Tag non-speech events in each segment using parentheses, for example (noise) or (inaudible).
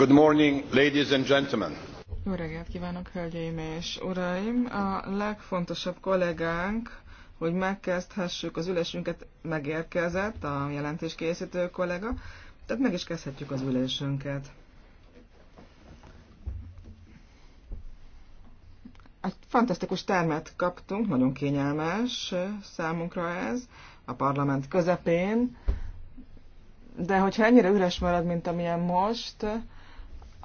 Good morning, ladies and gentlemen. Jó reggelt kívánok, hölgyeim és uraim! A legfontosabb kollégánk, hogy megkezdhessük az ülésünket, megérkezett a jelentéskészítő kollega, tehát meg is kezdhetjük az ülésünket. Egy fantasztikus termet kaptunk, nagyon kényelmes számunkra ez, a parlament közepén, de hogyha ennyire üres marad, mint amilyen most,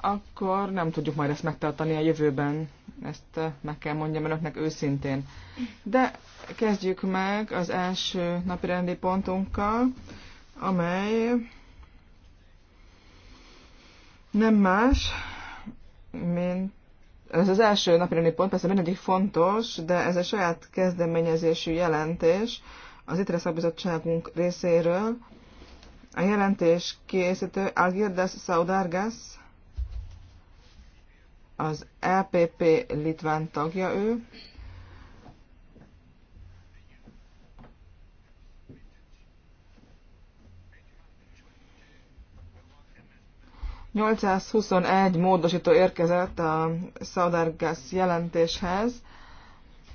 akkor nem tudjuk majd ezt megtartani a jövőben. Ezt eh, meg kell mondjam önöknek őszintén. De kezdjük meg az első napi rendi pontunkkal, amely nem más, mint ez az első napirendi pont, persze mindegyik fontos, de ez egy saját kezdeményezésű jelentés az ITRE szakbizottságunk részéről. A jelentés készítő Algirdas Saudargas, az LPP e Litván tagja ő. ...821 módosító érkezett a Saudargas jelentéshez,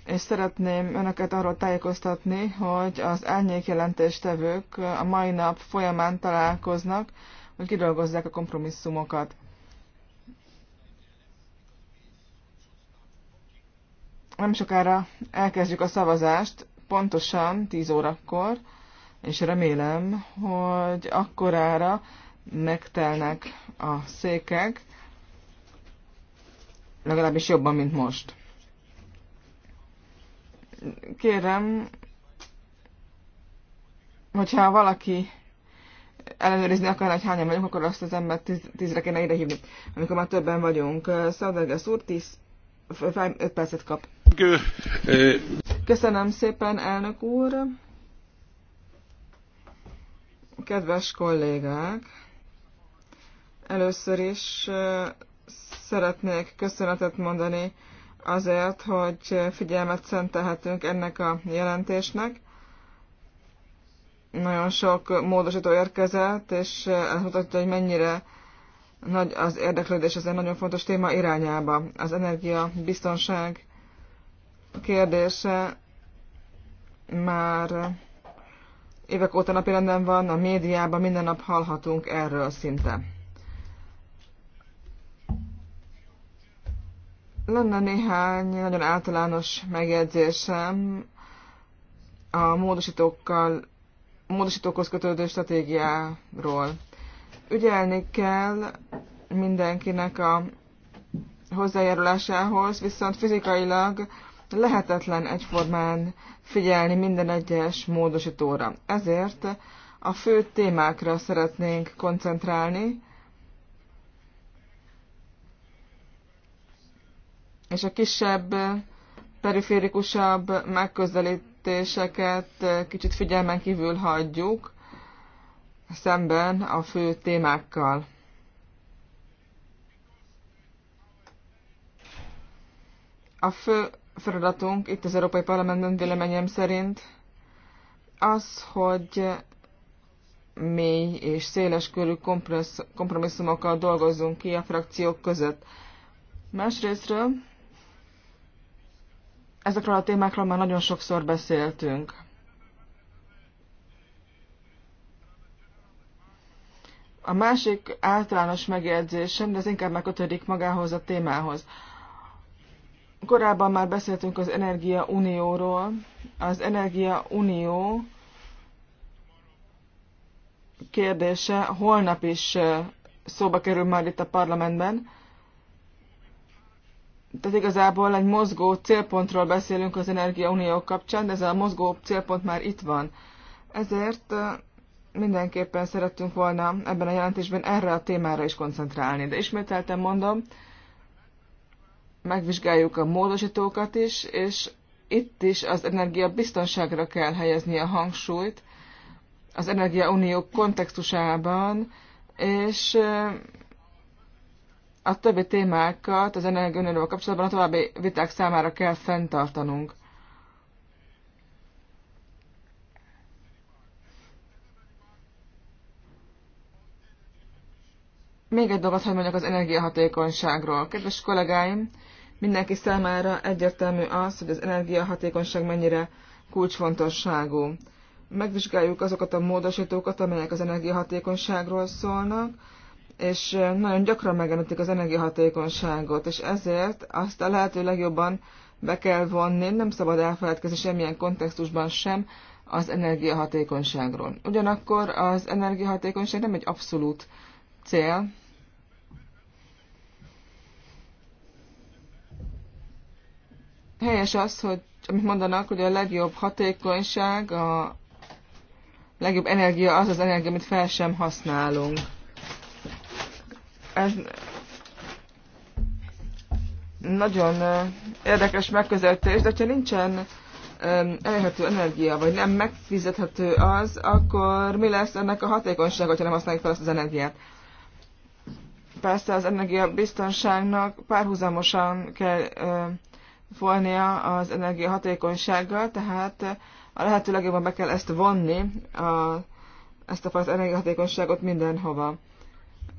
és szeretném Önöket arról tájékoztatni, hogy az elnyék jelentéstevők a mai nap folyamán találkoznak, hogy kidolgozzák a kompromisszumokat. nem sokára elkezdjük a szavazást, pontosan 10 órakor, és remélem, hogy akkorára megtelnek a székek, legalábbis jobban, mint most. Kérem, hogyha valaki ellenőrizni akar, hogy hányan vagyunk, akkor azt az embert tíz, tízre kéne idehívni, amikor már többen vagyunk. Szaudargász úr, tíz 5 percet kap. Köszönöm szépen, elnök úr. Kedves kollégák, először is szeretnék köszönetet mondani azért, hogy figyelmet szentelhetünk ennek a jelentésnek. Nagyon sok módosító érkezett, és elmutatja, hogy mennyire nagy az érdeklődés ez egy nagyon fontos téma irányába. Az energia biztonság kérdése már évek óta napirenden van, a médiában minden nap hallhatunk erről szinte. Lenne néhány nagyon általános megjegyzésem a módosítókkal, módosítókhoz kötődő stratégiáról. Ügyelni kell mindenkinek a hozzájárulásához, viszont fizikailag lehetetlen egyformán figyelni minden egyes módosítóra. Ezért a fő témákra szeretnénk koncentrálni, és a kisebb, periférikusabb megközelítéseket kicsit figyelmen kívül hagyjuk, szemben a fő témákkal. A fő feladatunk itt az Európai Parlamentben véleményem szerint az, hogy mély és széles körű kompromisszumokkal dolgozzunk ki a frakciók között. Másrésztről ezekről a témákról már nagyon sokszor beszéltünk. A másik általános megjegyzésem, de ez inkább megkötődik magához a témához. Korábban már beszéltünk az Energia Unióról. Az Energia Unió kérdése holnap is szóba kerül majd itt a parlamentben. Tehát igazából egy mozgó célpontról beszélünk az Energia Unió kapcsán, de ez a mozgó célpont már itt van. Ezért mindenképpen szerettünk volna ebben a jelentésben erre a témára is koncentrálni. De ismételten mondom, megvizsgáljuk a módosítókat is, és itt is az energiabiztonságra kell helyezni a hangsúlyt, az energiaunió kontextusában, és eh, a többi témákat az energiaunióval kapcsolatban a további viták számára kell fenntartanunk. Még egy dolgot, hogy mondjak az energiahatékonyságról. Kedves kollégáim, mindenki számára egyértelmű az, hogy az energiahatékonyság mennyire kulcsfontosságú. Megvizsgáljuk azokat a módosítókat, amelyek az energiahatékonyságról szólnak, és nagyon gyakran megemlítik az energiahatékonyságot, és ezért azt a lehető legjobban be kell vonni, nem szabad elfeledkezni semmilyen kontextusban sem az energiahatékonyságról. Ugyanakkor az energiahatékonyság nem egy abszolút cél. Helyes az, hogy amit mondanak, hogy a legjobb hatékonyság, a legjobb energia az az energia, amit fel sem használunk. Ez nagyon érdekes megközelítés, de ha nincsen elérhető energia, vagy nem megfizethető az, akkor mi lesz ennek a hatékonyság, ha nem használjuk fel azt az energiát? persze az energiabiztonságnak párhuzamosan kell folnia az energiahatékonysággal, tehát a lehető legjobban be kell ezt vonni, a, ezt a fajta energiahatékonyságot mindenhova.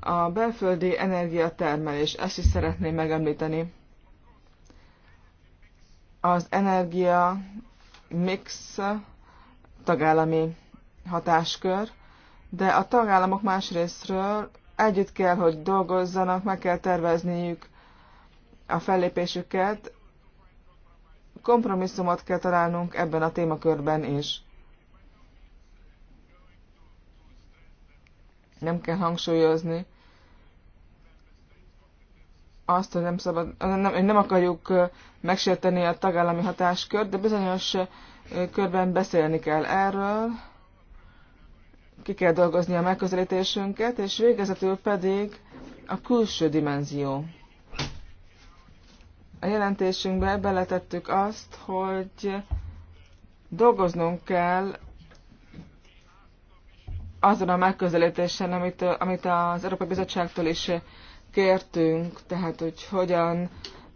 A belföldi energiatermelés, ezt is szeretném megemlíteni. Az energia mix tagállami hatáskör, de a tagállamok másrésztről együtt kell, hogy dolgozzanak, meg kell tervezniük a fellépésüket. Kompromisszumot kell találnunk ebben a témakörben is. Nem kell hangsúlyozni azt, hogy nem, szabad, nem, nem akarjuk megsérteni a tagállami hatáskört, de bizonyos körben beszélni kell erről, ki kell dolgozni a megközelítésünket, és végezetül pedig a külső dimenzió. A jelentésünkbe beletettük azt, hogy dolgoznunk kell azon a megközelítésen, amit, amit az Európai Bizottságtól is kértünk, tehát hogy hogyan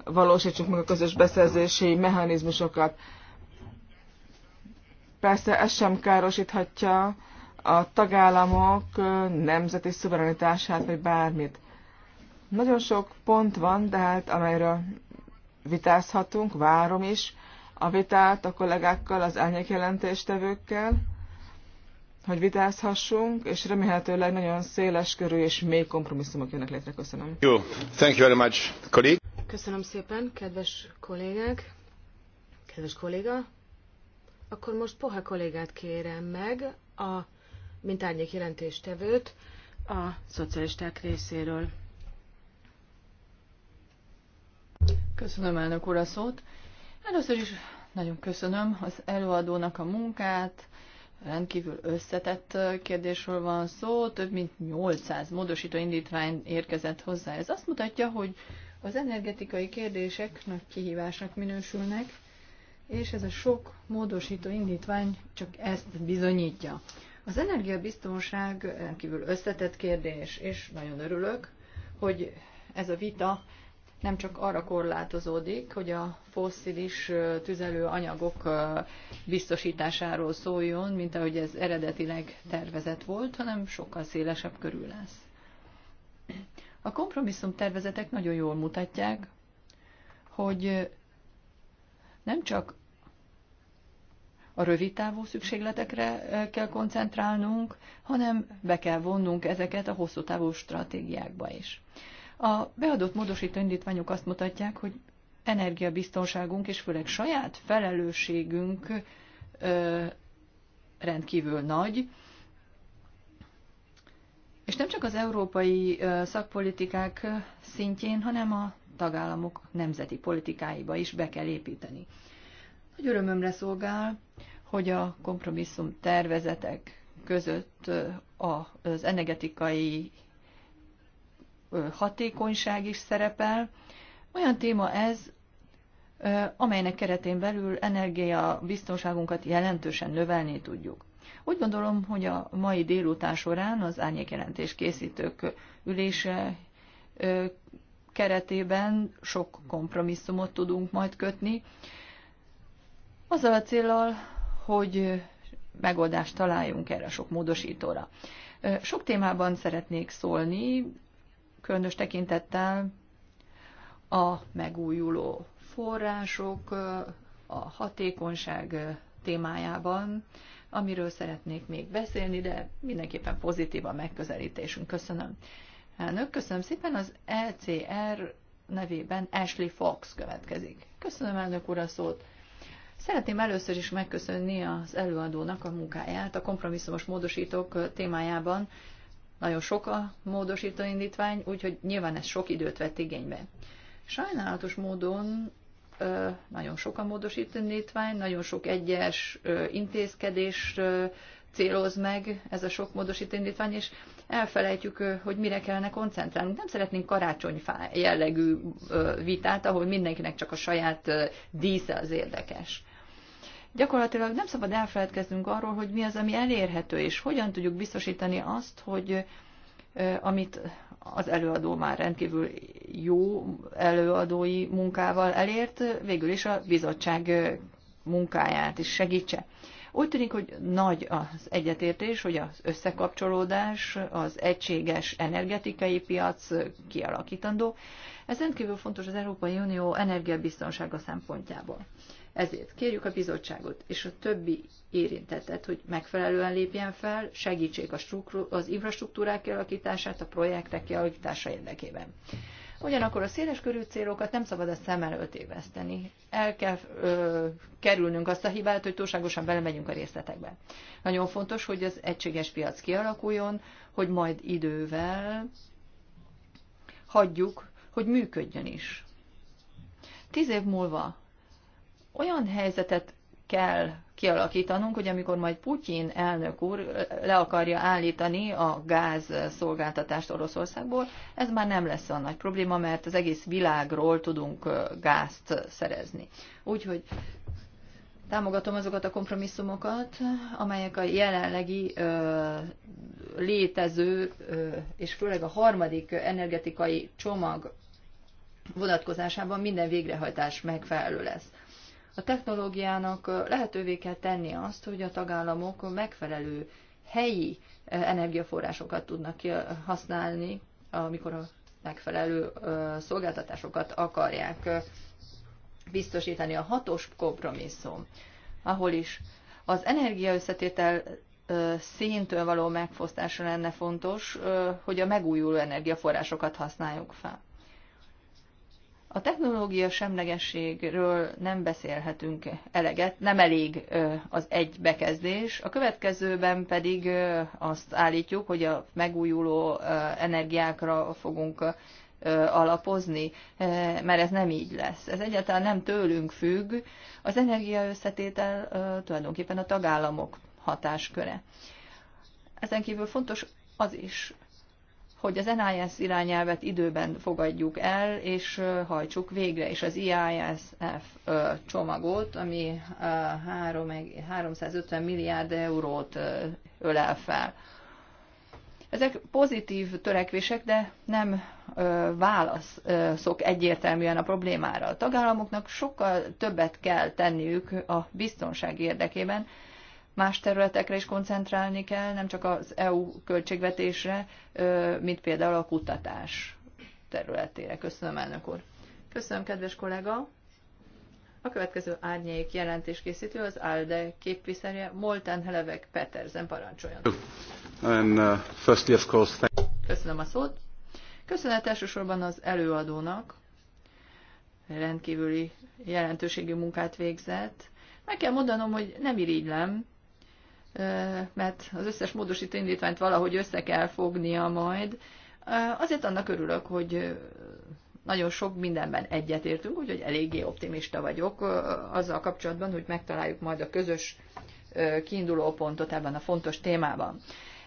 valósítsuk meg a közös beszerzési mechanizmusokat. Persze ez sem károsíthatja a tagállamok nemzeti szuverenitását, vagy bármit. Nagyon sok pont van, de hát amelyről vitázhatunk, várom is a vitát a kollégákkal, az elnyékjelentéstevőkkel, hogy vitázhassunk, és remélhetőleg nagyon széles körű és mély kompromisszumok jönnek létre. Köszönöm. Jó. Thank you very much, colleague. Köszönöm szépen, kedves kollégák, kedves kolléga. Akkor most Poha kollégát kérem meg a mint árnyék jelentéstevőt a szocialisták részéről. Köszönöm elnök úr a szót. Először is nagyon köszönöm az előadónak a munkát, rendkívül összetett kérdésről van szó, több mint 800 módosító indítvány érkezett hozzá. Ez azt mutatja, hogy az energetikai kérdések nagy kihívásnak minősülnek, és ez a sok módosító indítvány csak ezt bizonyítja. Az energiabiztonság rendkívül összetett kérdés, és nagyon örülök, hogy ez a vita nem csak arra korlátozódik, hogy a fosszilis tüzelőanyagok biztosításáról szóljon, mint ahogy ez eredetileg tervezett volt, hanem sokkal szélesebb körül lesz. A kompromisszum tervezetek nagyon jól mutatják, hogy nem csak a rövid távú szükségletekre kell koncentrálnunk, hanem be kell vonnunk ezeket a hosszú távú stratégiákba is. A beadott módosító indítványok azt mutatják, hogy energiabiztonságunk és főleg saját felelősségünk ö, rendkívül nagy, és nem csak az európai szakpolitikák szintjén, hanem a tagállamok nemzeti politikáiba is be kell építeni. Nagy örömömre szolgál, hogy a kompromisszum tervezetek között az energetikai hatékonyság is szerepel. Olyan téma ez, amelynek keretén belül energia biztonságunkat jelentősen növelni tudjuk. Úgy gondolom, hogy a mai délután során az árnyékjelentés készítők ülése keretében sok kompromisszumot tudunk majd kötni, azzal a célral, hogy megoldást találjunk erre a sok módosítóra. Sok témában szeretnék szólni, különös tekintettel a megújuló források, a hatékonyság témájában, amiről szeretnék még beszélni, de mindenképpen pozitív a megközelítésünk. Köszönöm. Elnök, köszönöm szépen. Az ECR nevében Ashley Fox következik. Köszönöm elnök úr a szót. Szeretném először is megköszönni az előadónak a munkáját a kompromisszumos módosítók témájában. Nagyon sok a módosító indítvány, úgyhogy nyilván ez sok időt vett igénybe. Sajnálatos módon nagyon sok a módosító indítvány, nagyon sok egyes intézkedés céloz meg ez a sok módosító indítvány, és elfelejtjük, hogy mire kellene koncentrálni. Nem szeretnénk karácsony jellegű vitát, ahol mindenkinek csak a saját dísze az érdekes gyakorlatilag nem szabad elfeledkeznünk arról, hogy mi az, ami elérhető, és hogyan tudjuk biztosítani azt, hogy amit az előadó már rendkívül jó előadói munkával elért, végül is a bizottság munkáját is segítse. Úgy tűnik, hogy nagy az egyetértés, hogy az összekapcsolódás, az egységes energetikai piac kialakítandó. Ez rendkívül fontos az Európai Unió energiabiztonsága szempontjából. Ezért kérjük a bizottságot és a többi érintettet, hogy megfelelően lépjen fel, segítsék a az infrastruktúrák kialakítását, a projektek kialakítása érdekében. Ugyanakkor a széles körű célokat nem szabad a szem előtt éveszteni. El kell ö, kerülnünk azt a hibát, hogy túlságosan belemegyünk a részletekbe. Nagyon fontos, hogy az egységes piac kialakuljon, hogy majd idővel hagyjuk, hogy működjön is. Tíz év múlva olyan helyzetet kell kialakítanunk, hogy amikor majd Putyin elnök úr le akarja állítani a gáz szolgáltatást Oroszországból, ez már nem lesz a nagy probléma, mert az egész világról tudunk gázt szerezni. Úgyhogy támogatom azokat a kompromisszumokat, amelyek a jelenlegi ö, létező ö, és főleg a harmadik energetikai csomag vonatkozásában minden végrehajtás megfelelő lesz. A technológiának lehetővé kell tenni azt, hogy a tagállamok megfelelő helyi energiaforrásokat tudnak használni, amikor a megfelelő szolgáltatásokat akarják biztosítani. A hatos kompromisszum, ahol is az energiaösszetétel szintől való megfosztása lenne fontos, hogy a megújuló energiaforrásokat használjuk fel. A technológia semlegességről nem beszélhetünk eleget, nem elég az egy bekezdés. A következőben pedig azt állítjuk, hogy a megújuló energiákra fogunk alapozni, mert ez nem így lesz. Ez egyáltalán nem tőlünk függ, az energia összetétel tulajdonképpen a tagállamok hatásköre. Ezen kívül fontos az is, hogy az NIS irányelvet időben fogadjuk el, és hajtsuk végre, és az IISF csomagot, ami 350 milliárd eurót ölel fel. Ezek pozitív törekvések, de nem válaszok egyértelműen a problémára. A tagállamoknak sokkal többet kell tenniük a biztonság érdekében, más területekre is koncentrálni kell, nem csak az EU költségvetésre, mint például a kutatás területére. Köszönöm, elnök úr. Köszönöm, kedves kollega. A következő árnyék jelentés készítő az ALDE képviselője Molten Helevek Petersen parancsoljon. And, uh, firstly, of course, thank Köszönöm a szót. Köszönet elsősorban az előadónak, rendkívüli jelentőségű munkát végzett. Meg kell mondanom, hogy nem irigylem, mert az összes módosító indítványt valahogy össze kell fognia majd. Azért annak örülök, hogy nagyon sok mindenben egyetértünk, úgyhogy eléggé optimista vagyok azzal kapcsolatban, hogy megtaláljuk majd a közös kiinduló pontot ebben a fontos témában.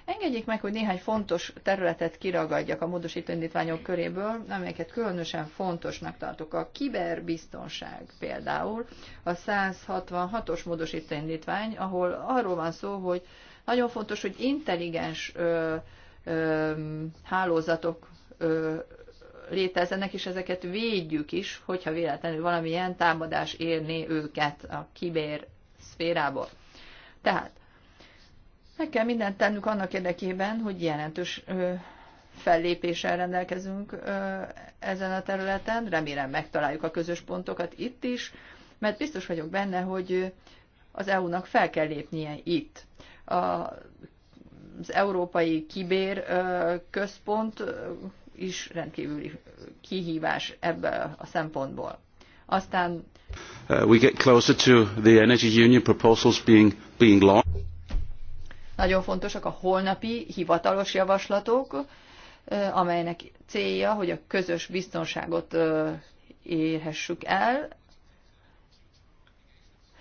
Engedjék meg, hogy néhány fontos területet kiragadjak a módosító indítványok köréből, amelyeket különösen fontosnak tartok. A kiberbiztonság például a 166-os módosító indítvány, ahol arról van szó, hogy nagyon fontos, hogy intelligens ö, ö, hálózatok ö, létezzenek, és ezeket védjük is, hogyha véletlenül valamilyen támadás érné őket a kiber szférából. Tehát meg kell mindent tennünk annak érdekében, hogy jelentős fellépéssel rendelkezünk ezen a területen. Remélem megtaláljuk a közös pontokat itt is, mert biztos vagyok benne, hogy az EU-nak fel kell lépnie itt. A, az Európai Kibér Központ is rendkívüli kihívás ebből a szempontból. Aztán uh, we get closer to the energy union proposals being being launched nagyon fontosak a holnapi hivatalos javaslatok, amelynek célja, hogy a közös biztonságot érhessük el.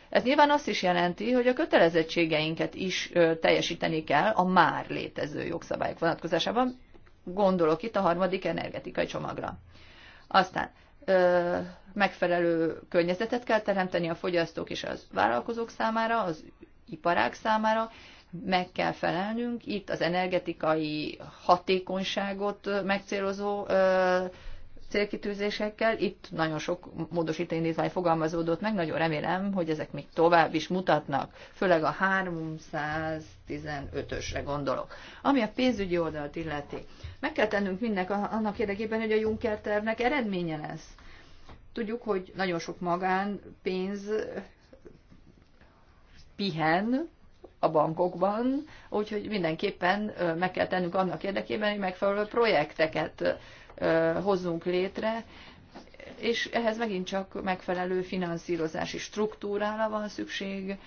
Ez nyilván azt is jelenti, hogy a kötelezettségeinket is teljesíteni kell a már létező jogszabályok vonatkozásában. Gondolok itt a harmadik energetikai csomagra. Aztán megfelelő környezetet kell teremteni a fogyasztók és az vállalkozók számára, az iparák számára, meg kell felelnünk. Itt az energetikai hatékonyságot megcélozó célkitűzésekkel. Itt nagyon sok módosító indítvány fogalmazódott meg, nagyon remélem, hogy ezek még tovább is mutatnak, főleg a 315-ösre gondolok. Ami a pénzügyi oldalt illeti, meg kell tennünk mindnek annak érdekében, hogy a Juncker tervnek eredménye lesz. Tudjuk, hogy nagyon sok magán pénz pihen, a bankokban, úgyhogy mindenképpen meg kell tennünk annak érdekében, hogy megfelelő projekteket hozzunk létre, és ehhez megint csak megfelelő finanszírozási struktúrára van szükség,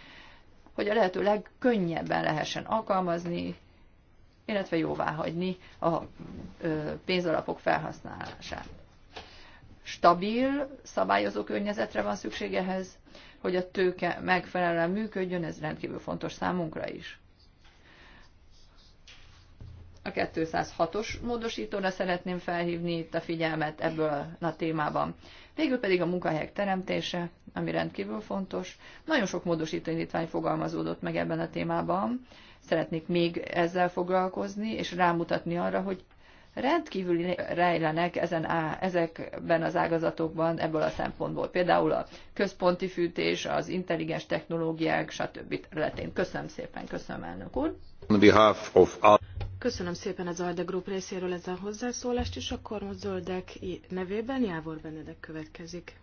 hogy a lehető legkönnyebben lehessen alkalmazni, illetve jóváhagyni a pénzalapok felhasználását. Stabil szabályozó környezetre van szükségehez, hogy a tőke megfelelően működjön, ez rendkívül fontos számunkra is. A 206-os módosítóra szeretném felhívni itt a figyelmet ebből a témában. Végül pedig a munkahelyek teremtése, ami rendkívül fontos. Nagyon sok módosító indítvány fogalmazódott meg ebben a témában. Szeretnék még ezzel foglalkozni, és rámutatni arra, hogy rendkívül rejlenek ezen á, ezekben az ágazatokban ebből a szempontból. Például a központi fűtés, az intelligens technológiák, stb. területén. Köszönöm szépen, köszönöm elnök úr. Köszönöm szépen az Alde Group részéről ez a hozzászólást, és akkor most zöldek nevében Jávor Benedek következik.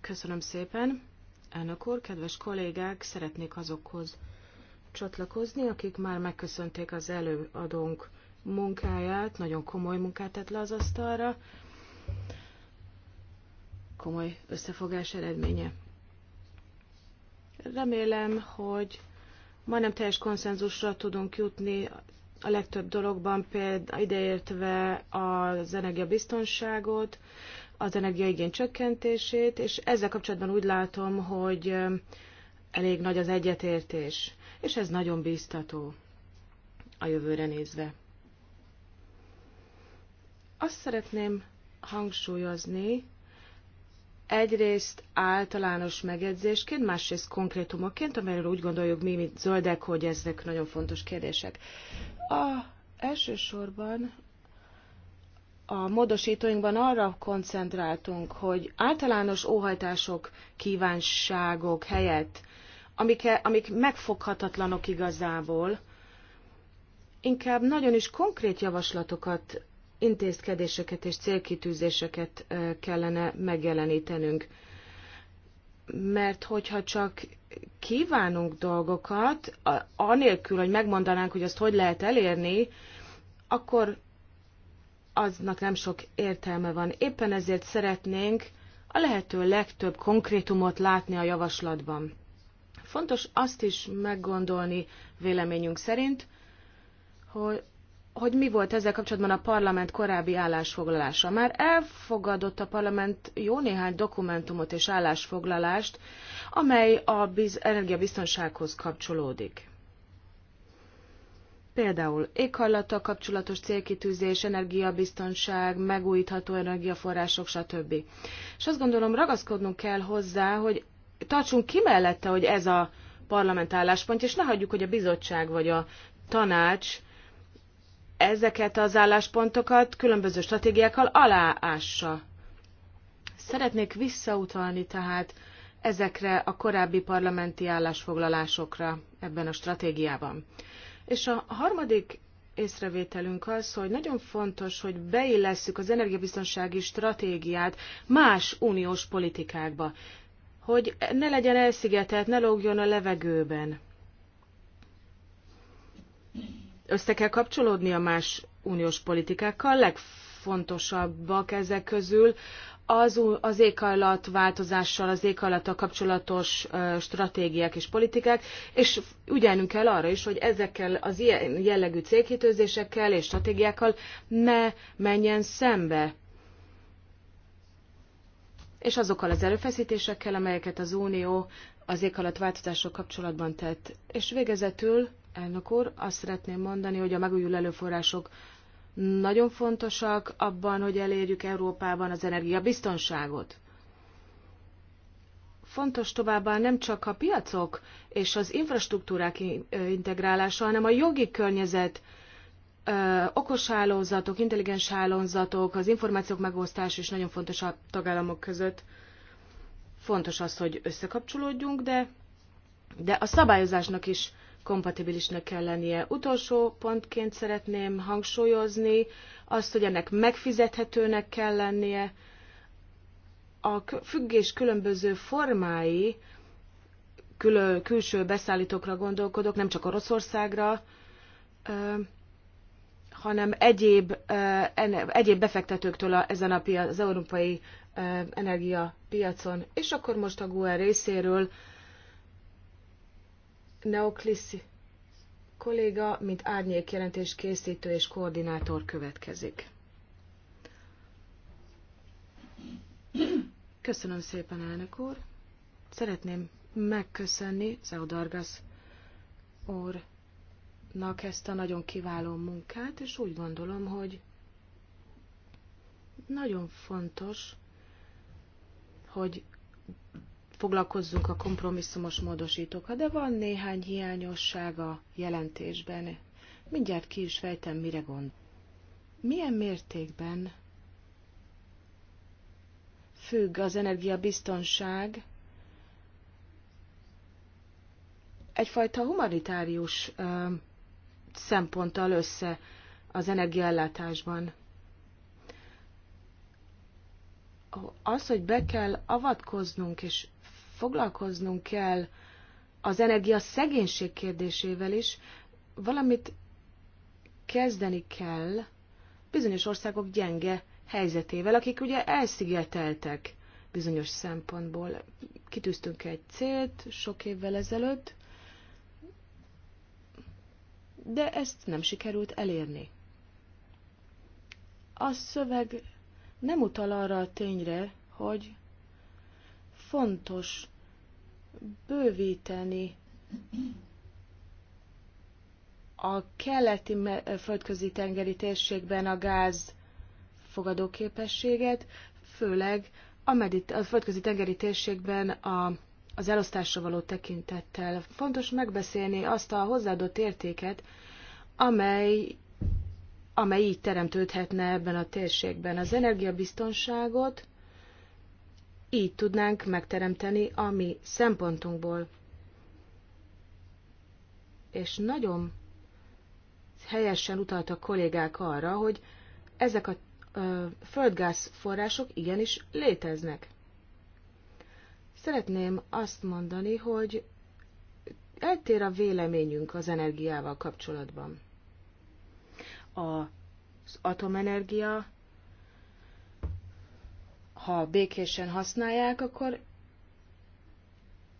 Köszönöm szépen. Elnök úr, kedves kollégák, szeretnék azokhoz csatlakozni, akik már megköszönték az előadónk munkáját, nagyon komoly munkát tett le az asztalra, komoly összefogás eredménye. Remélem, hogy majdnem teljes konszenzusra tudunk jutni a legtöbb dologban, például ideértve az energiabiztonságot, az energiaigény csökkentését, és ezzel kapcsolatban úgy látom, hogy elég nagy az egyetértés, és ez nagyon bíztató a jövőre nézve. Azt szeretném hangsúlyozni, egyrészt általános megjegyzésként, másrészt konkrétumokként, amelyről úgy gondoljuk mi, mint zöldek, hogy ezek nagyon fontos kérdések. A, elsősorban a módosítóinkban arra koncentráltunk, hogy általános óhajtások, kívánságok helyett, amik, amik megfoghatatlanok igazából, inkább nagyon is konkrét javaslatokat intézkedéseket és célkitűzéseket kellene megjelenítenünk. Mert hogyha csak kívánunk dolgokat, anélkül, hogy megmondanánk, hogy azt hogy lehet elérni, akkor aznak nem sok értelme van. Éppen ezért szeretnénk a lehető legtöbb konkrétumot látni a javaslatban. Fontos azt is meggondolni véleményünk szerint, hogy hogy mi volt ezzel kapcsolatban a parlament korábbi állásfoglalása. Már elfogadott a parlament jó néhány dokumentumot és állásfoglalást, amely a biz- energiabiztonsághoz kapcsolódik. Például éghajlata kapcsolatos célkitűzés, energiabiztonság, megújítható energiaforrások, stb. És azt gondolom ragaszkodnunk kell hozzá, hogy tartsunk ki mellette, hogy ez a parlament álláspont, és ne hagyjuk, hogy a bizottság vagy a tanács ezeket az álláspontokat különböző stratégiákkal aláássa. Szeretnék visszautalni tehát ezekre a korábbi parlamenti állásfoglalásokra ebben a stratégiában. És a harmadik észrevételünk az, hogy nagyon fontos, hogy beillesszük az energiabiztonsági stratégiát más uniós politikákba, hogy ne legyen elszigetelt, ne lógjon a levegőben össze kell kapcsolódni a más uniós politikákkal, legfontosabbak ezek közül az, az éghajlatváltozással, az éghajlattal kapcsolatos uh, stratégiák és politikák, és ügyelnünk kell arra is, hogy ezekkel az ilyen jellegű célkitőzésekkel és stratégiákkal ne menjen szembe és azokkal az erőfeszítésekkel, amelyeket az Unió az éghajlatváltozással kapcsolatban tett. És végezetül elnök úr. Azt szeretném mondani, hogy a megújuló előforrások nagyon fontosak abban, hogy elérjük Európában az energiabiztonságot. Fontos továbbá nem csak a piacok és az infrastruktúrák integrálása, hanem a jogi környezet, okos hálózatok, intelligens hálózatok, az információk megosztása is nagyon fontos a tagállamok között. Fontos az, hogy összekapcsolódjunk, de, de a szabályozásnak is kompatibilisnek kell lennie. Utolsó pontként szeretném hangsúlyozni azt, hogy ennek megfizethetőnek kell lennie. A függés különböző formái, kül- külső beszállítókra gondolkodok, nem csak Oroszországra, hanem egyéb, egyéb befektetőktől a, ezen a piac, az európai energiapiacon. És akkor most a GUE részéről Neokliszi kolléga, mint árnyék jelentés készítő és koordinátor következik. Köszönöm szépen, elnök úr. Szeretném megköszönni Zeodargas úrnak ezt a nagyon kiváló munkát, és úgy gondolom, hogy nagyon fontos, hogy foglalkozzunk a kompromisszumos módosítókkal, de van néhány hiányosság a jelentésben. Mindjárt ki is fejtem, mire gond. Milyen mértékben függ az energiabiztonság egyfajta humanitárius ö, szemponttal össze az energiaellátásban? az, hogy be kell avatkoznunk, és foglalkoznunk kell az energia szegénység kérdésével is, valamit kezdeni kell bizonyos országok gyenge helyzetével, akik ugye elszigeteltek bizonyos szempontból. Kitűztünk egy célt sok évvel ezelőtt, de ezt nem sikerült elérni. A szöveg nem utal arra a tényre, hogy fontos bővíteni a keleti földközi tengeri térségben a gáz fogadóképességet, főleg a, medit- a földközi tengeri térségben a, az elosztásra való tekintettel. Fontos megbeszélni azt a hozzáadott értéket, amely, amely így teremtődhetne ebben a térségben. Az energiabiztonságot így tudnánk megteremteni a mi szempontunkból. És nagyon helyesen utaltak kollégák arra, hogy ezek a ö, földgáz források igenis léteznek. Szeretném azt mondani, hogy eltér a véleményünk az energiával kapcsolatban. Az atomenergia ha békésen használják, akkor,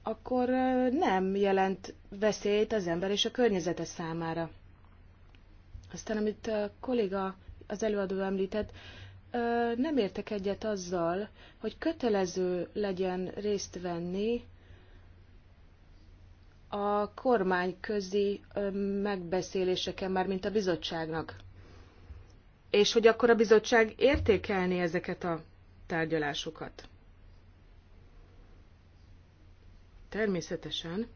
akkor nem jelent veszélyt az ember és a környezete számára. Aztán, amit a kolléga, az előadó említett, nem értek egyet azzal, hogy kötelező legyen részt venni a kormányközi megbeszéléseken, már mint a bizottságnak. És hogy akkor a bizottság értékelni ezeket a tárgyalásukat. Természetesen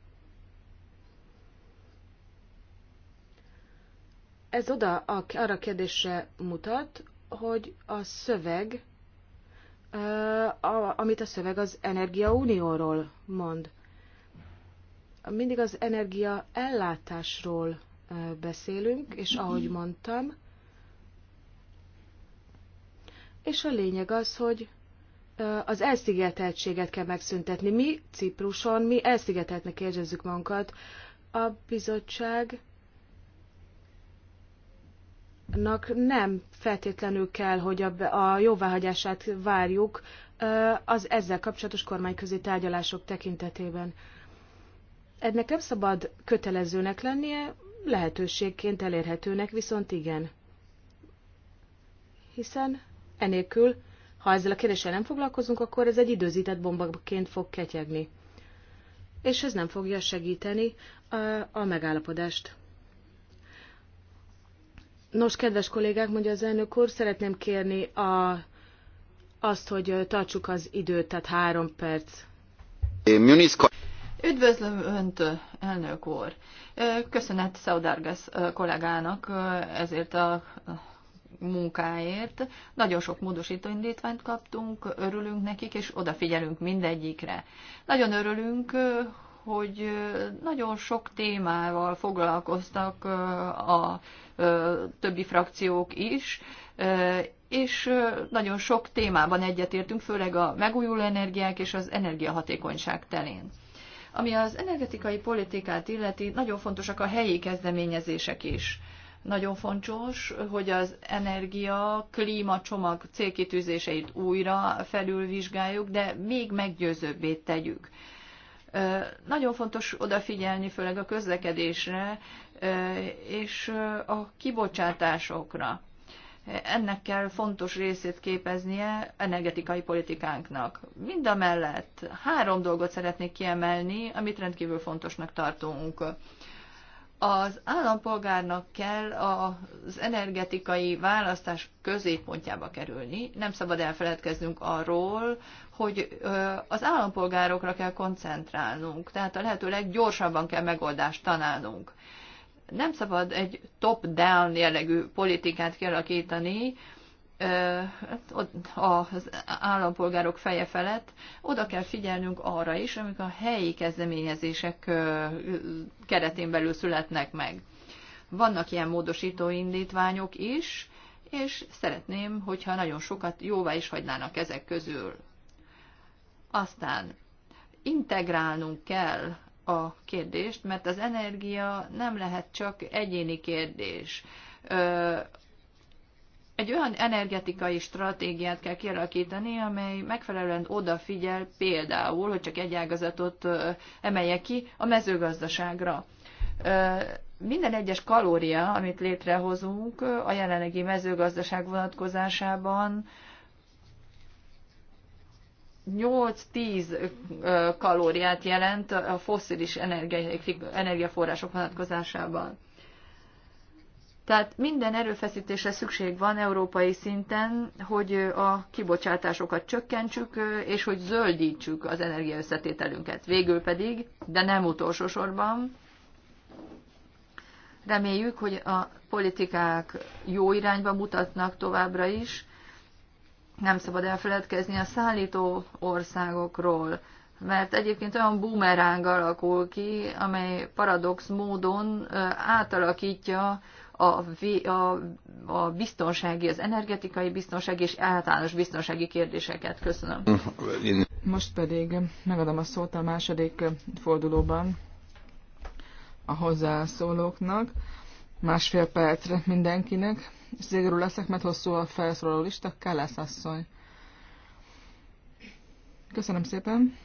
ez oda arra a kérdésre mutat, hogy a szöveg, amit a szöveg az Unióról mond. Mindig az energia ellátásról beszélünk, és ahogy mondtam, és a lényeg az, hogy az elszigeteltséget kell megszüntetni. Mi Cipruson, mi elszigeteltnek érezzük magunkat. A bizottságnak nem feltétlenül kell, hogy a, a jóváhagyását várjuk az ezzel kapcsolatos kormányközi tárgyalások tekintetében. Ennek nem szabad kötelezőnek lennie, lehetőségként elérhetőnek viszont igen. Hiszen Enélkül, ha ezzel a kérdéssel nem foglalkozunk, akkor ez egy időzített bombaként fog ketyegni. És ez nem fogja segíteni a, a megállapodást. Nos, kedves kollégák, mondja az elnök úr, szeretném kérni a, azt, hogy tartsuk az időt, tehát három perc. Üdvözlöm Önt, elnök úr! Köszönet Szaudárgász kollégának ezért a munkáért. Nagyon sok módosító indítványt kaptunk, örülünk nekik, és odafigyelünk mindegyikre. Nagyon örülünk, hogy nagyon sok témával foglalkoztak a többi frakciók is, és nagyon sok témában egyetértünk, főleg a megújuló energiák és az energiahatékonyság terén. Ami az energetikai politikát illeti, nagyon fontosak a helyi kezdeményezések is. Nagyon fontos, hogy az energia, klíma csomag célkitűzéseit újra felülvizsgáljuk, de még meggyőzőbbé tegyük. Nagyon fontos odafigyelni főleg a közlekedésre és a kibocsátásokra. Ennek kell fontos részét képeznie energetikai politikánknak. Mind a mellett három dolgot szeretnék kiemelni, amit rendkívül fontosnak tartunk az állampolgárnak kell az energetikai választás középpontjába kerülni. Nem szabad elfeledkeznünk arról, hogy az állampolgárokra kell koncentrálnunk, tehát a lehető leggyorsabban kell megoldást találnunk. Nem szabad egy top-down jellegű politikát kialakítani, Hát az állampolgárok feje felett, oda kell figyelnünk arra is, amik a helyi kezdeményezések keretén belül születnek meg. Vannak ilyen módosító indítványok is, és szeretném, hogyha nagyon sokat jóvá is hagynának ezek közül. Aztán integrálnunk kell a kérdést, mert az energia nem lehet csak egyéni kérdés egy olyan energetikai stratégiát kell kialakítani, amely megfelelően odafigyel például, hogy csak egy ágazatot emelje ki, a mezőgazdaságra. Minden egyes kalória, amit létrehozunk a jelenlegi mezőgazdaság vonatkozásában, 8-10 kalóriát jelent a fosszilis energiaforrások vonatkozásában. Tehát minden erőfeszítésre szükség van európai szinten, hogy a kibocsátásokat csökkentsük, és hogy zöldítsük az energiaösszetételünket. Végül pedig, de nem utolsó sorban, reméljük, hogy a politikák jó irányba mutatnak továbbra is. Nem szabad elfeledkezni a szállító országokról, mert egyébként olyan bumeráng alakul ki, amely paradox módon átalakítja a, a, a biztonsági, az energetikai biztonsági és általános biztonsági kérdéseket. Köszönöm. Most pedig megadom a szót a második fordulóban a hozzászólóknak. Másfél percre mindenkinek. Szigorú leszek, mert hosszú a felszólaló lista. Kellász asszony. Köszönöm szépen,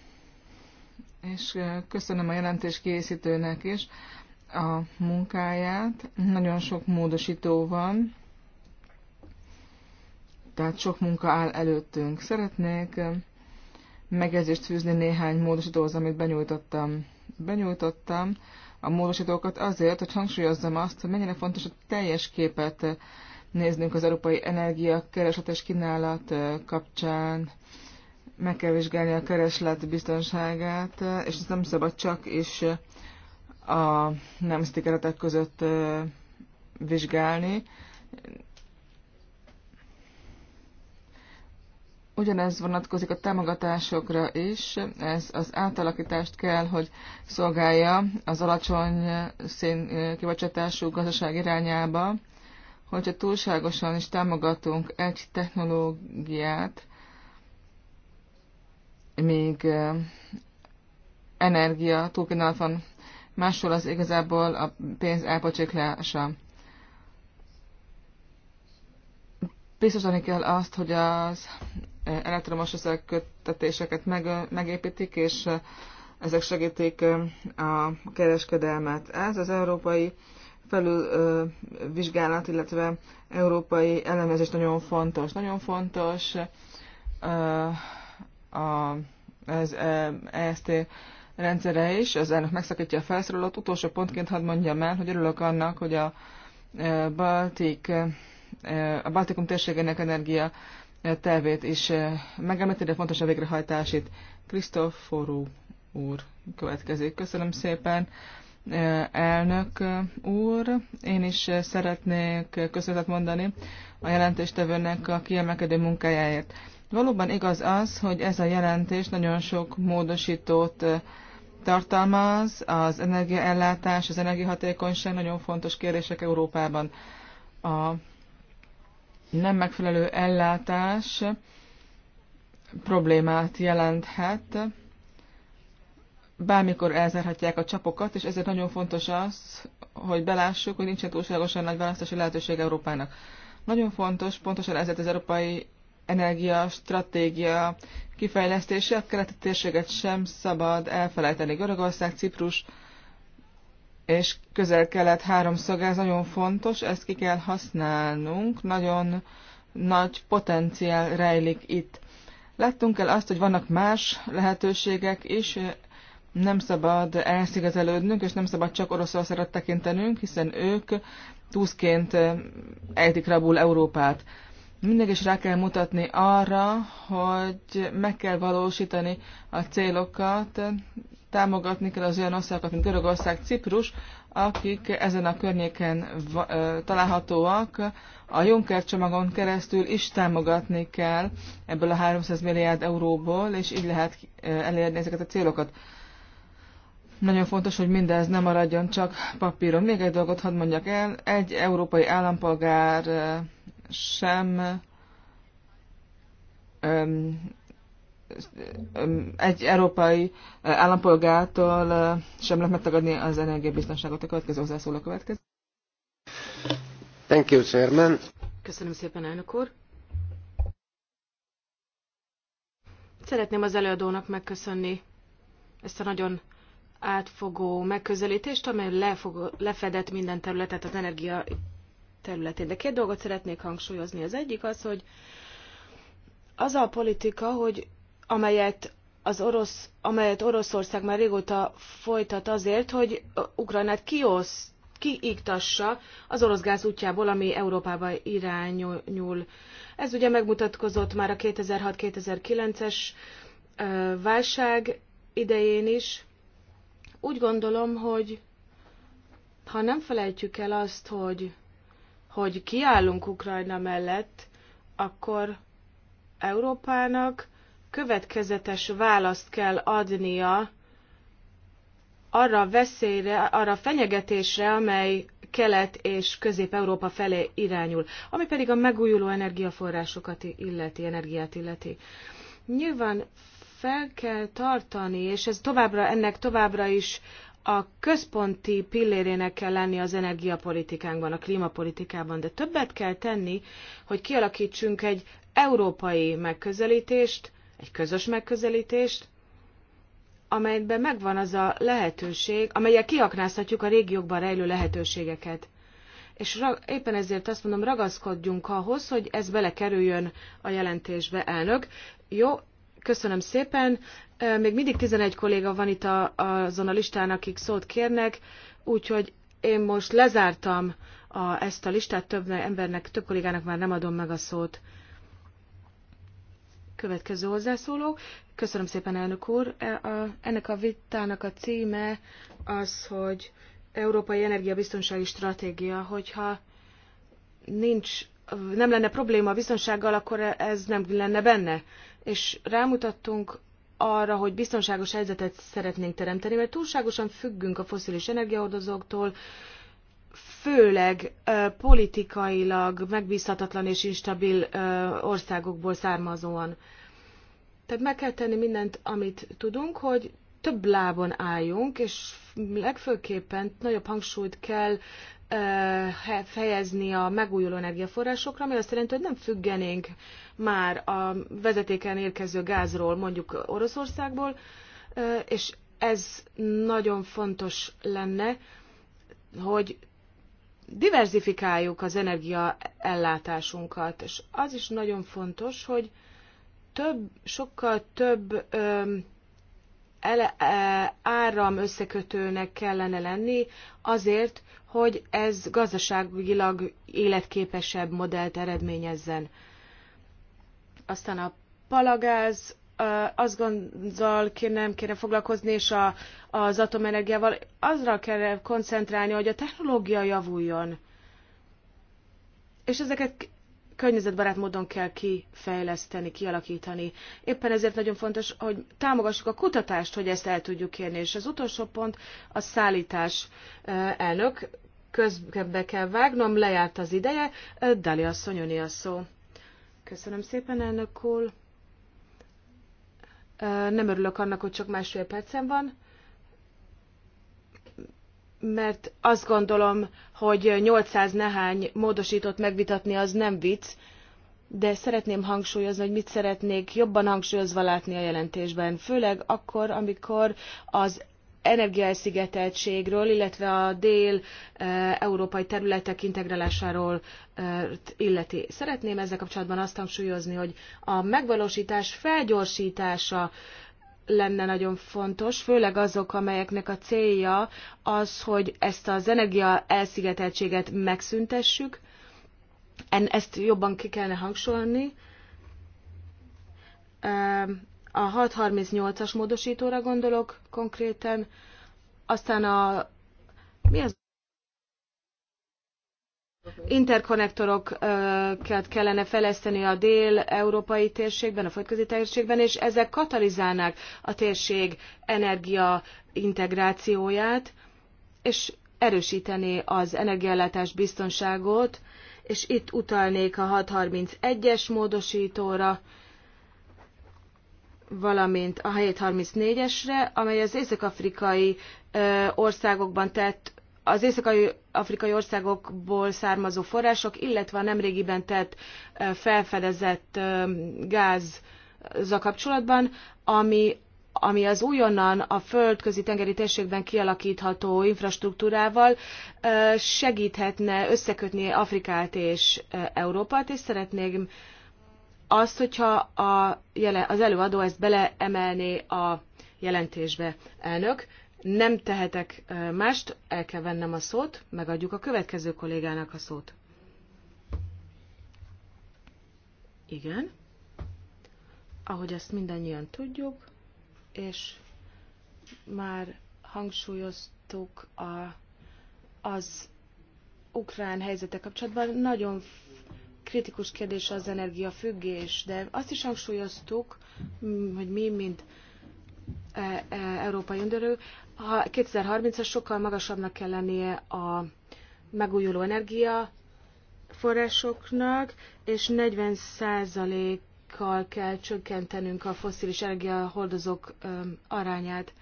és köszönöm a jelentés készítőnek is a munkáját. Nagyon sok módosító van, tehát sok munka áll előttünk. Szeretnék megjegyzést fűzni néhány módosítóhoz, amit benyújtottam. Benyújtottam a módosítókat azért, hogy hangsúlyozzam azt, hogy mennyire fontos a teljes képet néznünk az európai energia kereslet és kínálat kapcsán. Meg kell vizsgálni a kereslet biztonságát, és ez nem szabad csak is a nemzeti keretek között vizsgálni. Ugyanez vonatkozik a támogatásokra is, ez az átalakítást kell, hogy szolgálja az alacsony szén kibocsátású gazdaság irányába, hogyha túlságosan is támogatunk egy technológiát, még energia túlkínálat van máshol az igazából a pénz elpocséklása. Biztosítani kell azt, hogy az elektromos összeköttetéseket meg, megépítik, és ezek segítik a kereskedelmet. Ez az európai felülvizsgálat, illetve európai elemezés nagyon fontos. Nagyon fontos az EST rendszere is. Az elnök megszakítja a felszólalót. Utolsó pontként hadd mondjam el, hogy örülök annak, hogy a e, Baltik, e, a Baltikum térségének energia e, tervét is megemlíti, de fontos a végrehajtásét. Krisztoforú úr következik. Köszönöm szépen, elnök úr. Én is szeretnék köszönetet mondani a jelentéstevőnek a kiemelkedő munkájáért. Valóban igaz az, hogy ez a jelentés nagyon sok módosítót tartalmaz, az energiaellátás, az energiahatékonyság nagyon fontos kérdések Európában. A nem megfelelő ellátás problémát jelenthet, bármikor elzárhatják a csapokat, és ezért nagyon fontos az, hogy belássuk, hogy nincsen túlságosan nagy választási lehetőség Európának. Nagyon fontos, pontosan ezért az Európai energia stratégia kifejlesztése, a keleti térséget sem szabad elfelejteni. Görögország, Ciprus és közel-kelet háromszög, ez nagyon fontos, ezt ki kell használnunk, nagyon nagy potenciál rejlik itt. Láttunk el azt, hogy vannak más lehetőségek is, nem szabad elszigetelődnünk, és nem szabad csak Oroszországra tekintenünk, hiszen ők túszként eh, ejtik rabul Európát mindig is rá kell mutatni arra, hogy meg kell valósítani a célokat, támogatni kell az olyan országokat, mint Görögország, Ciprus, akik ezen a környéken találhatóak. A Juncker csomagon keresztül is támogatni kell ebből a 300 milliárd euróból, és így lehet elérni ezeket a célokat. Nagyon fontos, hogy mindez nem maradjon csak papíron. Még egy dolgot hadd mondjak el. Egy európai állampolgár sem egy európai állampolgártól sem lehet megtagadni az energiabiztonságot. A következő hozzászól a következő. Thank you, Chairman. Köszönöm szépen, elnök úr. Szeretném az előadónak megköszönni ezt a nagyon átfogó megközelítést, amely lefog, lefedett minden területet az energia területén. De két dolgot szeretnék hangsúlyozni. Az egyik az, hogy az a politika, hogy amelyet az orosz, amelyet Oroszország már régóta folytat azért, hogy Ukrajnát kiosz, kiiktassa az orosz gáz útjából, ami Európába irányul. Ez ugye megmutatkozott már a 2006-2009-es válság idején is. Úgy gondolom, hogy ha nem felejtjük el azt, hogy hogy kiállunk Ukrajna mellett, akkor Európának következetes választ kell adnia arra a veszélyre, arra a fenyegetésre, amely Kelet és Közép-Európa felé irányul, ami pedig a megújuló energiaforrásokat illeti, energiát illeti. Nyilván fel kell tartani, és ez továbbra, ennek továbbra is a központi pillérének kell lenni az energiapolitikánkban, a klímapolitikában, de többet kell tenni, hogy kialakítsunk egy európai megközelítést, egy közös megközelítést, amelyben megvan az a lehetőség, amelyel kiaknázhatjuk a régiókban rejlő lehetőségeket. És rag, éppen ezért azt mondom, ragaszkodjunk ahhoz, hogy ez belekerüljön a jelentésbe, elnök. Jó, Köszönöm szépen. Még mindig 11 kolléga van itt a, azon a listán, akik szót kérnek, úgyhogy én most lezártam a, ezt a listát, több embernek, több kollégának már nem adom meg a szót. Következő hozzászóló. Köszönöm szépen, elnök úr. E, ennek a vitának a címe az, hogy Európai Energiabiztonsági Stratégia, hogyha nincs, nem lenne probléma a biztonsággal, akkor e, ez nem lenne benne és rámutattunk arra, hogy biztonságos helyzetet szeretnénk teremteni, mert túlságosan függünk a foszilis energiahordozóktól, főleg ö, politikailag megbízhatatlan és instabil ö, országokból származóan. Tehát meg kell tenni mindent, amit tudunk, hogy több lábon álljunk, és legfőképpen nagyobb hangsúlyt kell fejezni a megújuló energiaforrásokra, ami azt jelenti, hogy nem függenénk már a vezetéken érkező gázról, mondjuk Oroszországból, és ez nagyon fontos lenne, hogy diversifikáljuk az energiaellátásunkat, és az is nagyon fontos, hogy több, sokkal több öm, ele, e, áram összekötőnek kellene lenni azért, hogy ez gazdaságilag életképesebb modellt eredményezzen. Aztán a palagáz, e, azt gondol, nem kéne foglalkozni, és a, az atomenergiával azra kell koncentrálni, hogy a technológia javuljon. És ezeket környezetbarát módon kell kifejleszteni, kialakítani. Éppen ezért nagyon fontos, hogy támogassuk a kutatást, hogy ezt el tudjuk érni. És az utolsó pont a szállítás elnök. Közbe kell vágnom, lejárt az ideje. Dali asszony, a szó. Köszönöm szépen, elnök úr. Nem örülök annak, hogy csak másfél percem van mert azt gondolom, hogy 800 nehány módosított megvitatni az nem vicc, de szeretném hangsúlyozni, hogy mit szeretnék jobban hangsúlyozva látni a jelentésben, főleg akkor, amikor az energiaelszigeteltségről, illetve a dél-európai e, területek integrálásáról e, illeti. Szeretném ezzel kapcsolatban azt hangsúlyozni, hogy a megvalósítás felgyorsítása lenne nagyon fontos, főleg azok, amelyeknek a célja az, hogy ezt az energia elszigeteltséget megszüntessük, ezt jobban ki kellene hangsúlyozni. A 638-as módosítóra gondolok konkrétan, aztán a mi az interkonnektorokat kellene fejleszteni a dél-európai térségben, a földközi térségben, és ezek katalizálnák a térség energia integrációját, és erősíteni az energiállátás biztonságot, és itt utalnék a 631-es módosítóra, valamint a 734-esre, amely az észak-afrikai országokban tett az észak-afrikai országokból származó források, illetve a nemrégiben tett felfedezett gáz kapcsolatban, ami ami az újonnan a földközi tengeri térségben kialakítható infrastruktúrával segíthetne összekötni Afrikát és Európát, és szeretném azt, hogyha a, az előadó ezt beleemelné a jelentésbe, elnök nem tehetek mást, el kell vennem a szót, megadjuk a következő kollégának a szót. Igen. Ahogy ezt mindannyian tudjuk, és már hangsúlyoztuk a, az ukrán helyzete kapcsolatban, nagyon kritikus kérdés az energiafüggés, de azt is hangsúlyoztuk, hogy mi, mint e, e, Európai Öndörő, ha 2030-as sokkal magasabbnak kell lennie a megújuló energia forrásoknak, és 40%-kal kell csökkentenünk a foszilis energiahordozók arányát.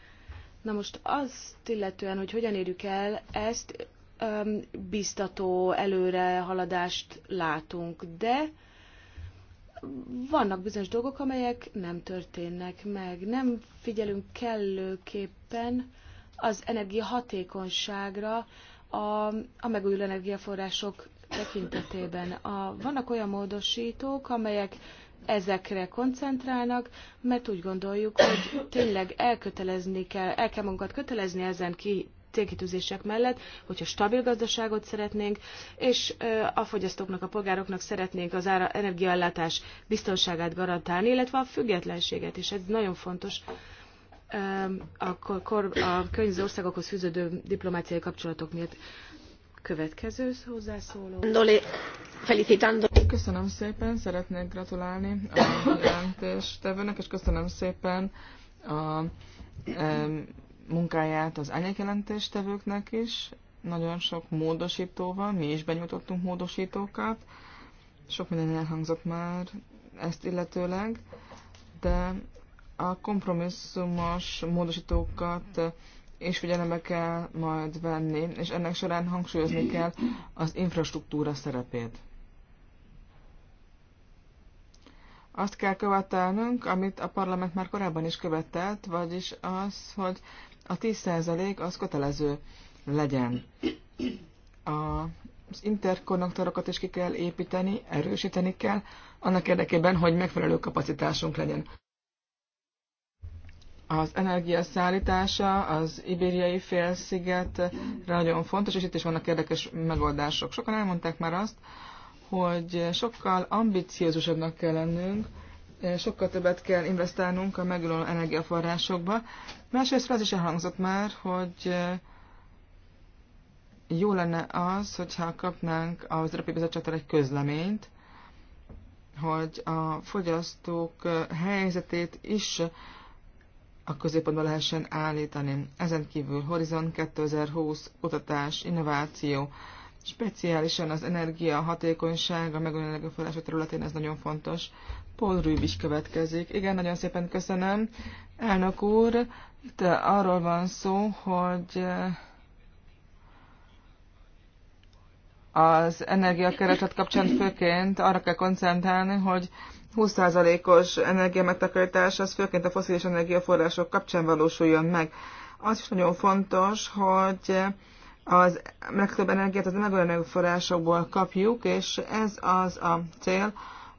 Na most azt illetően, hogy hogyan érjük el ezt, öm, biztató előre haladást látunk, de vannak bizonyos dolgok, amelyek nem történnek meg. Nem figyelünk kellőképpen az energiahatékonyságra a, a megújuló energiaforrások tekintetében. A, vannak olyan módosítók, amelyek ezekre koncentrálnak, mert úgy gondoljuk, hogy tényleg elkötelezni kell, el kell magunkat kötelezni ezen ki tékítőzések mellett, hogyha stabil gazdaságot szeretnénk, és a fogyasztóknak, a polgároknak szeretnénk az ára, energiaellátás biztonságát garantálni, illetve a függetlenséget is. Ez nagyon fontos a, kor, a környező országokhoz fűződő diplomáciai kapcsolatok miatt következő hozzászóló. Köszönöm szépen, szeretnék gratulálni a jelentéstevőnek, és köszönöm szépen a e, munkáját az anyagjelentéstevőknek is. Nagyon sok módosítóval, mi is benyújtottunk módosítókat, sok minden elhangzott már ezt illetőleg, de a kompromisszumos módosítókat és figyelembe kell majd venni, és ennek során hangsúlyozni kell az infrastruktúra szerepét. Azt kell követelnünk, amit a parlament már korábban is követelt, vagyis az, hogy a 10% az kötelező legyen. Az interkonnektorokat is ki kell építeni, erősíteni kell, annak érdekében, hogy megfelelő kapacitásunk legyen az energia szállítása az ibériai félsziget nagyon fontos, és itt is vannak érdekes megoldások. Sokan elmondták már azt, hogy sokkal ambiciózusabbnak kell lennünk, sokkal többet kell investálnunk a megújuló energiaforrásokba. Másrészt az is elhangzott már, hogy jó lenne az, hogyha kapnánk az Európai Bizottságtól egy közleményt, hogy a fogyasztók helyzetét is a középpontba lehessen állítani. Ezen kívül Horizon 2020, kutatás, innováció, speciálisan az energia, hatékonyság, a megújuló források területén ez nagyon fontos. Paul Rüb is következik. Igen, nagyon szépen köszönöm. Elnök úr, itt arról van szó, hogy eh, az energiakeretet kapcsán főként arra kell koncentrálni, hogy 20%-os energiamegtakarítás az főként a foszilis energiaforrások kapcsán valósuljon meg. Az is nagyon fontos, hogy az legtöbb energiát az megújuló forrásokból kapjuk, és ez az a cél,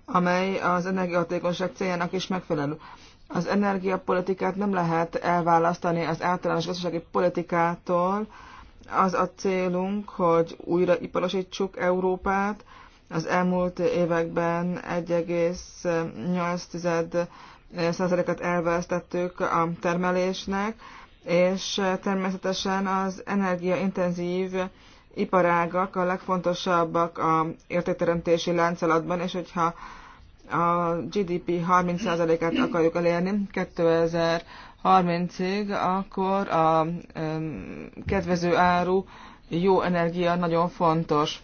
amely az energiahatékonyság céljának is megfelelő. Az energiapolitikát nem lehet elválasztani az általános gazdasági politikától. Az a célunk, hogy újraiparosítsuk Európát, az elmúlt években 18 et elvesztettük a termelésnek, és természetesen az energiaintenzív iparágak a legfontosabbak a értékteremtési láncolatban, és hogyha a GDP 30%-át akarjuk elérni 2030-ig, akkor a kedvező áru jó energia nagyon fontos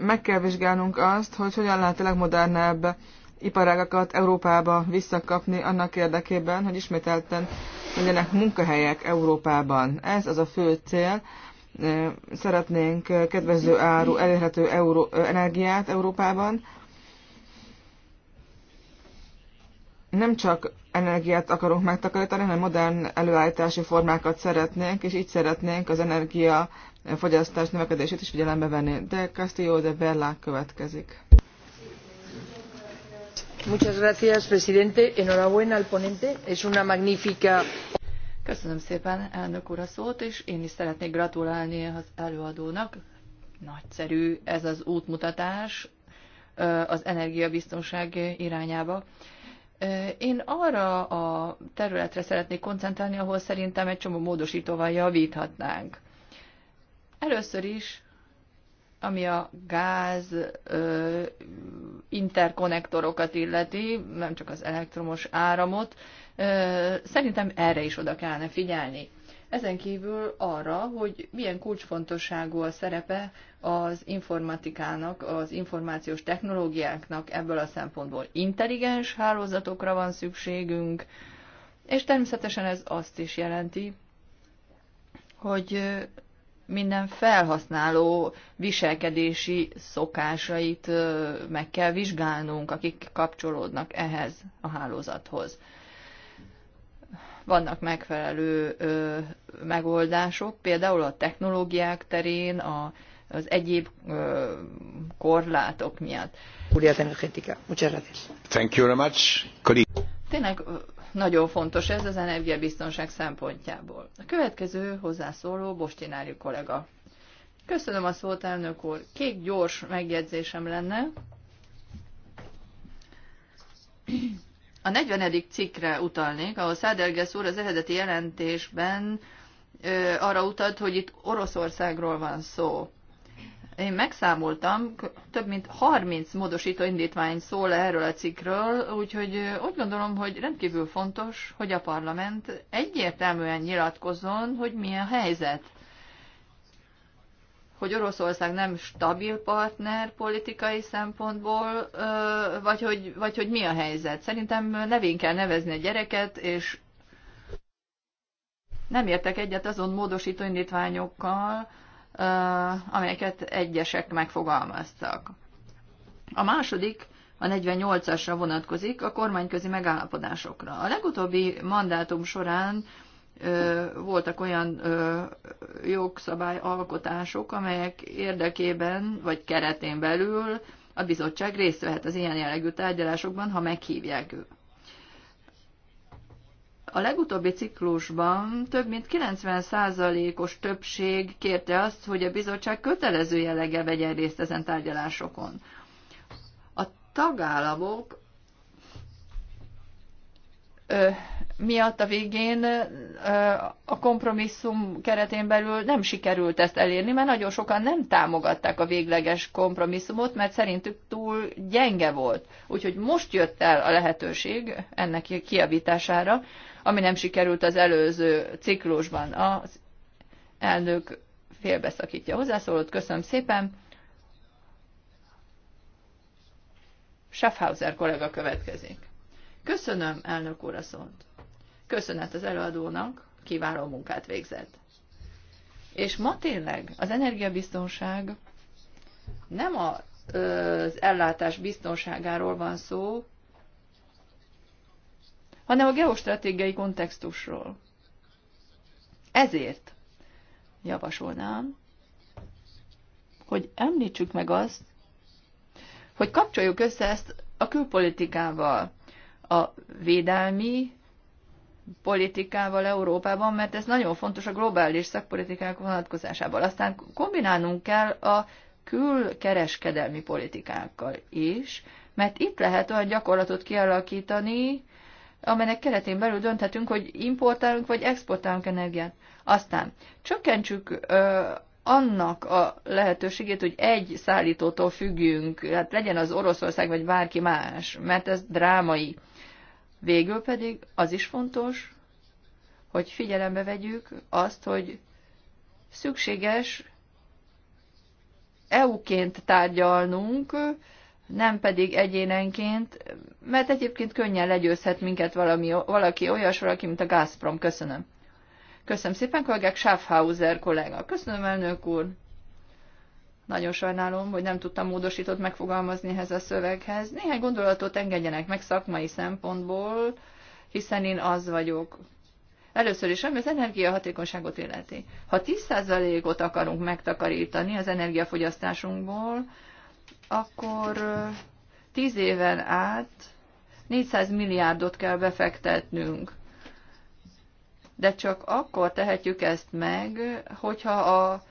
meg kell vizsgálnunk azt, hogy hogyan lehet a legmodernebb iparágakat Európába visszakapni annak érdekében, hogy ismételten legyenek munkahelyek Európában. Ez az a fő cél. Szeretnénk kedvező áru elérhető euró, energiát Európában. Nem csak energiát akarunk megtakarítani, hanem modern előállítási formákat szeretnénk, és így szeretnénk az energia fogyasztás növekedését is figyelembe venni. De Castillo de Berlá következik. Muchas gracias, presidente. Enhorabuena al ponente. Es una magnífica... Köszönöm szépen, elnök úr, a szót, és én is szeretnék gratulálni az előadónak. Nagyszerű ez az útmutatás az energiabiztonság irányába. Én arra a területre szeretnék koncentrálni, ahol szerintem egy csomó módosítóval javíthatnánk. Először is, ami a gáz ö, interkonnektorokat illeti, nem csak az elektromos áramot, ö, szerintem erre is oda kellene figyelni ezen kívül arra, hogy milyen kulcsfontosságú a szerepe az informatikának, az információs technológiáknak ebből a szempontból. Intelligens hálózatokra van szükségünk, és természetesen ez azt is jelenti, hogy minden felhasználó viselkedési szokásait meg kell vizsgálnunk, akik kapcsolódnak ehhez a hálózathoz. Vannak megfelelő ö, megoldások, például a technológiák terén, a, az egyéb ö, korlátok miatt. Thank you very much. Tényleg nagyon fontos ez az energiabiztonság szempontjából. A következő hozzászóló Bostinári kollega. Köszönöm a szót, elnök úr. Két gyors megjegyzésem lenne. A 40. cikkre utalnék, ahol Szádergesz úr az eredeti jelentésben ö, arra utalt, hogy itt Oroszországról van szó. Én megszámoltam, több mint 30 módosító indítvány szól erről a cikkről, úgyhogy úgy gondolom, hogy rendkívül fontos, hogy a parlament egyértelműen nyilatkozzon, hogy mi a helyzet hogy Oroszország nem stabil partner politikai szempontból, vagy hogy, vagy hogy mi a helyzet. Szerintem nevén kell nevezni a gyereket, és nem értek egyet azon módosító indítványokkal, amelyeket egyesek megfogalmaztak. A második a 48-asra vonatkozik a kormányközi megállapodásokra. A legutóbbi mandátum során voltak olyan jogszabályalkotások, amelyek érdekében vagy keretén belül a bizottság részt vehet az ilyen jellegű tárgyalásokban, ha meghívják ő. A legutóbbi ciklusban több mint 90%-os többség kérte azt, hogy a bizottság kötelező jelleggel vegyen részt ezen tárgyalásokon. A tagállamok ö, miatt a végén a kompromisszum keretén belül nem sikerült ezt elérni, mert nagyon sokan nem támogatták a végleges kompromisszumot, mert szerintük túl gyenge volt. Úgyhogy most jött el a lehetőség ennek kiavítására, ami nem sikerült az előző ciklusban. Az elnök félbeszakítja hozzászólót. Köszönöm szépen. Schaffhauser kollega következik. Köszönöm, elnök úr, a szót. Köszönet az előadónak, kiváló munkát végzett. És ma tényleg az energiabiztonság nem az ellátás biztonságáról van szó, hanem a geostratégiai kontextusról. Ezért javasolnám, hogy említsük meg azt, hogy kapcsoljuk össze ezt a külpolitikával, a védelmi politikával Európában, mert ez nagyon fontos a globális szakpolitikák vonatkozásában. Aztán kombinálnunk kell a külkereskedelmi politikákkal is, mert itt lehet olyan gyakorlatot kialakítani, amelynek keretén belül dönthetünk, hogy importálunk vagy exportálunk energiát. Aztán csökkentsük ö, annak a lehetőségét, hogy egy szállítótól függjünk, hát legyen az Oroszország vagy bárki más, mert ez drámai. Végül pedig az is fontos, hogy figyelembe vegyük azt, hogy szükséges EU-ként tárgyalnunk, nem pedig egyénenként, mert egyébként könnyen legyőzhet minket valami, valaki olyas, valaki, mint a Gazprom. Köszönöm. Köszönöm szépen, kollégák, Schaffhauser kollega. Köszönöm, elnök úr. Nagyon sajnálom, hogy nem tudtam módosított megfogalmazni ehhez a szöveghez. Néhány gondolatot engedjenek meg szakmai szempontból, hiszen én az vagyok. Először is, ami az energiahatékonyságot illeti. Ha 10%-ot akarunk megtakarítani az energiafogyasztásunkból, akkor 10 éven át 400 milliárdot kell befektetnünk. De csak akkor tehetjük ezt meg, hogyha a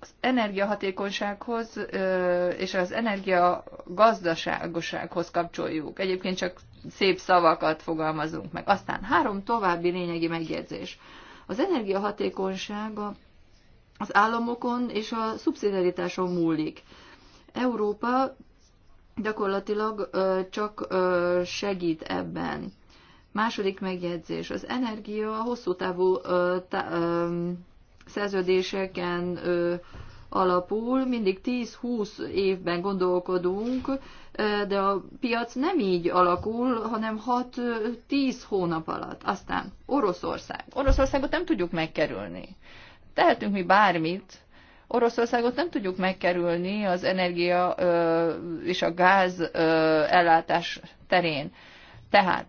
az energiahatékonysághoz és az energiagazdaságossághoz kapcsoljuk. Egyébként csak szép szavakat fogalmazunk meg. Aztán három további lényegi megjegyzés. Az energiahatékonysága az államokon és a szubszidiaritáson múlik. Európa gyakorlatilag csak segít ebben. Második megjegyzés. Az energia a hosszú távú szerződéseken alapul, mindig 10-20 évben gondolkodunk, de a piac nem így alakul, hanem 6-10 hónap alatt. Aztán Oroszország. Oroszországot nem tudjuk megkerülni. Tehetünk mi bármit, Oroszországot nem tudjuk megkerülni az energia és a gáz ellátás terén. Tehát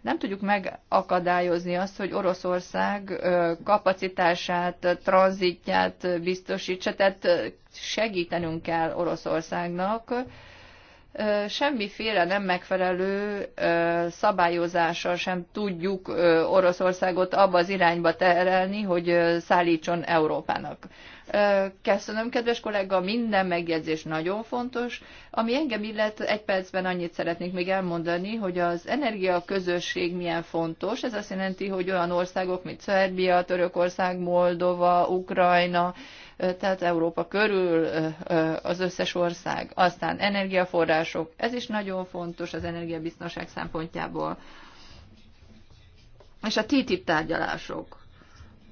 nem tudjuk megakadályozni azt, hogy Oroszország kapacitását, tranzitját biztosítsa, tehát segítenünk kell Oroszországnak. Semmiféle nem megfelelő szabályozással sem tudjuk Oroszországot abba az irányba terelni, hogy szállítson Európának. Köszönöm, kedves kollega, minden megjegyzés nagyon fontos. Ami engem illet, egy percben annyit szeretnék még elmondani, hogy az energia közösség milyen fontos. Ez azt jelenti, hogy olyan országok, mint Szerbia, Törökország, Moldova, Ukrajna, tehát Európa körül az összes ország. Aztán energiaforrások, ez is nagyon fontos az energiabiztonság szempontjából. És a TTIP tárgyalások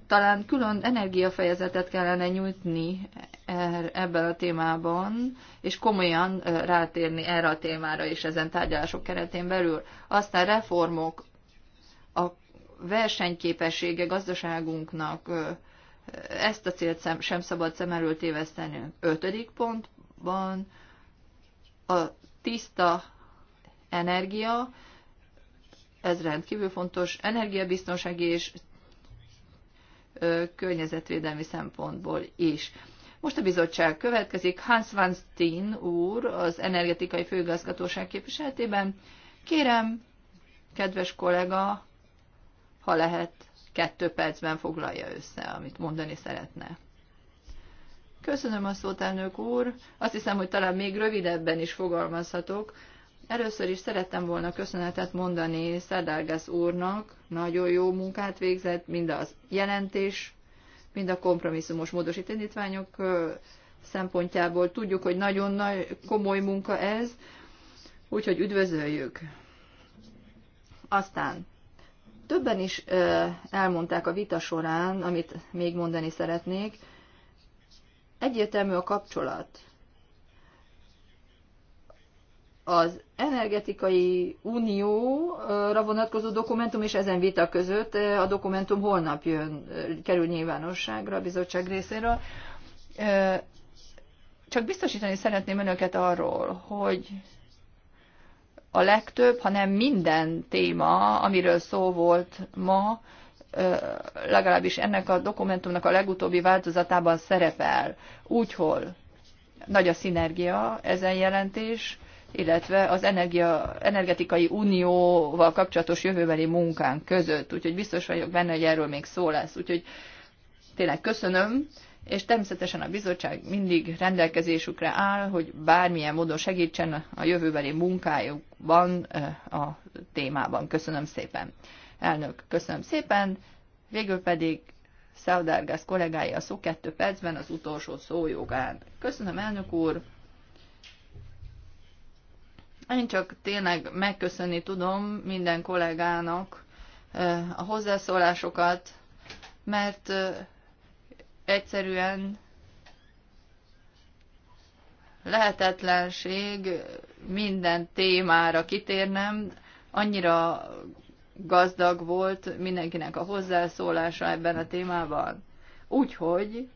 talán külön energiafejezetet kellene nyújtni er, ebben a témában, és komolyan rátérni erre a témára és ezen tárgyalások keretén belül. Aztán reformok, a versenyképessége gazdaságunknak, ezt a célt sem szabad szem elől tévesztenünk. Ötödik pontban a tiszta energia, ez rendkívül fontos, energiabiztonsági és környezetvédelmi szempontból is. Most a bizottság következik. Hans van Steen úr az energetikai főigazgatóság képviseletében. Kérem, kedves kollega, ha lehet, kettő percben foglalja össze, amit mondani szeretne. Köszönöm a szót, elnök úr. Azt hiszem, hogy talán még rövidebben is fogalmazhatok, Először is szerettem volna köszönetet mondani Szedárgász úrnak, nagyon jó munkát végzett, mind az jelentés, mind a kompromisszumos módosítanítványok szempontjából. Tudjuk, hogy nagyon nagy, komoly munka ez, úgyhogy üdvözöljük. Aztán többen is elmondták a vita során, amit még mondani szeretnék. Egyértelmű a kapcsolat az energetikai unióra vonatkozó dokumentum és ezen vita között eh, a dokumentum holnap jön, eh, kerül nyilvánosságra a bizottság részéről. Eh, csak biztosítani szeretném önöket arról, hogy a legtöbb, hanem minden téma, amiről szó volt ma, legalábbis ennek a dokumentumnak a legutóbbi változatában szerepel. Úgyhol nagy a szinergia ezen jelentés, illetve az energia, energetikai unióval kapcsolatos jövőbeli munkánk között. Úgyhogy biztos vagyok benne, hogy erről még szó lesz. Úgyhogy tényleg köszönöm, és természetesen a bizottság mindig rendelkezésükre áll, hogy bármilyen módon segítsen a jövőbeli munkájukban eh, a témában. Köszönöm szépen. Elnök, köszönöm szépen. Végül pedig Szaudárgász kollégája a szó kettő percben az utolsó jogán. Köszönöm, elnök úr! Én csak tényleg megköszönni tudom minden kollégának a hozzászólásokat, mert egyszerűen lehetetlenség minden témára kitérnem, annyira gazdag volt mindenkinek a hozzászólása ebben a témában. Úgyhogy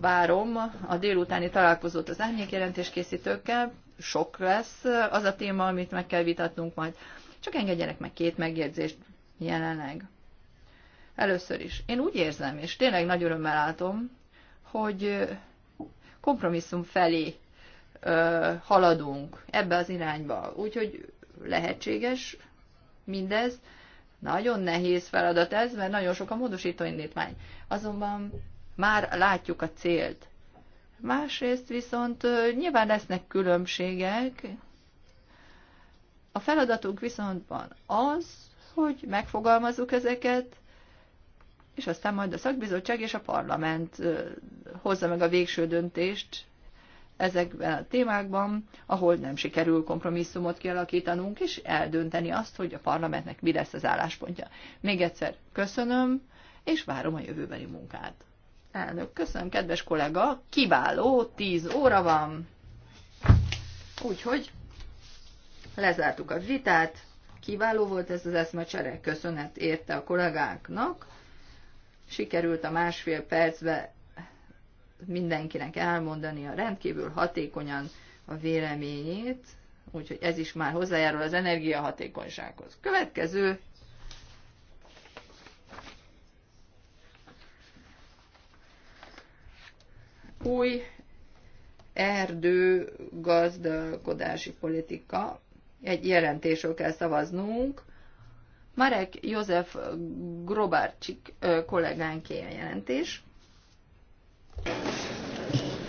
várom a délutáni találkozót az árnyékjelentéskészítőkkel, sok lesz az a téma, amit meg kell vitatnunk majd. Csak engedjenek meg két megjegyzést jelenleg. Először is. Én úgy érzem, és tényleg nagy örömmel látom, hogy kompromisszum felé haladunk ebbe az irányba. Úgyhogy lehetséges mindez. Nagyon nehéz feladat ez, mert nagyon sok a módosító indítvány. Azonban már látjuk a célt. Másrészt viszont nyilván lesznek különbségek. A feladatunk viszont van az, hogy megfogalmazzuk ezeket, és aztán majd a szakbizottság és a parlament hozza meg a végső döntést ezekben a témákban, ahol nem sikerül kompromisszumot kialakítanunk, és eldönteni azt, hogy a parlamentnek mi lesz az álláspontja. Még egyszer köszönöm, és várom a jövőbeli munkát. Elnök, köszönöm, kedves kollega, kiváló, 10 óra van. Úgyhogy lezártuk a vitát, kiváló volt ez az eszmecsere, köszönet érte a kollégánknak. Sikerült a másfél percbe mindenkinek elmondani a rendkívül hatékonyan a véleményét, úgyhogy ez is már hozzájárul az energiahatékonysághoz. Következő új erdő gazdálkodási politika. Egy jelentésről kell szavaznunk. Marek József Grobárcsik kollégánké a jelentés.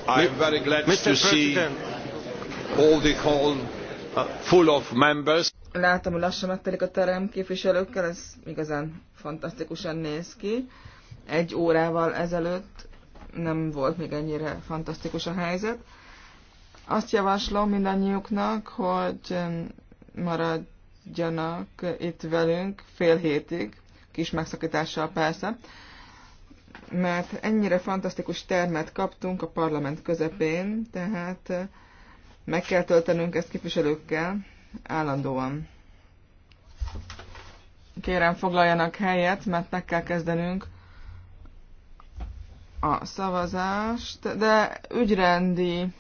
I'm very glad Mr. to see all the hall uh, full of members. Látom, hogy lassan megtelik a terem képviselőkkel, ez igazán fantasztikusan néz ki. Egy órával ezelőtt nem volt még ennyire fantasztikus a helyzet. Azt javaslom mindannyiuknak, hogy maradjanak itt velünk fél hétig, kis megszakítással persze, mert ennyire fantasztikus termet kaptunk a parlament közepén, tehát meg kell töltenünk ezt képviselőkkel állandóan. Kérem, foglaljanak helyet, mert meg kell kezdenünk a szavazást, de ügyrendi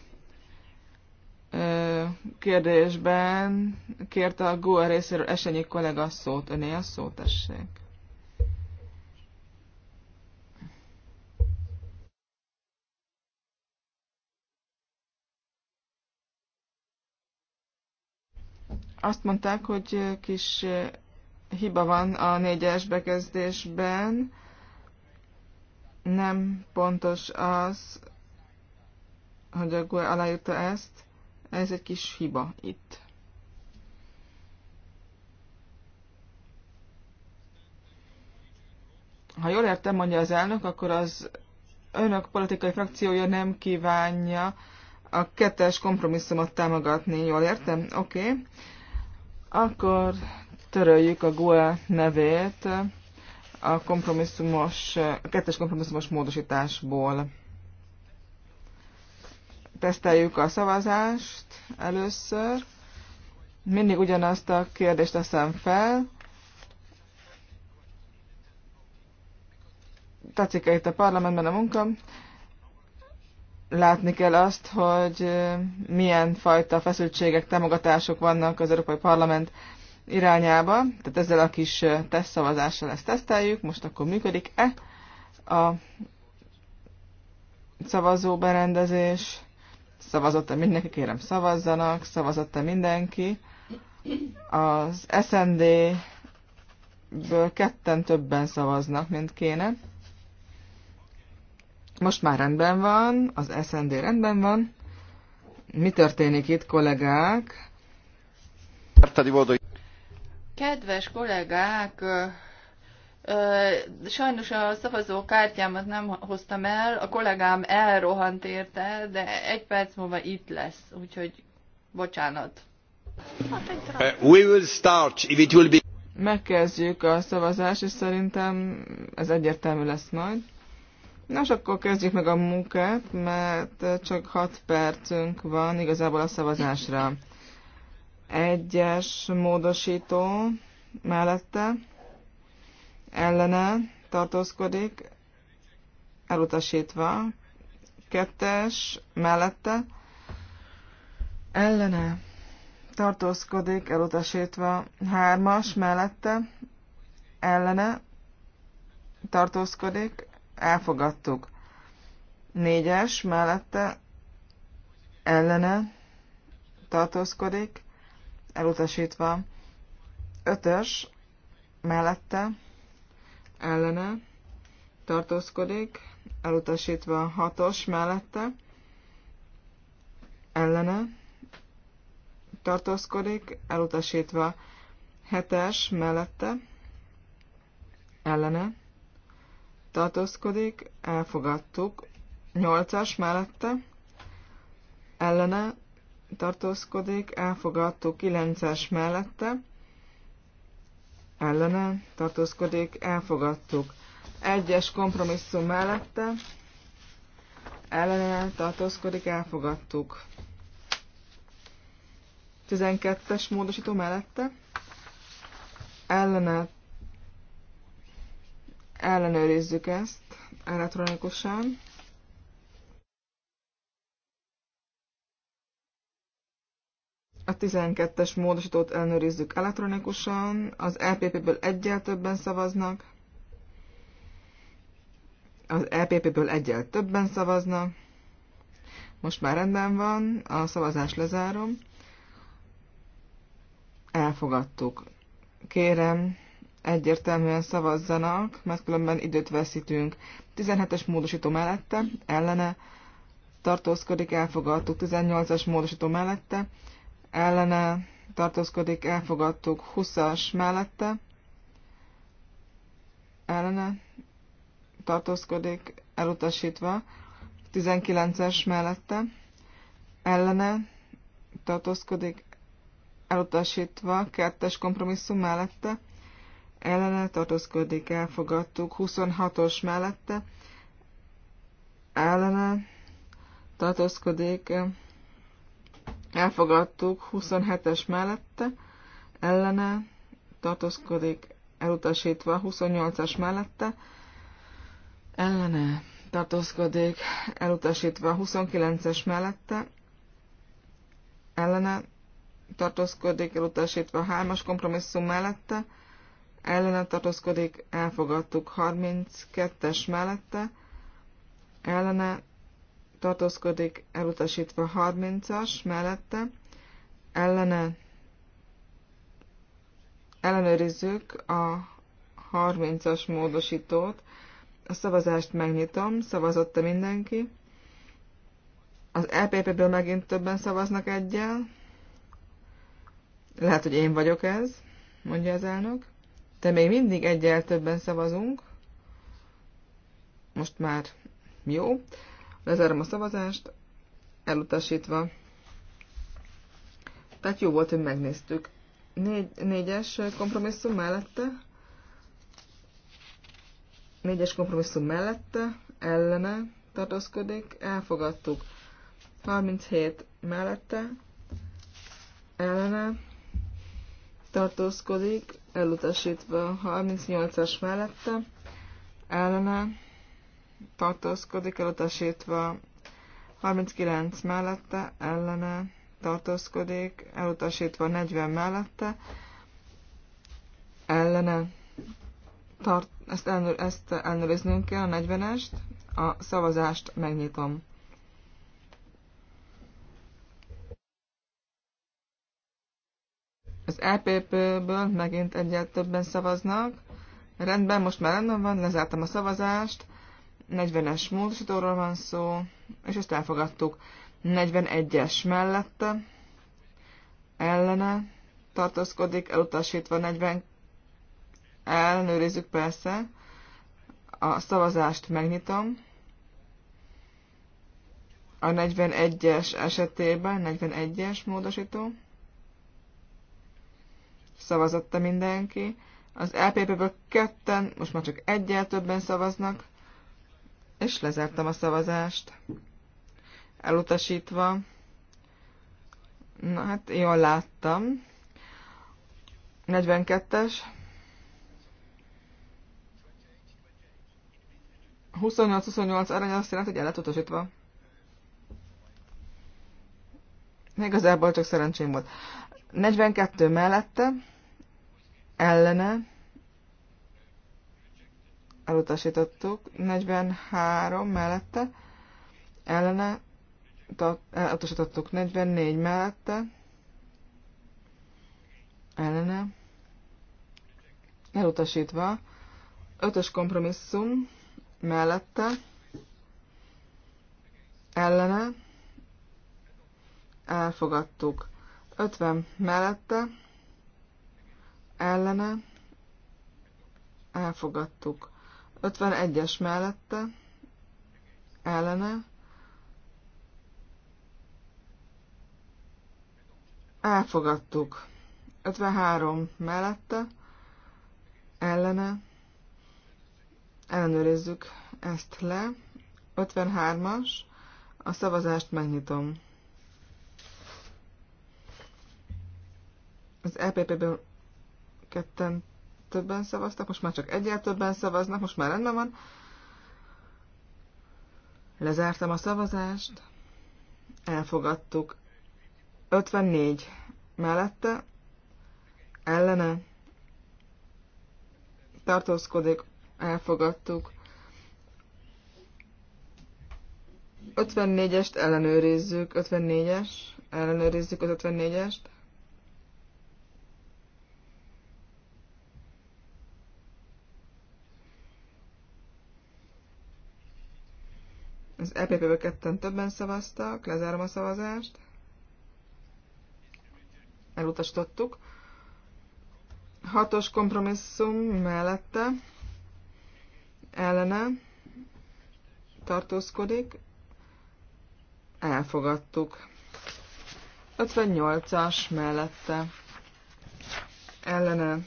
kérdésben kérte a GUA e részéről Esenyi kollega a szót. Öné a szót, tessék. Azt mondták, hogy kis hiba van a négyes bekezdésben nem pontos az, hogy a GUE aláírta ezt, ez egy kis hiba itt. Ha jól értem, mondja az elnök, akkor az önök politikai frakciója nem kívánja a kettes kompromisszumot támogatni. Jól értem? Oké. Okay. Akkor töröljük a GUE nevét a kompromisszumos, a kettes kompromisszumos módosításból. Teszteljük a szavazást először. Mindig ugyanazt a kérdést teszem fel. Tetszik-e itt a parlamentben a munka? Látni kell azt, hogy milyen fajta feszültségek, támogatások vannak az Európai Parlament irányába, tehát ezzel a kis tesztszavazással ezt teszteljük, most akkor működik-e a szavazóberendezés, szavazott-e mindenki, kérem szavazzanak, szavazott-e mindenki, az SND-ből ketten többen szavaznak, mint kéne. Most már rendben van, az SND rendben van. Mi történik itt, kollégák? Tehát, hogy Kedves kollégák, sajnos a szavazó kártyámat nem hoztam el, a kollégám elrohant érte, de egy perc múlva itt lesz, úgyhogy bocsánat. Uh, we will start, if it will be... Megkezdjük a szavazást, és szerintem ez egyértelmű lesz majd. Nos, akkor kezdjük meg a munkát, mert csak 6 percünk van igazából a szavazásra. Egyes módosító mellette ellene tartózkodik, elutasítva. Kettes mellette ellene tartózkodik, elutasítva. Hármas mellette ellene tartózkodik, elfogadtuk. Négyes mellette ellene tartózkodik, elutasítva. Ötös mellette ellene tartózkodik, elutasítva hatos mellette ellene tartózkodik, elutasítva hetes mellette ellene tartózkodik, elfogadtuk, nyolcas mellette ellene tartózkodik, elfogadtuk kilences mellette, ellene tartózkodik, elfogadtuk Egyes kompromisszum mellette, ellene tartózkodik, elfogadtuk 12-es módosító mellette, ellene ellenőrizzük ezt elektronikusan. A 12-es módosítót ellenőrizzük elektronikusan, az EPP-ből egyel többen szavaznak, az EPP-ből egyel többen szavaznak, most már rendben van, a szavazás lezárom. Elfogadtuk. Kérem, egyértelműen szavazzanak, mert különben időt veszítünk. 17-es módosító mellette, ellene, tartózkodik, elfogadtuk. 18-as módosító mellette, ellene tartózkodik, elfogadtuk 20-as mellette, ellene tartózkodik, elutasítva, 19-es mellette, ellene tartózkodik, elutasítva, 2-es kompromisszum mellette, ellene tartózkodik, elfogadtuk, 26-os mellette, ellene tartózkodik, elfogadtuk 27-es mellette, ellene tartózkodik elutasítva 28-as mellette, ellene tartózkodik elutasítva 29-es mellette, ellene tartózkodik elutasítva 3-as kompromisszum mellette, ellene tartózkodik elfogadtuk 32-es mellette, ellene tartózkodik, elutasítva 30-as mellette, ellene ellenőrizzük a 30-as módosítót, a szavazást megnyitom, szavazott-e mindenki. Az lpp e ből megint többen szavaznak egyel. Lehet, hogy én vagyok ez, mondja az elnök. De még mindig egyel többen szavazunk. Most már jó. Lezárom a szavazást, elutasítva. Tehát jó volt, hogy megnéztük. Négy, négyes kompromisszum mellette. Négyes kompromisszum mellette, ellene tartózkodik, elfogadtuk. 37 mellette, ellene tartózkodik, elutasítva 38-as mellette, ellene tartózkodik, elutasítva 39 mellette, ellene tartózkodik, elutasítva 40 mellette, ellene tart, ezt, elnő, ezt ellenőriznünk kell, a 40-est, a szavazást megnyitom. Az EPP-ből megint egyet többen szavaznak. Rendben, most már rendben van, lezártam a szavazást. 40-es módosítóról van szó, és ezt elfogadtuk. 41-es mellette, ellene tartózkodik, elutasítva 40 ellenőrizzük persze. A szavazást megnyitom. A 41-es esetében, 41-es módosító. Szavazotta mindenki. Az LPP-ből ketten, most már csak egyel többen szavaznak és lezártam a szavazást. Elutasítva. Na hát, jól láttam. 42-es. 28-28 arany azt jelenti, hogy el lett utasítva. Igazából csak szerencsém volt. 42 mellette, ellene, elutasítottuk, 43 mellette, ellene eh, elutasítottuk, 44 mellette, ellene elutasítva, 5-ös kompromisszum mellette, ellene elfogadtuk, 50 mellette, ellene elfogadtuk. 51-es mellette ellene elfogadtuk. 53 mellette ellene ellenőrizzük ezt le. 53-as, a szavazást megnyitom. Az EPP-ből ketten többen szavaztak, most már csak egyel többen szavaznak, most már rendben van. Lezártam a szavazást, elfogadtuk. 54 mellette, ellene, tartózkodik, elfogadtuk. 54-est ellenőrizzük, 54-es, ellenőrizzük az 54-est. Az EPP-ből ketten többen szavaztak, lezárom a szavazást. Elutasítottuk. Hatos kompromisszum mellette, ellene tartózkodik, elfogadtuk. 58-as mellette ellene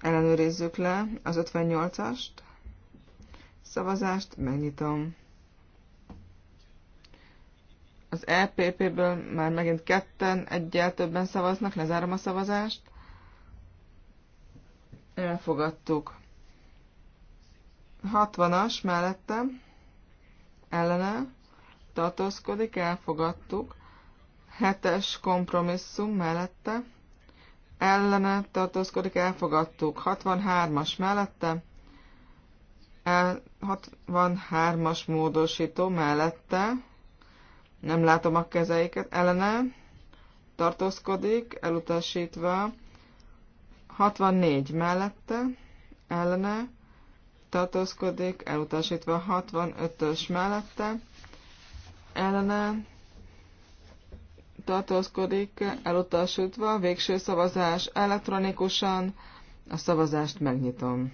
ellenőrizzük le az 58-ast szavazást, megnyitom. Az EPP-ből már megint ketten, egyel többen szavaznak, lezárom a szavazást. Elfogadtuk. 60-as mellette, ellene, tartózkodik, elfogadtuk. 7-es kompromisszum mellette, ellene, tartózkodik, elfogadtuk. 63-as mellette, el, 63-as módosító mellette, nem látom a kezeiket, ellene tartózkodik, elutasítva, 64 mellette, ellene tartózkodik, elutasítva, 65-ös mellette, ellene tartózkodik, elutasítva, végső szavazás elektronikusan, a szavazást megnyitom.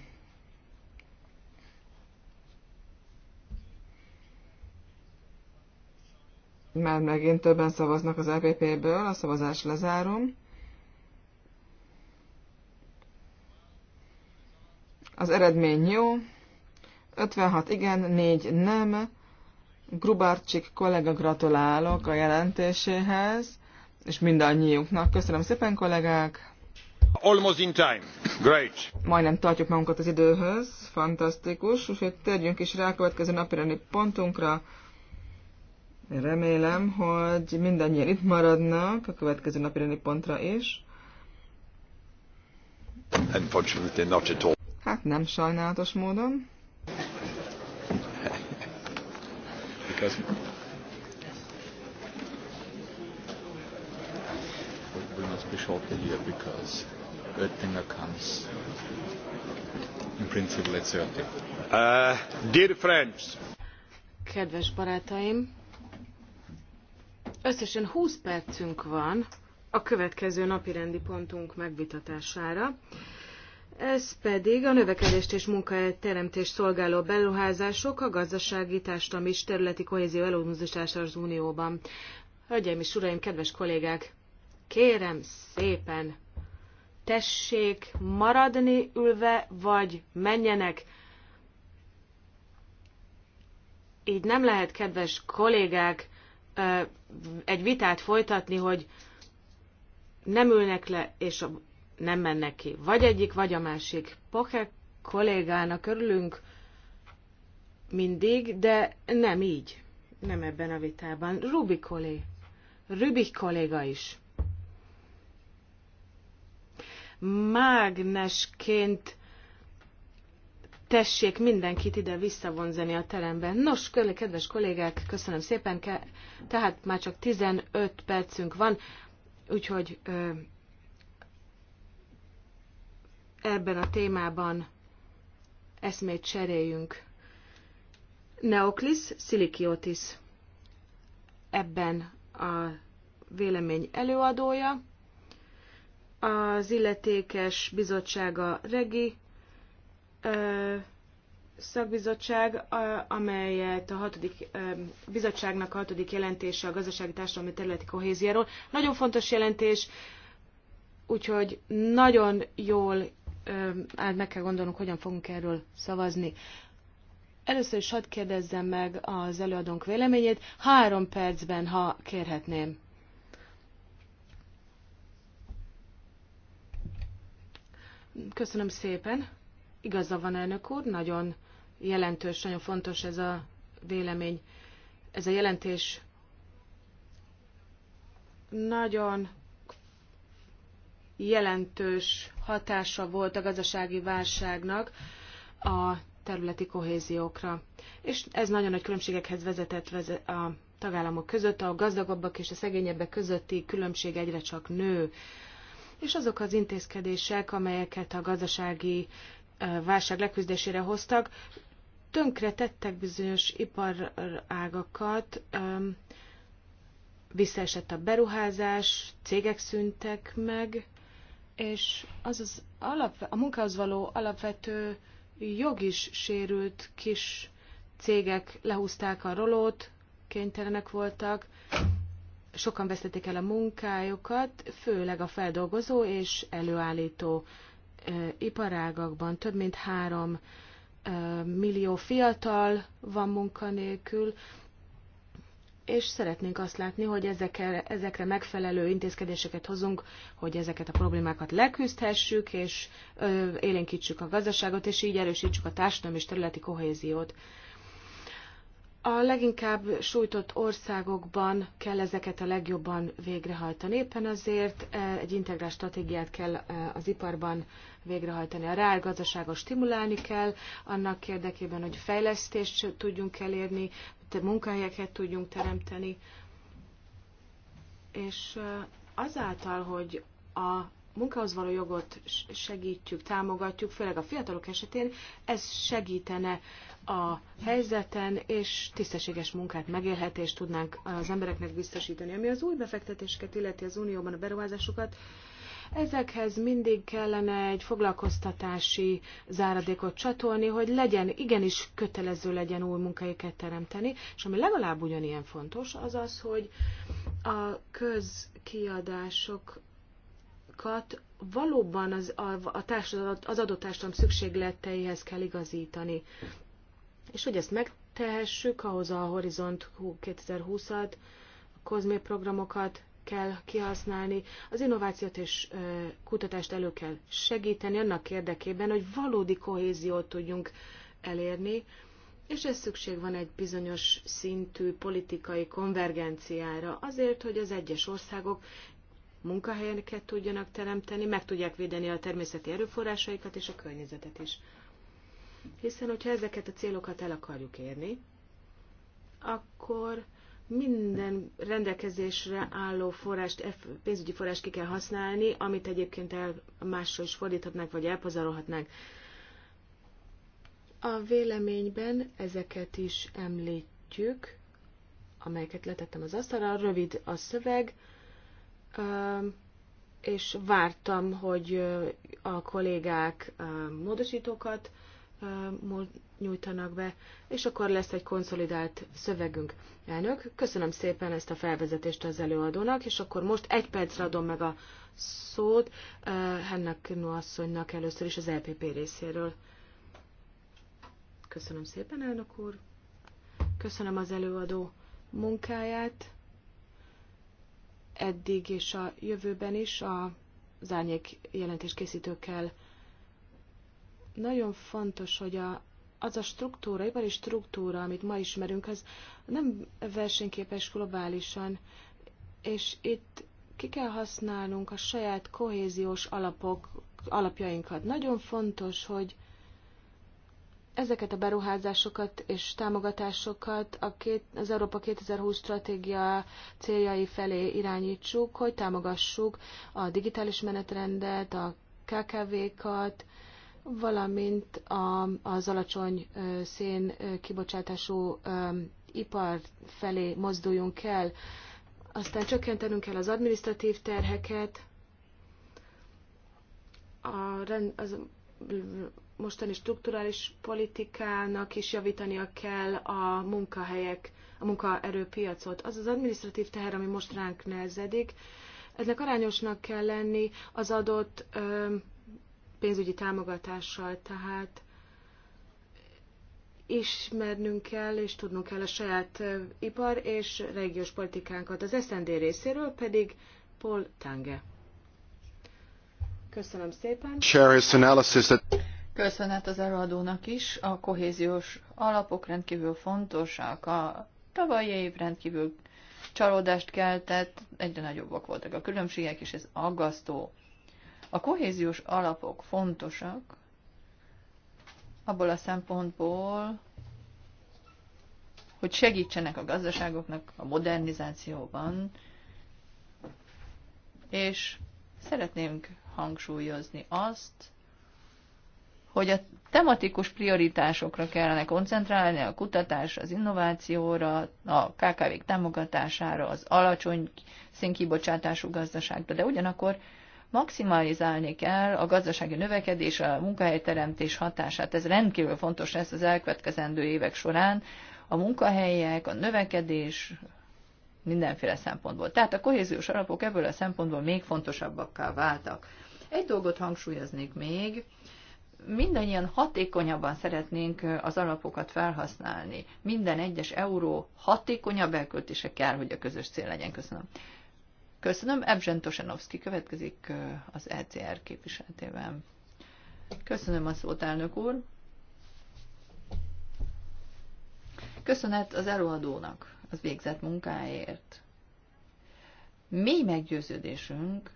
Már megint többen szavaznak az EPP-ből, a szavazás lezárom. Az eredmény jó. 56 igen, 4 nem. Grubarcsik kollega gratulálok a jelentéséhez, és mindannyiunknak. Köszönöm szépen, kollégák! Almost in time. Great. Majdnem tartjuk magunkat az időhöz. Fantasztikus. Úgyhogy térjünk is rá a következő napirendi pontunkra. Remélem, hogy mindannyian itt maradnak a következő napi pontra is. Unfortunately not at all. Hát nem sajnálatos módon. Because... We must be short here because Oettinger comes in principle at 30. Uh, dear friends. Kedves barátaim, Összesen 20 percünk van a következő napi rendi pontunk megvitatására. Ez pedig a növekedést és munkahelyteremtést szolgáló beruházások a gazdasági, társadalmi és területi kohézió elmozdítása az Unióban. Hölgyeim és uraim, kedves kollégák, kérem szépen, tessék maradni ülve, vagy menjenek. Így nem lehet, kedves kollégák, egy vitát folytatni, hogy nem ülnek le, és nem mennek ki. Vagy egyik, vagy a másik. Poke kollégának örülünk mindig, de nem így. Nem ebben a vitában. Rubi kollé. Rubik kolléga is. Mágnesként tessék mindenkit ide visszavonzani a teremben. Nos, kedves kollégák, köszönöm szépen, tehát már csak 15 percünk van, úgyhogy ebben a témában eszmét cseréljünk. Neoklis Szilikiotis ebben a vélemény előadója, az illetékes bizottsága Regi, szakbizottság, amelyet a hatodik bizottságnak a hatodik jelentése a gazdasági társadalmi területi kohéziáról. Nagyon fontos jelentés, úgyhogy nagyon jól át meg kell gondolnunk, hogyan fogunk erről szavazni. Először is hadd kérdezzem meg az előadónk véleményét. Három percben, ha kérhetném. Köszönöm szépen. Igaza van, elnök úr, nagyon jelentős, nagyon fontos ez a vélemény. Ez a jelentés nagyon jelentős hatása volt a gazdasági válságnak a területi kohéziókra. És ez nagyon nagy különbségekhez vezetett a tagállamok között, a gazdagabbak és a szegényebbek közötti különbség egyre csak nő. És azok az intézkedések, amelyeket a gazdasági válság leküzdésére hoztak, tönkre tettek bizonyos iparágakat, visszaesett a beruházás, cégek szűntek meg, és az az alap, a munkához való alapvető jog is sérült, kis cégek lehúzták a rolót, kénytelenek voltak, sokan vesztették el a munkájukat, főleg a feldolgozó és előállító iparágakban több mint három millió fiatal van munkanélkül, és szeretnénk azt látni, hogy ezekre, ezekre megfelelő intézkedéseket hozunk, hogy ezeket a problémákat leküzdhessük, és ö, élénkítsük a gazdaságot, és így erősítsük a társadalmi és területi kohéziót. A leginkább sújtott országokban kell ezeket a legjobban végrehajtani. Éppen azért eh, egy integrált stratégiát kell eh, az iparban végrehajtani. A gazdaságot stimulálni kell, annak érdekében, hogy fejlesztést tudjunk elérni, munkahelyeket tudjunk teremteni. És eh, azáltal, hogy a munkához való jogot segítjük, támogatjuk, főleg a fiatalok esetén, ez segítene a helyzeten, és tisztességes munkát, megélhetést tudnánk az embereknek biztosítani. Ami az új befektetéseket illeti az Unióban a beruházásokat, Ezekhez mindig kellene egy foglalkoztatási záradékot csatolni, hogy legyen, igenis kötelező legyen új munkahelyeket teremteni, és ami legalább ugyanilyen fontos, az az, hogy a közkiadások szabályokat valóban az, a, a társadalom, az adott társadalom szükségleteihez kell igazítani. És hogy ezt megtehessük, ahhoz a Horizont 2020-at, a COSME programokat kell kihasználni, az innovációt és kutatást elő kell segíteni annak érdekében, hogy valódi kohéziót tudjunk elérni, és ez szükség van egy bizonyos szintű politikai konvergenciára azért, hogy az egyes országok munkahelyeket tudjanak teremteni, meg tudják védeni a természeti erőforrásaikat és a környezetet is. Hiszen, hogyha ezeket a célokat el akarjuk érni, akkor minden rendelkezésre álló forrást, e- pénzügyi forrást ki kell használni, amit egyébként el másról is fordíthatnánk, vagy elpazarolhatnánk. A véleményben ezeket is említjük, amelyeket letettem az asztalra, rövid a szöveg, és vártam, hogy a kollégák módosítókat nyújtanak be, és akkor lesz egy konszolidált szövegünk. Elnök, köszönöm szépen ezt a felvezetést az előadónak, és akkor most egy percre adom meg a szót Hennek Kinu asszonynak először is az LPP e részéről. Köszönöm szépen, elnök úr. Köszönöm az előadó munkáját eddig és a jövőben is a zárnyék jelentés készítőkkel. Nagyon fontos, hogy a, az a struktúra, ipari struktúra, amit ma ismerünk, az nem versenyképes globálisan, és itt ki kell használnunk a saját kohéziós alapok, alapjainkat. Nagyon fontos, hogy ezeket a beruházásokat és támogatásokat a két, az Európa 2020 stratégia céljai felé irányítsuk, hogy támogassuk a digitális menetrendet, a KKV-kat, valamint a, az alacsony szén kibocsátású ipar felé mozduljunk el. Aztán csökkentenünk kell az administratív terheket, a, rend, az mostani strukturális politikának is javítania kell a munkahelyek, a munkaerőpiacot. Az az administratív teher, ami most ránk nehezedik, ennek arányosnak kell lenni az adott ö, pénzügyi támogatással, tehát ismernünk kell és tudnunk kell a saját ö, ipar és régiós politikánkat. Az SND részéről pedig Paul Tange. Köszönöm szépen. Köszönet az előadónak is, a kohéziós alapok rendkívül fontosak, a tavalyi év rendkívül csalódást keltett, egyre nagyobbak voltak a különbségek, és ez aggasztó. A kohéziós alapok fontosak abból a szempontból, hogy segítsenek a gazdaságoknak a modernizációban, és szeretnénk hangsúlyozni azt, hogy a tematikus prioritásokra kellene koncentrálni, a kutatás, az innovációra, a KKV-k támogatására, az alacsony szénkibocsátású gazdaságra, de ugyanakkor maximalizálni kell a gazdasági növekedés, a munkahelyteremtés hatását. Ez rendkívül fontos lesz az elkövetkezendő évek során, a munkahelyek, a növekedés, mindenféle szempontból. Tehát a kohéziós alapok ebből a szempontból még fontosabbakká váltak. Egy dolgot hangsúlyoznék még, mindannyian hatékonyabban szeretnénk az alapokat felhasználni. Minden egyes euró hatékonyabb elköltése kell, hogy a közös cél legyen. Köszönöm. Köszönöm. Ebzsen Tosanovszki következik az ECR képviseletében. Köszönöm a szót, elnök úr. Köszönet az előadónak az végzett munkáért. Mély meggyőződésünk,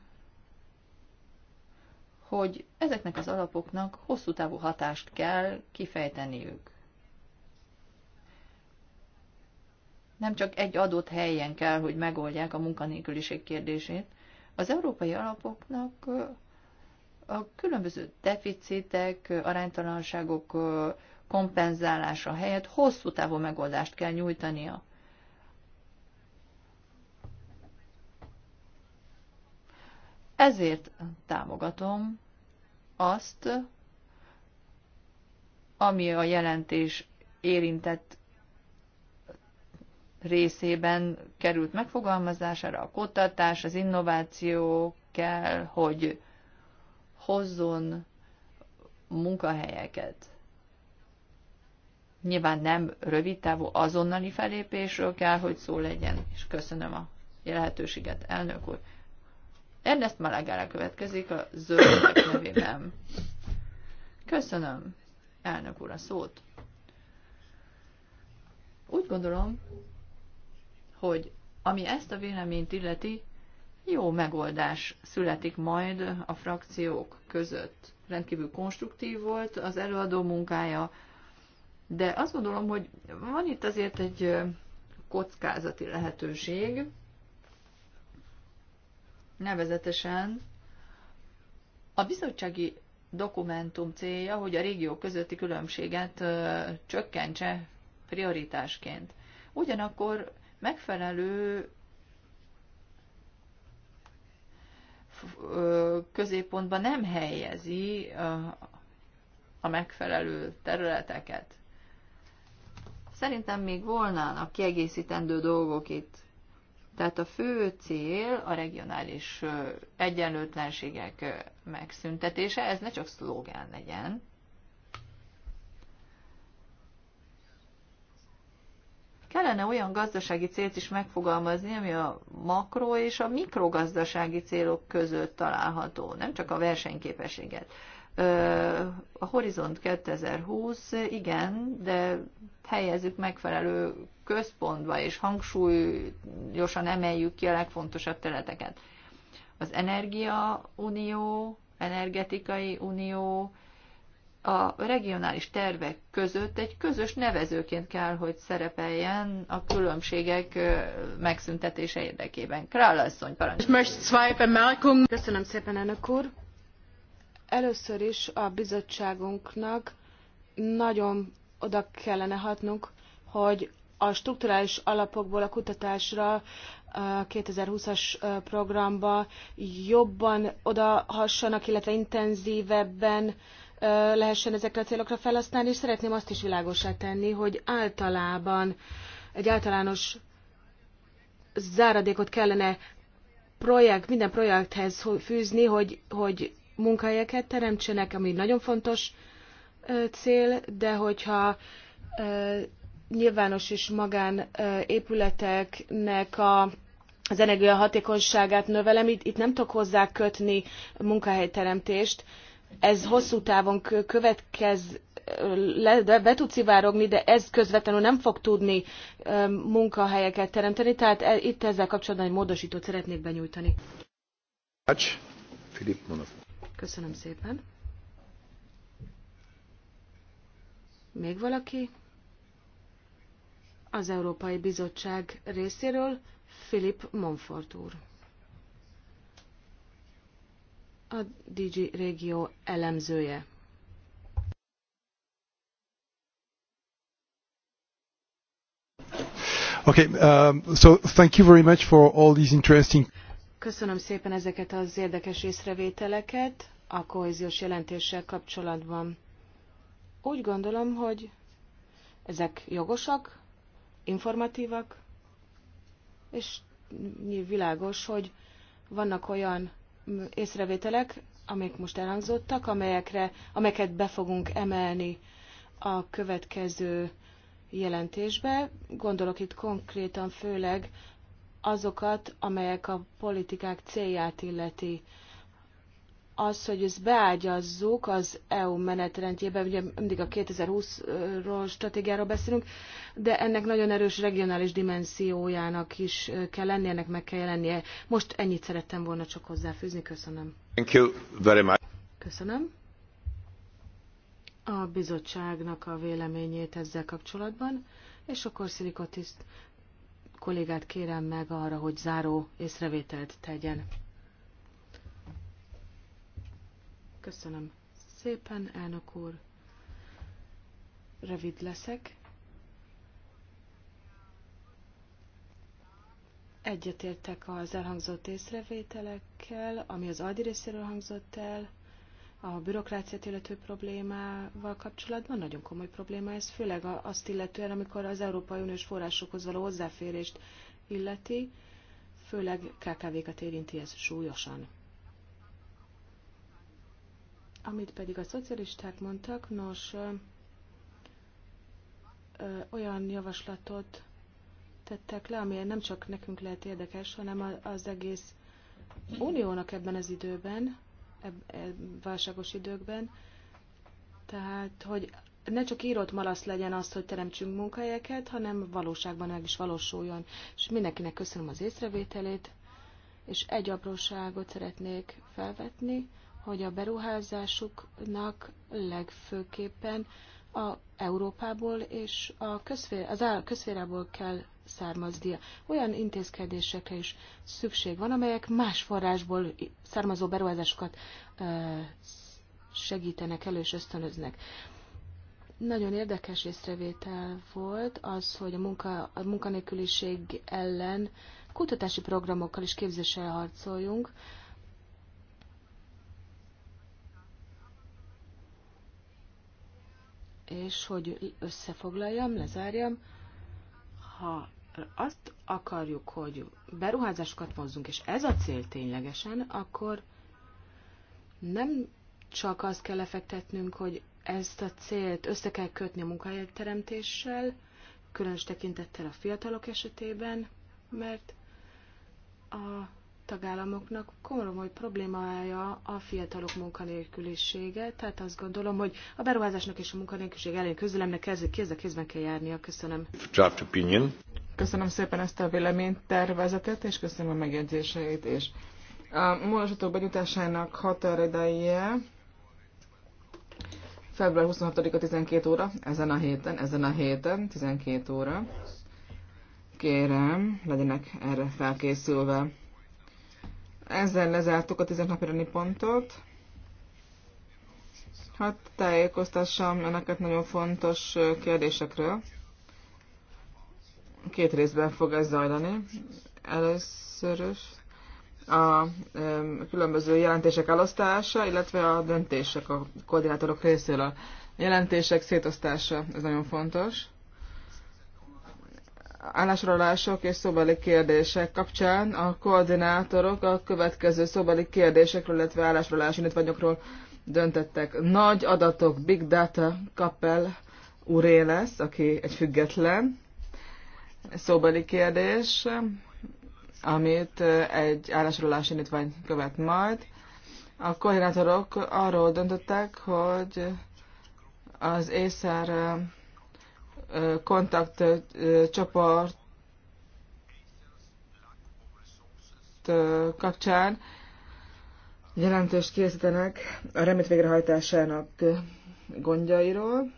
hogy ezeknek az alapoknak hosszú távú hatást kell kifejteniük. Nem csak egy adott helyen kell, hogy megoldják a munkanélküliség kérdését. Az európai alapoknak a különböző deficitek, aránytalanságok kompenzálása helyett hosszú távú megoldást kell nyújtania. Ezért támogatom azt, ami a jelentés érintett részében került megfogalmazására, a kutatás, az innováció kell, hogy hozzon munkahelyeket. Nyilván nem rövidtávú azonnali felépésről kell, hogy szó legyen, és köszönöm a lehetőséget, elnök úr. Ernest Malagára következik a zöldek nevében. Köszönöm, elnök úr, a szót. Úgy gondolom, hogy ami ezt a véleményt illeti, jó megoldás születik majd a frakciók között. Rendkívül konstruktív volt az előadó munkája, de azt gondolom, hogy van itt azért egy kockázati lehetőség, Nevezetesen a bizottsági dokumentum célja, hogy a régió közötti különbséget csökkentse prioritásként. Ugyanakkor megfelelő középpontban nem helyezi a megfelelő területeket. Szerintem még volnának kiegészítendő dolgok itt. Tehát a fő cél a regionális egyenlőtlenségek megszüntetése, ez ne csak szlogán legyen. Kellene olyan gazdasági célt is megfogalmazni, ami a makro és a mikrogazdasági célok között található, nem csak a versenyképességet. A Horizont 2020 igen, de helyezzük megfelelő központba, és hangsúlyosan emeljük ki a legfontosabb területeket. Az Energia Unió, Energetikai Unió, a regionális tervek között egy közös nevezőként kell, hogy szerepeljen a különbségek megszüntetése érdekében. Králasszony, parancsoljon! Köszönöm szépen, elnök úr! Először is a bizottságunknak nagyon oda kellene hatnunk, hogy a strukturális alapokból a kutatásra a 2020-as programba jobban odahassanak, illetve intenzívebben lehessen ezekre a célokra felhasználni, és szeretném azt is világosá tenni, hogy általában egy általános záradékot kellene projekt, minden projekthez fűzni, hogy, hogy munkahelyeket teremtsenek, ami nagyon fontos cél, de hogyha nyilvános és magán épületeknek a az hatékonyságát növelem, itt, itt nem tudok hozzá kötni munkahelyteremtést. Ez hosszú távon következ, le, de be tud szivárogni, de ez közvetlenül nem fog tudni munkahelyeket teremteni, tehát e, itt ezzel kapcsolatban egy módosítót szeretnék benyújtani. Filip Monofó. Köszönöm szépen. Még valaki? Az Európai Bizottság részéről Philip Monfort úr. A DG Régió elemzője. Okay, um, so thank you very much for all these interesting Köszönöm szépen ezeket az érdekes észrevételeket a kohéziós jelentéssel kapcsolatban. Úgy gondolom, hogy ezek jogosak, informatívak, és világos, hogy vannak olyan észrevételek, amik most elhangzottak, amelyekre, amelyeket be fogunk emelni a következő jelentésbe. Gondolok itt konkrétan főleg azokat, amelyek a politikák célját illeti. Az, hogy ezt beágyazzuk az EU menetrendjébe, ugye mindig a 2020-ról stratégiáról beszélünk, de ennek nagyon erős regionális dimenziójának is kell lennie, ennek meg kell jelennie. Most ennyit szerettem volna csak hozzáfűzni, köszönöm. Thank you very much. Köszönöm. A bizottságnak a véleményét ezzel kapcsolatban, és akkor Szilikotiszt kollégát kérem meg arra, hogy záró észrevételt tegyen. Köszönöm szépen, elnök úr. Rövid leszek. Egyetértek az elhangzott észrevételekkel, ami az Adi részéről hangzott el, a bürokráciát illető problémával kapcsolatban nagyon komoly probléma ez, főleg azt illetően, amikor az Európai Uniós forrásokhoz való hozzáférést illeti, főleg KKV-kat érinti ez súlyosan. Amit pedig a szocialisták mondtak, nos, ö, ö, olyan javaslatot tettek le, amilyen nem csak nekünk lehet érdekes, hanem az egész uniónak ebben az időben, E, válságos időkben. Tehát, hogy ne csak írott malasz legyen az, hogy teremtsünk munkahelyeket, hanem valóságban meg is valósuljon. És mindenkinek köszönöm az észrevételét, és egy apróságot szeretnék felvetni, hogy a beruházásuknak legfőképpen a Európából és a közfér, az áll, közférából kell származdia. Olyan intézkedésekre is szükség van, amelyek más forrásból származó beruházásokat segítenek elő és ösztönöznek. Nagyon érdekes észrevétel volt az, hogy a, munka, a munkanélküliség ellen kutatási programokkal is képzéssel harcoljunk. És hogy összefoglaljam, lezárjam, ha azt akarjuk, hogy beruházásokat vonzunk, és ez a cél ténylegesen, akkor nem csak azt kell lefektetnünk, hogy ezt a célt össze kell kötni a munkahelyteremtéssel, különös tekintettel a fiatalok esetében, mert a tagállamoknak komoly problémája a fiatalok munkanélkülisége, tehát azt gondolom, hogy a beruházásnak és a munkanélküliség ellen közülemnek kéz, kéz a kézben kell járnia. Köszönöm. Draft opinion. Köszönöm szépen ezt a véleménytervezetet, és köszönöm a megjegyzéseit is. A módosítók benyújtásának határideje február 26-a 12 óra, ezen a héten, ezen a héten, 12 óra. Kérem, legyenek erre felkészülve. Ezzel lezártuk a 10 napi pontot. Hát tájékoztassam önöket nagyon fontos kérdésekről. Két részben fog ez zajlani. Először is a különböző jelentések elosztása, illetve a döntések a koordinátorok részéről. A jelentések szétosztása, ez nagyon fontos. Állásorolások és szóbeli kérdések kapcsán a koordinátorok a következő szóbeli kérdésekről, illetve állásorolási nyitványokról döntettek. Nagy adatok, big data, kapel Uré lesz, aki egy független, szóbeli kérdés, amit egy állásolási indítvány követ majd. A koordinátorok arról döntöttek, hogy az észer csoport kapcsán jelentős készítenek a remét végrehajtásának gondjairól.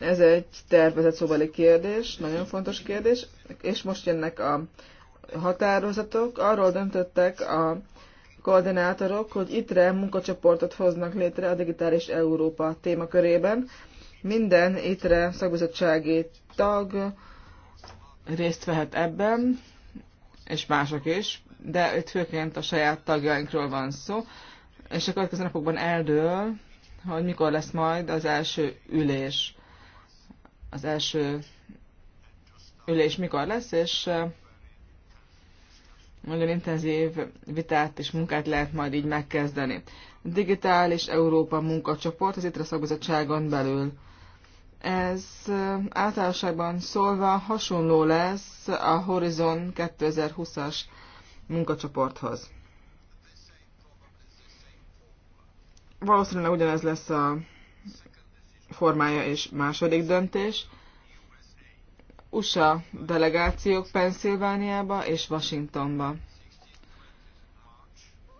Ez egy tervezett szóbeli kérdés, nagyon fontos kérdés, és most jönnek a határozatok. Arról döntöttek a koordinátorok, hogy ITRE munkacsoportot hoznak létre a Digitális Európa témakörében. Minden ITRE szakbizottsági tag részt vehet ebben, és mások is, de itt főként a saját tagjainkról van szó, és a következő napokban eldől, hogy mikor lesz majd az első ülés az első ülés mikor lesz, és nagyon intenzív vitát és munkát lehet majd így megkezdeni. Digitális Európa munkacsoport az ITRA szakbizottságon belül. Ez általánosságban szólva hasonló lesz a Horizon 2020-as munkacsoporthoz. Valószínűleg ugyanez lesz a formája és második döntés. USA delegációk Pennsylvániába és Washingtonba.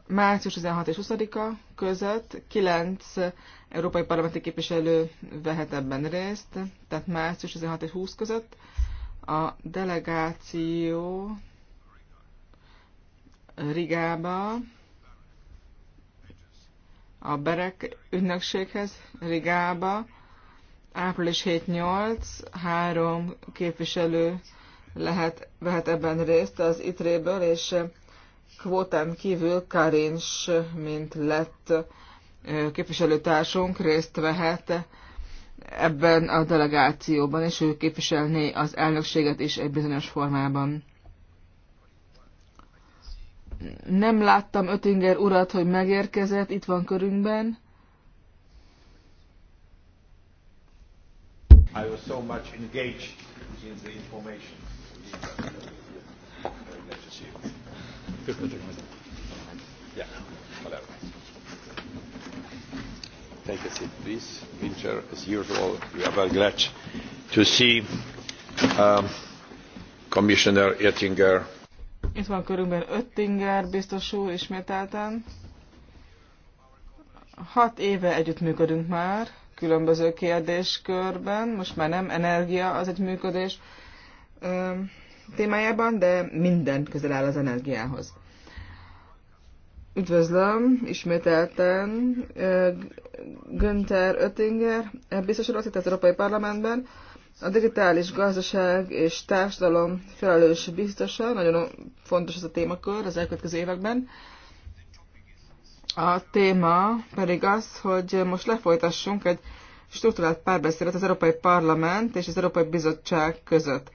Március 16 és 20-a között 9 európai parlamenti képviselő vehet ebben részt, tehát március 16 és 20 között a delegáció Rigába a Berek ügynökséghez Rigába április 7-8 három képviselő lehet, vehet ebben részt az itre ből és kvótán kívül Karins, mint lett képviselőtársunk részt vehet ebben a delegációban, és ő képviselné az elnökséget is egy bizonyos formában. Nem láttam Ötinger urat, hogy megérkezett, itt van körünkben. I was so much engaged in the information. Very glad to see you. Yeah, whatever. Take a seat, please. Winter, as usual, we are very glad to see um, Commissioner Ettinger. Itt van körülbelül Öttinger biztos úr, ismételten. Hat éve együttműködünk már, különböző kérdéskörben, most már nem energia az egy működés témájában, de minden közel áll az energiához. Üdvözlöm ismételten Günther Oettinger, biztos úr, itt az Európai Parlamentben, a digitális gazdaság és társadalom felelős biztosa, nagyon fontos ez a témakör az elkövetkező években. A téma pedig az, hogy most lefolytassunk egy struktúrált párbeszédet az Európai Parlament és az Európai Bizottság között.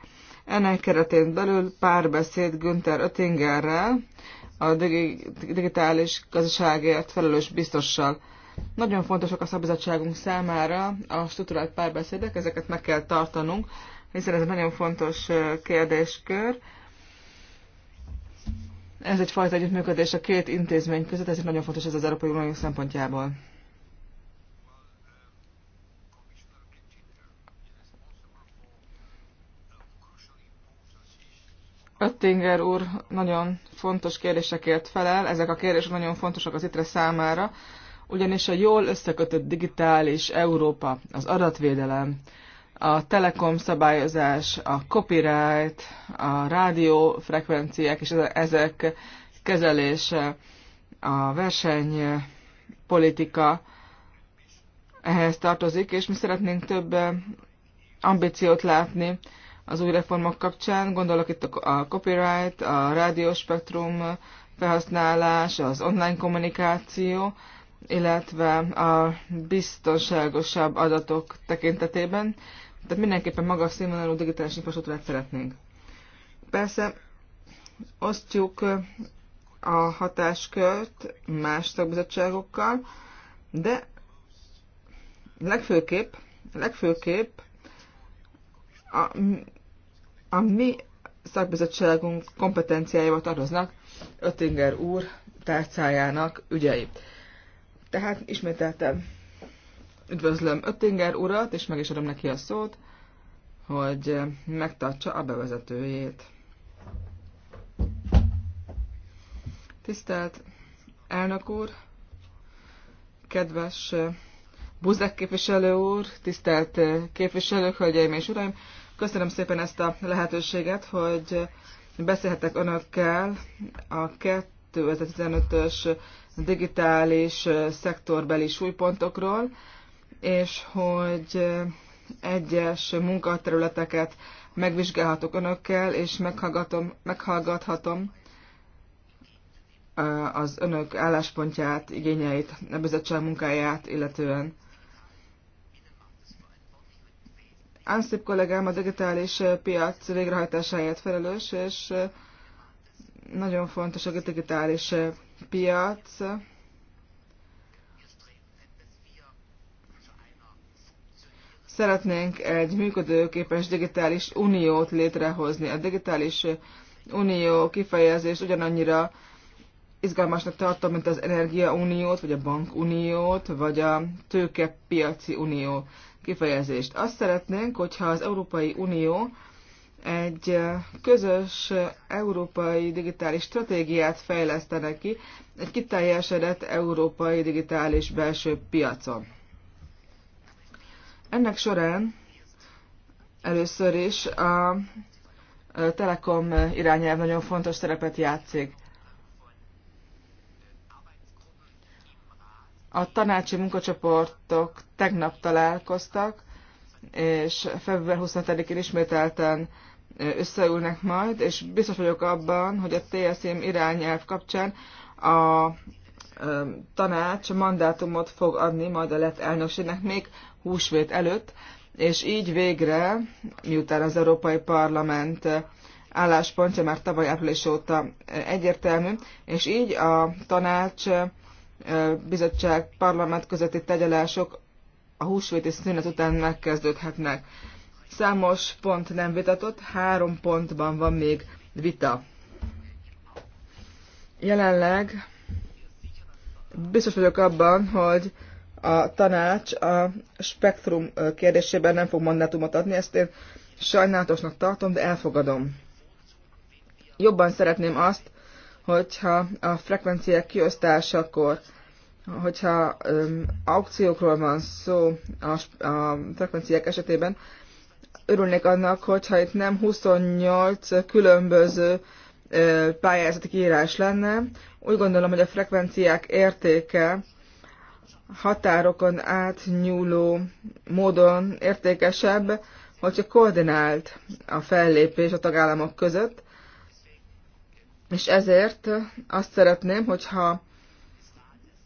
Ennek keretén belül párbeszéd Günther Oettingerrel, a digitális gazdaságért felelős biztossal. Nagyon fontosak a szabizottságunk számára a struktúrált párbeszédek, ezeket meg kell tartanunk, hiszen ez egy nagyon fontos kérdéskör, ez egyfajta együttműködés a két intézmény között, ezért nagyon fontos ez az Európai Unió szempontjából. Öttinger úr nagyon fontos kérdésekért felel, ezek a kérdések nagyon fontosak az ITRE számára, ugyanis a jól összekötött digitális Európa, az adatvédelem, a telekom szabályozás, a copyright, a rádiófrekvenciák és ezek kezelése, a versenypolitika ehhez tartozik, és mi szeretnénk több ambíciót látni az új reformok kapcsán. Gondolok itt a copyright, a rádióspektrum felhasználás, az online kommunikáció, illetve a biztonságosabb adatok tekintetében. Tehát mindenképpen magas színvonalú digitális infrastruktúrát szeretnénk. Persze osztjuk a hatáskört más szakbizottságokkal, de legfőképp, legfőképp a, a mi szakbizottságunk kompetenciájával tartoznak Öttinger úr tárcájának ügyei. Tehát ismételtem Üdvözlöm Öttinger urat, és meg is adom neki a szót, hogy megtartsa a bevezetőjét. Tisztelt elnök úr, kedves Buzek képviselő úr, tisztelt képviselők, hölgyeim és uraim, köszönöm szépen ezt a lehetőséget, hogy beszélhetek önökkel a 2015-ös digitális szektorbeli súlypontokról, és hogy egyes munkaterületeket megvizsgálhatok önökkel, és meghallgatom, meghallgathatom az önök álláspontját, igényeit, a bizottság munkáját illetően. Ánszép kollégám a digitális piac végrehajtásáért felelős, és nagyon fontos a digitális piac, Szeretnénk egy működőképes digitális uniót létrehozni. A digitális unió kifejezést ugyanannyira izgalmasnak tartom, mint az energiauniót, vagy a bankuniót, vagy a tőkepiaci unió kifejezést. Azt szeretnénk, hogyha az Európai Unió egy közös európai digitális stratégiát fejlesztene ki egy kiteljesedett európai digitális belső piacon. Ennek során először is a Telekom irányelv nagyon fontos szerepet játszik. A tanácsi munkacsoportok tegnap találkoztak, és február 25-én ismételten összeülnek majd, és biztos vagyok abban, hogy a TSM irányelv kapcsán a tanács mandátumot fog adni majd a lett elnökségnek még húsvét előtt, és így végre, miután az Európai Parlament álláspontja már tavaly április óta egyértelmű, és így a tanács, bizottság, parlament közötti tegyelások a húsvéti szünet után megkezdődhetnek. Számos pont nem vitatott, három pontban van még vita. Jelenleg Biztos vagyok abban, hogy a tanács a spektrum kérdésében nem fog mandátumot adni, ezt én sajnálatosnak tartom, de elfogadom. Jobban szeretném azt, hogyha a frekvenciák kiosztásakor, hogyha öm, aukciókról van szó a, a frekvenciák esetében, örülnék annak, hogyha itt nem 28 különböző pályázati kiírás lenne, úgy gondolom, hogy a frekvenciák értéke határokon átnyúló módon értékesebb, hogyha koordinált a fellépés a tagállamok között, és ezért azt szeretném, hogyha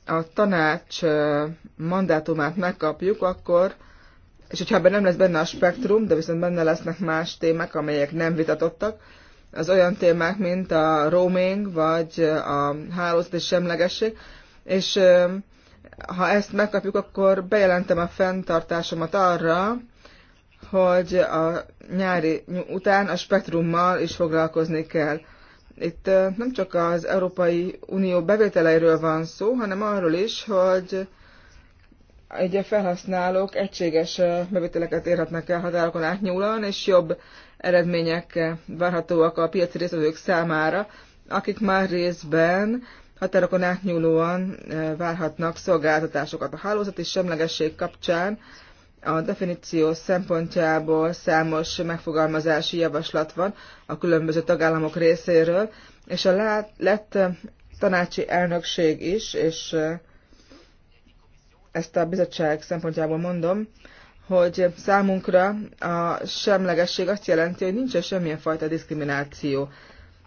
a tanács mandátumát megkapjuk, akkor, és hogyha ebben nem lesz benne a spektrum, de viszont benne lesznek más témák, amelyek nem vitatottak, az olyan témák, mint a roaming, vagy a hálózati semlegesség, és ha ezt megkapjuk, akkor bejelentem a fenntartásomat arra, hogy a nyári után a spektrummal is foglalkozni kell. Itt nem csak az Európai Unió bevételeiről van szó, hanem arról is, hogy egy felhasználók egységes bevételeket érhetnek el határokon átnyúlóan, és jobb eredmények várhatóak a piaci részvevők számára, akik már részben határokon átnyúlóan eh, várhatnak szolgáltatásokat. A hálózati semlegesség kapcsán a definíció szempontjából számos megfogalmazási javaslat van a különböző tagállamok részéről, és a lát, lett tanácsi elnökség is, és eh, ezt a bizottság szempontjából mondom, hogy számunkra a semlegesség azt jelenti, hogy nincsen semmilyen fajta diszkrimináció.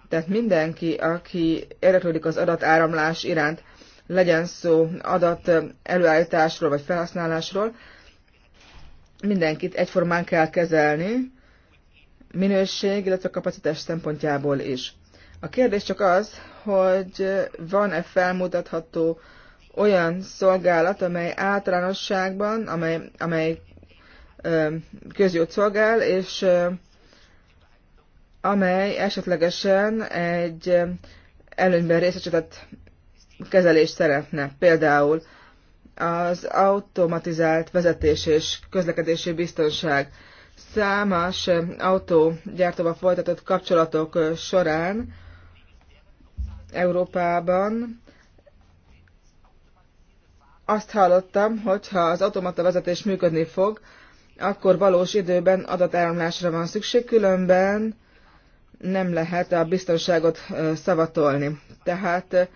Tehát mindenki, aki érdeklődik az adatáramlás iránt, legyen szó adat előállításról vagy felhasználásról, mindenkit egyformán kell kezelni, minőség, illetve kapacitás szempontjából is. A kérdés csak az, hogy van-e felmutatható olyan szolgálat, amely általánosságban, amely, amely közjót szolgál, és amely esetlegesen egy előnyben részesített kezelést szeretne. Például az automatizált vezetés és közlekedési biztonság számos autógyártóval folytatott kapcsolatok során Európában azt hallottam, hogy ha az automata vezetés működni fog, akkor valós időben adatáramlásra van szükség, különben nem lehet a biztonságot szavatolni. Tehát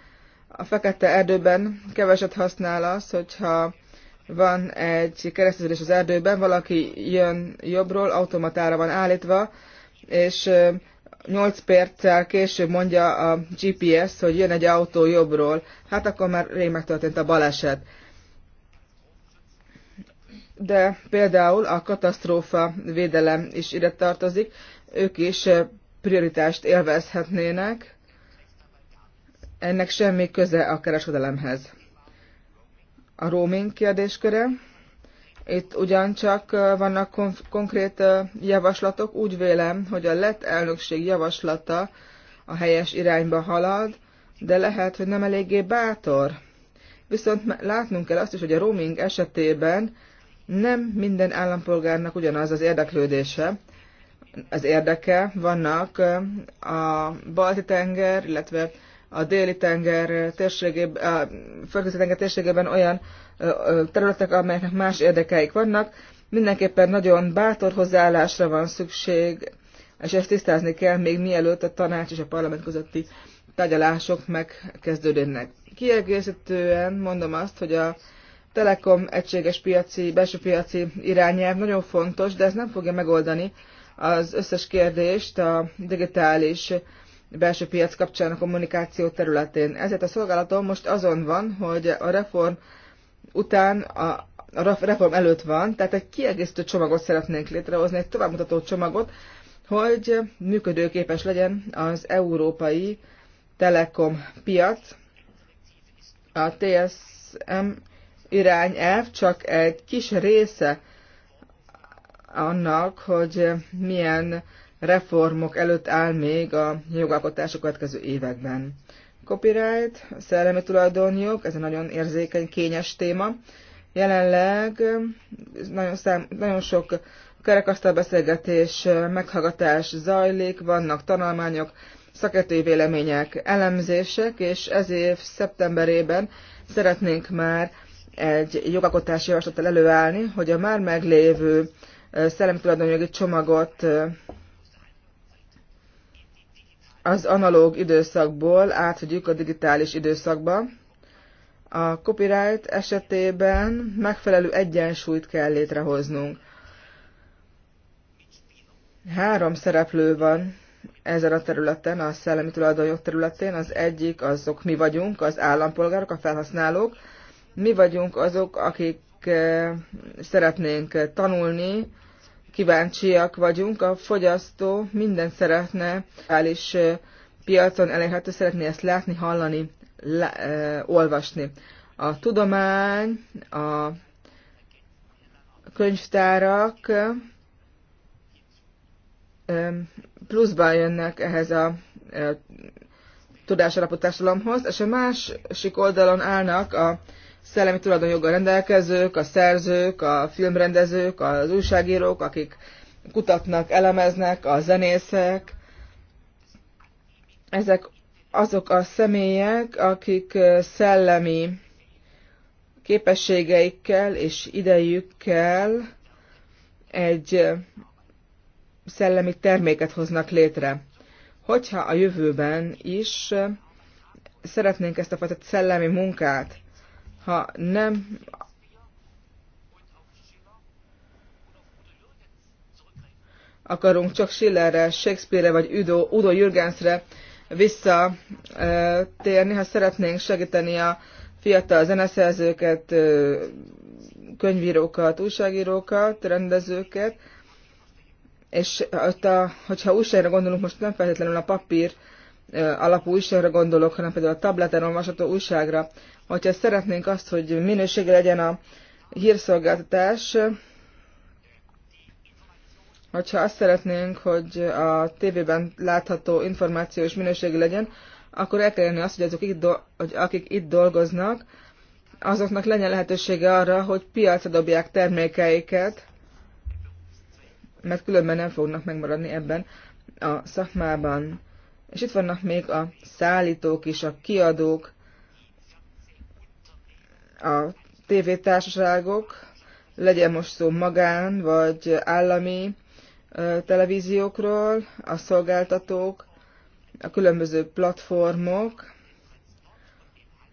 a fekete erdőben keveset használ az, hogyha van egy kereszteződés az erdőben, valaki jön jobbról, automatára van állítva, és 8 perccel később mondja a GPS, hogy jön egy autó jobbról, hát akkor már rég megtörtént a baleset de például a katasztrófa védelem is ide tartozik, ők is eh, prioritást élvezhetnének, ennek semmi köze a kereskedelemhez. A roaming kérdésköre, itt ugyancsak eh, vannak konkrét eh, javaslatok, úgy vélem, hogy a lett elnökség javaslata a helyes irányba halad, de lehet, hogy nem eléggé bátor. Viszont látnunk kell azt is, hogy a roaming esetében nem minden állampolgárnak ugyanaz az érdeklődése, az érdeke. Vannak a balti tenger, illetve a déli tenger térségében, a tenger térségében olyan területek, amelyeknek más érdekeik vannak. Mindenképpen nagyon bátor hozzáállásra van szükség, és ezt tisztázni kell még mielőtt a tanács és a parlament közötti tárgyalások megkezdődnek. Kiegészítően mondom azt, hogy a Telekom egységes piaci, belső piaci irányelv nagyon fontos, de ez nem fogja megoldani az összes kérdést a digitális belső piac kapcsán a kommunikáció területén. Ezért a szolgálatom most azon van, hogy a reform után a a reform előtt van, tehát egy kiegészítő csomagot szeretnénk létrehozni, egy továbbmutató csomagot, hogy működőképes legyen az európai telekom piac. A TSM irányelv csak egy kis része annak, hogy milyen reformok előtt áll még a jogalkotás a következő években. Copyright, szellemi tulajdonjog, ez egy nagyon érzékeny, kényes téma. Jelenleg nagyon, szám, nagyon sok kerekasztal beszélgetés, meghallgatás zajlik, vannak tanulmányok, szakértői vélemények, elemzések, és ez év szeptemberében szeretnénk már egy jogalkotási javaslattal előállni, hogy a már meglévő szellemi tulajdonjogi csomagot az analóg időszakból átvegyük a digitális időszakba. A copyright esetében megfelelő egyensúlyt kell létrehoznunk. Három szereplő van ezen a területen, a szellemi tulajdonjog területén. Az egyik azok mi vagyunk, az állampolgárok, a felhasználók, mi vagyunk azok, akik eh, szeretnénk tanulni, kíváncsiak vagyunk, a fogyasztó minden szeretne, és eh, piacon elérhető, szeretné ezt látni, hallani, le, eh, olvasni. A tudomány, a könyvtárak eh, pluszban jönnek ehhez a eh, tudásalapú társadalomhoz, és a másik oldalon állnak a szellemi tulajdonjoggal rendelkezők, a szerzők, a filmrendezők, az újságírók, akik kutatnak, elemeznek, a zenészek. Ezek azok a személyek, akik szellemi képességeikkel és idejükkel egy szellemi terméket hoznak létre. Hogyha a jövőben is szeretnénk ezt a fajta szellemi munkát ha nem akarunk csak Schillerre, Shakespeare-re vagy Udo, Udo Jürgensre visszatérni, ha szeretnénk segíteni a fiatal zeneszerzőket, könyvírókat, újságírókat, rendezőket, és a, hogyha újságra gondolunk, most nem feltétlenül a papír alapú újságra gondolok, hanem például a tableten olvasható újságra hogyha szeretnénk azt, hogy minősége legyen a hírszolgáltatás, hogyha azt szeretnénk, hogy a tévében látható információ is minőségi legyen, akkor el kell azt, hogy, azok itt hogy akik itt dolgoznak, azoknak legyen lehetősége arra, hogy piacra dobják termékeiket, mert különben nem fognak megmaradni ebben a szakmában. És itt vannak még a szállítók is, a kiadók, a tévétársaságok, legyen most szó magán vagy állami televíziókról, a szolgáltatók, a különböző platformok,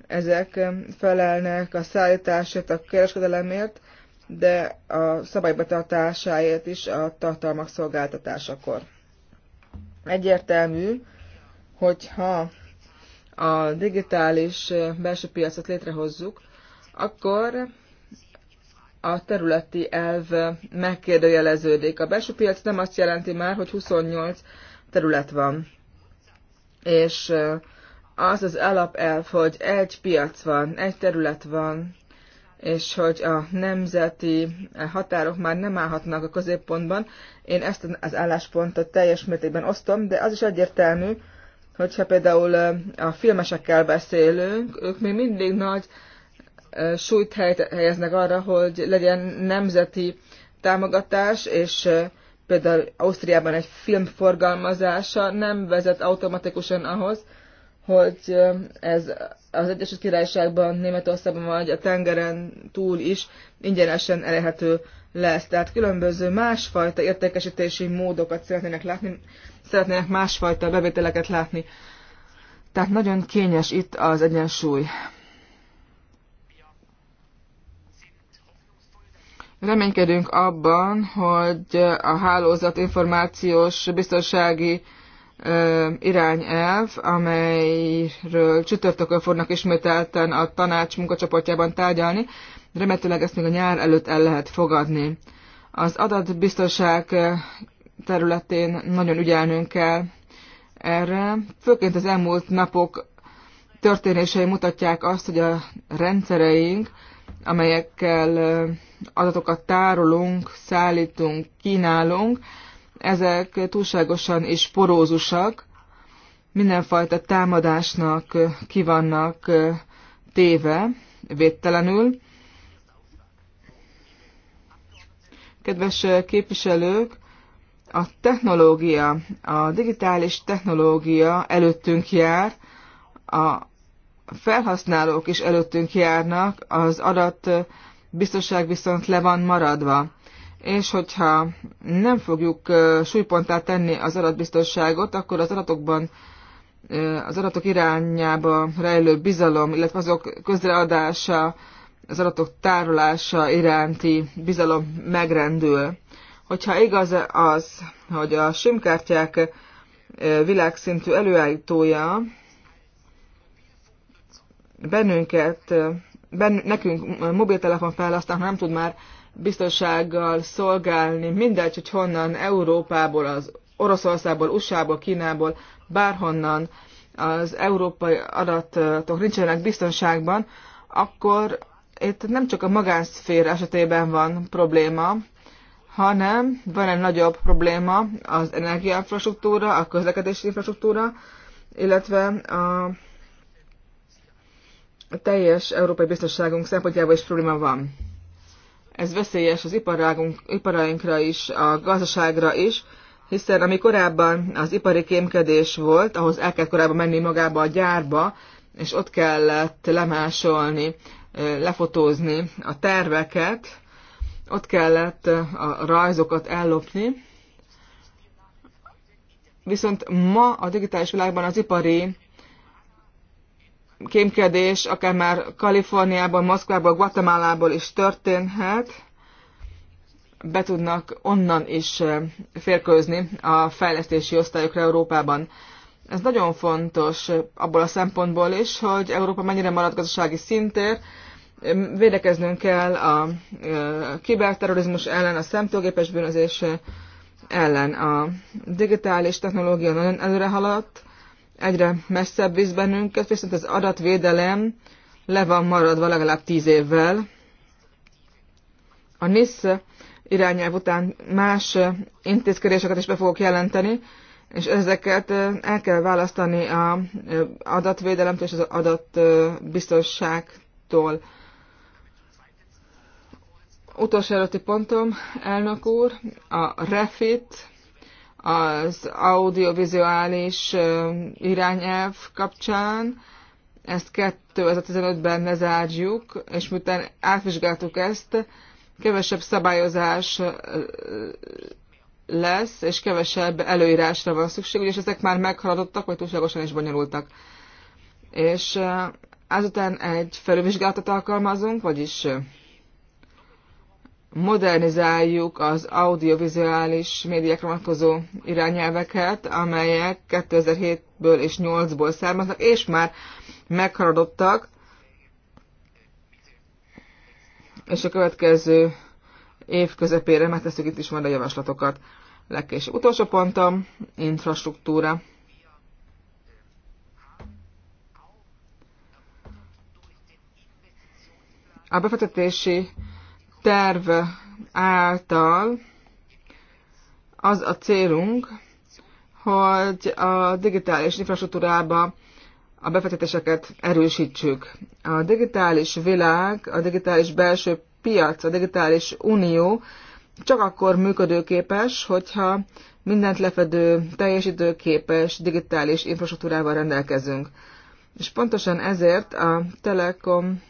ezek felelnek a szállításért, a kereskedelemért, de a szabálybetartásáért is a tartalmak szolgáltatásakor. Egyértelmű, hogyha a digitális belső piacot létrehozzuk, akkor a területi elv megkérdőjeleződik. A belső piac nem azt jelenti már, hogy 28 terület van. És az az alapelv, hogy egy piac van, egy terület van, és hogy a nemzeti határok már nem állhatnak a középpontban. Én ezt az álláspontot teljes mértékben osztom, de az is egyértelmű, hogyha például a filmesekkel beszélünk, ők még mindig nagy súlyt helyeznek arra, hogy legyen nemzeti támogatás, és például Ausztriában egy film forgalmazása nem vezet automatikusan ahhoz, hogy ez az Egyesült Királyságban, Németországban vagy a tengeren túl is ingyenesen elérhető lesz. Tehát különböző másfajta értékesítési módokat szeretnének látni, szeretnének másfajta bevételeket látni. Tehát nagyon kényes itt az egyensúly. Reménykedünk abban, hogy a hálózat információs biztonsági irányelv, amelyről csütörtökön fognak ismételten a tanács munkacsoportjában tárgyalni, remetőleg ezt még a nyár előtt el lehet fogadni. Az adatbiztonság területén nagyon ügyelnünk kell erre. Főként az elmúlt napok történései mutatják azt, hogy a rendszereink, amelyekkel adatokat tárolunk, szállítunk, kínálunk, ezek túlságosan és porózusak, mindenfajta támadásnak kivannak téve, védtelenül. Kedves képviselők, a technológia, a digitális technológia előttünk jár, a felhasználók is előttünk járnak, az adat biztonság viszont le van maradva. És hogyha nem fogjuk súlyponttá tenni az adatbiztonságot, akkor az adatokban az adatok irányába rejlő bizalom, illetve azok közreadása, az adatok tárolása iránti bizalom megrendül. Hogyha igaz az, hogy a simkártyák világszintű előállítója bennünket ben, nekünk mobiltelefon felhasználó nem tud már biztonsággal szolgálni, mindegy, hogy honnan, Európából, az Oroszországból, USA-ból, Kínából, bárhonnan az európai adatok nincsenek biztonságban, akkor itt nem csak a magánszféra esetében van probléma, hanem van egy nagyobb probléma az energiainfrastruktúra, a közlekedési infrastruktúra, illetve a a teljes európai biztonságunk szempontjából is probléma van. Ez veszélyes az iparágunk, iparainkra is, a gazdaságra is, hiszen ami korábban az ipari kémkedés volt, ahhoz el kell korábban menni magába a gyárba, és ott kellett lemásolni, lefotózni a terveket, ott kellett a rajzokat ellopni. Viszont ma a digitális világban az ipari kémkedés akár már Kaliforniában, Moszkvából, Guatemalából is történhet, be tudnak onnan is férkőzni a fejlesztési osztályokra Európában. Ez nagyon fontos abból a szempontból is, hogy Európa mennyire marad gazdasági szintér, védekeznünk kell a kiberterrorizmus ellen, a szemtőgépes bűnözés ellen. A digitális technológia nagyon előre haladt, egyre messzebb visz bennünket, viszont az adatvédelem le van maradva legalább tíz évvel. A NISZ irányelv után más intézkedéseket is be fogok jelenteni, és ezeket el kell választani az adatvédelemtől és az adatbiztonságtól. Utolsó előtti pontom, elnök úr, a refit, az audiovizuális irányelv kapcsán. Ezt 2015-ben zárjuk, és miután átvizsgáltuk ezt, kevesebb szabályozás lesz, és kevesebb előírásra van szükség, és ezek már meghaladottak, vagy túlságosan is bonyolultak. És azután egy felülvizsgálatot alkalmazunk, vagyis modernizáljuk az audiovizuális médiákra vonatkozó irányelveket, amelyek 2007-ből és 2008-ból származnak, és már meghaladottak, és a következő év közepére megteszünk itt is majd a javaslatokat. Legkésőbb utolsó pontom, infrastruktúra. A befektetési terv által az a célunk, hogy a digitális infrastruktúrába a befektetéseket erősítsük. A digitális világ, a digitális belső piac, a digitális unió csak akkor működőképes, hogyha mindent lefedő, teljesítőképes digitális infrastruktúrával rendelkezünk. És pontosan ezért a telekom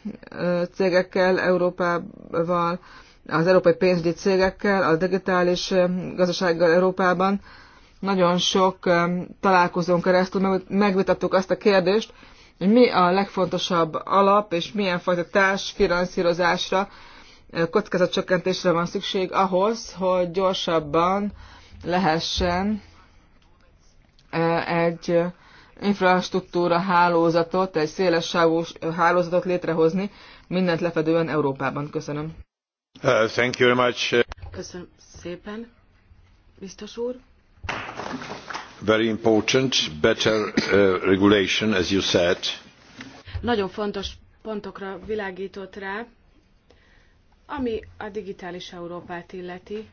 cégekkel, Európával, az európai pénzügyi cégekkel, a digitális gazdasággal Európában nagyon sok találkozón keresztül megvitattuk azt a kérdést, hogy mi a legfontosabb alap, és milyen fajta társfinanszírozásra, kockázatcsökkentésre van szükség ahhoz, hogy gyorsabban lehessen egy infrastruktúra hálózatot, egy széles sávú hálózatot létrehozni, mindent lefedően Európában. Köszönöm. Uh, thank you very much. Köszönöm szépen. Biztos úr? Very important, better uh, regulation, as you said. Nagyon fontos pontokra világított rá, ami a digitális Európát illeti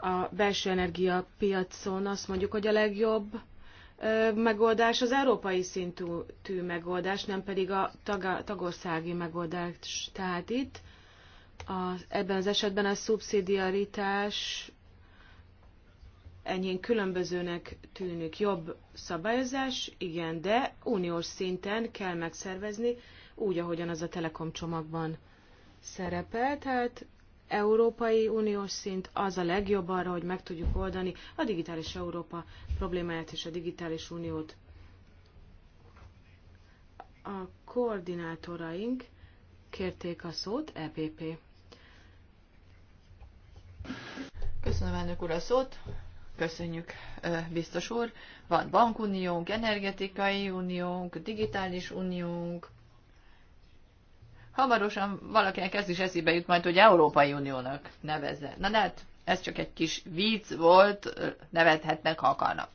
a belső energiapiacon azt mondjuk, hogy a legjobb megoldás az európai szintű megoldás, nem pedig a tag, tagországi megoldás. Tehát itt ebben az esetben a szubszidiaritás enyhén különbözőnek tűnik. Jobb szabályozás, igen, de uniós szinten kell megszervezni, úgy, ahogyan az a Telekom csomagban szerepel, tehát Európai Uniós szint az a legjobb arra, hogy meg tudjuk oldani a digitális Európa problémáját és a digitális uniót. A koordinátoraink kérték a szót, EPP. Köszönöm elnök úr a szót, köszönjük biztos úr. Van bankuniónk, energetikai uniónk, digitális uniónk, hamarosan valakinek ez is eszébe jut majd, hogy Európai Uniónak nevezze. Na de hát ez csak egy kis vicc volt, nevethetnek, ha akarnak.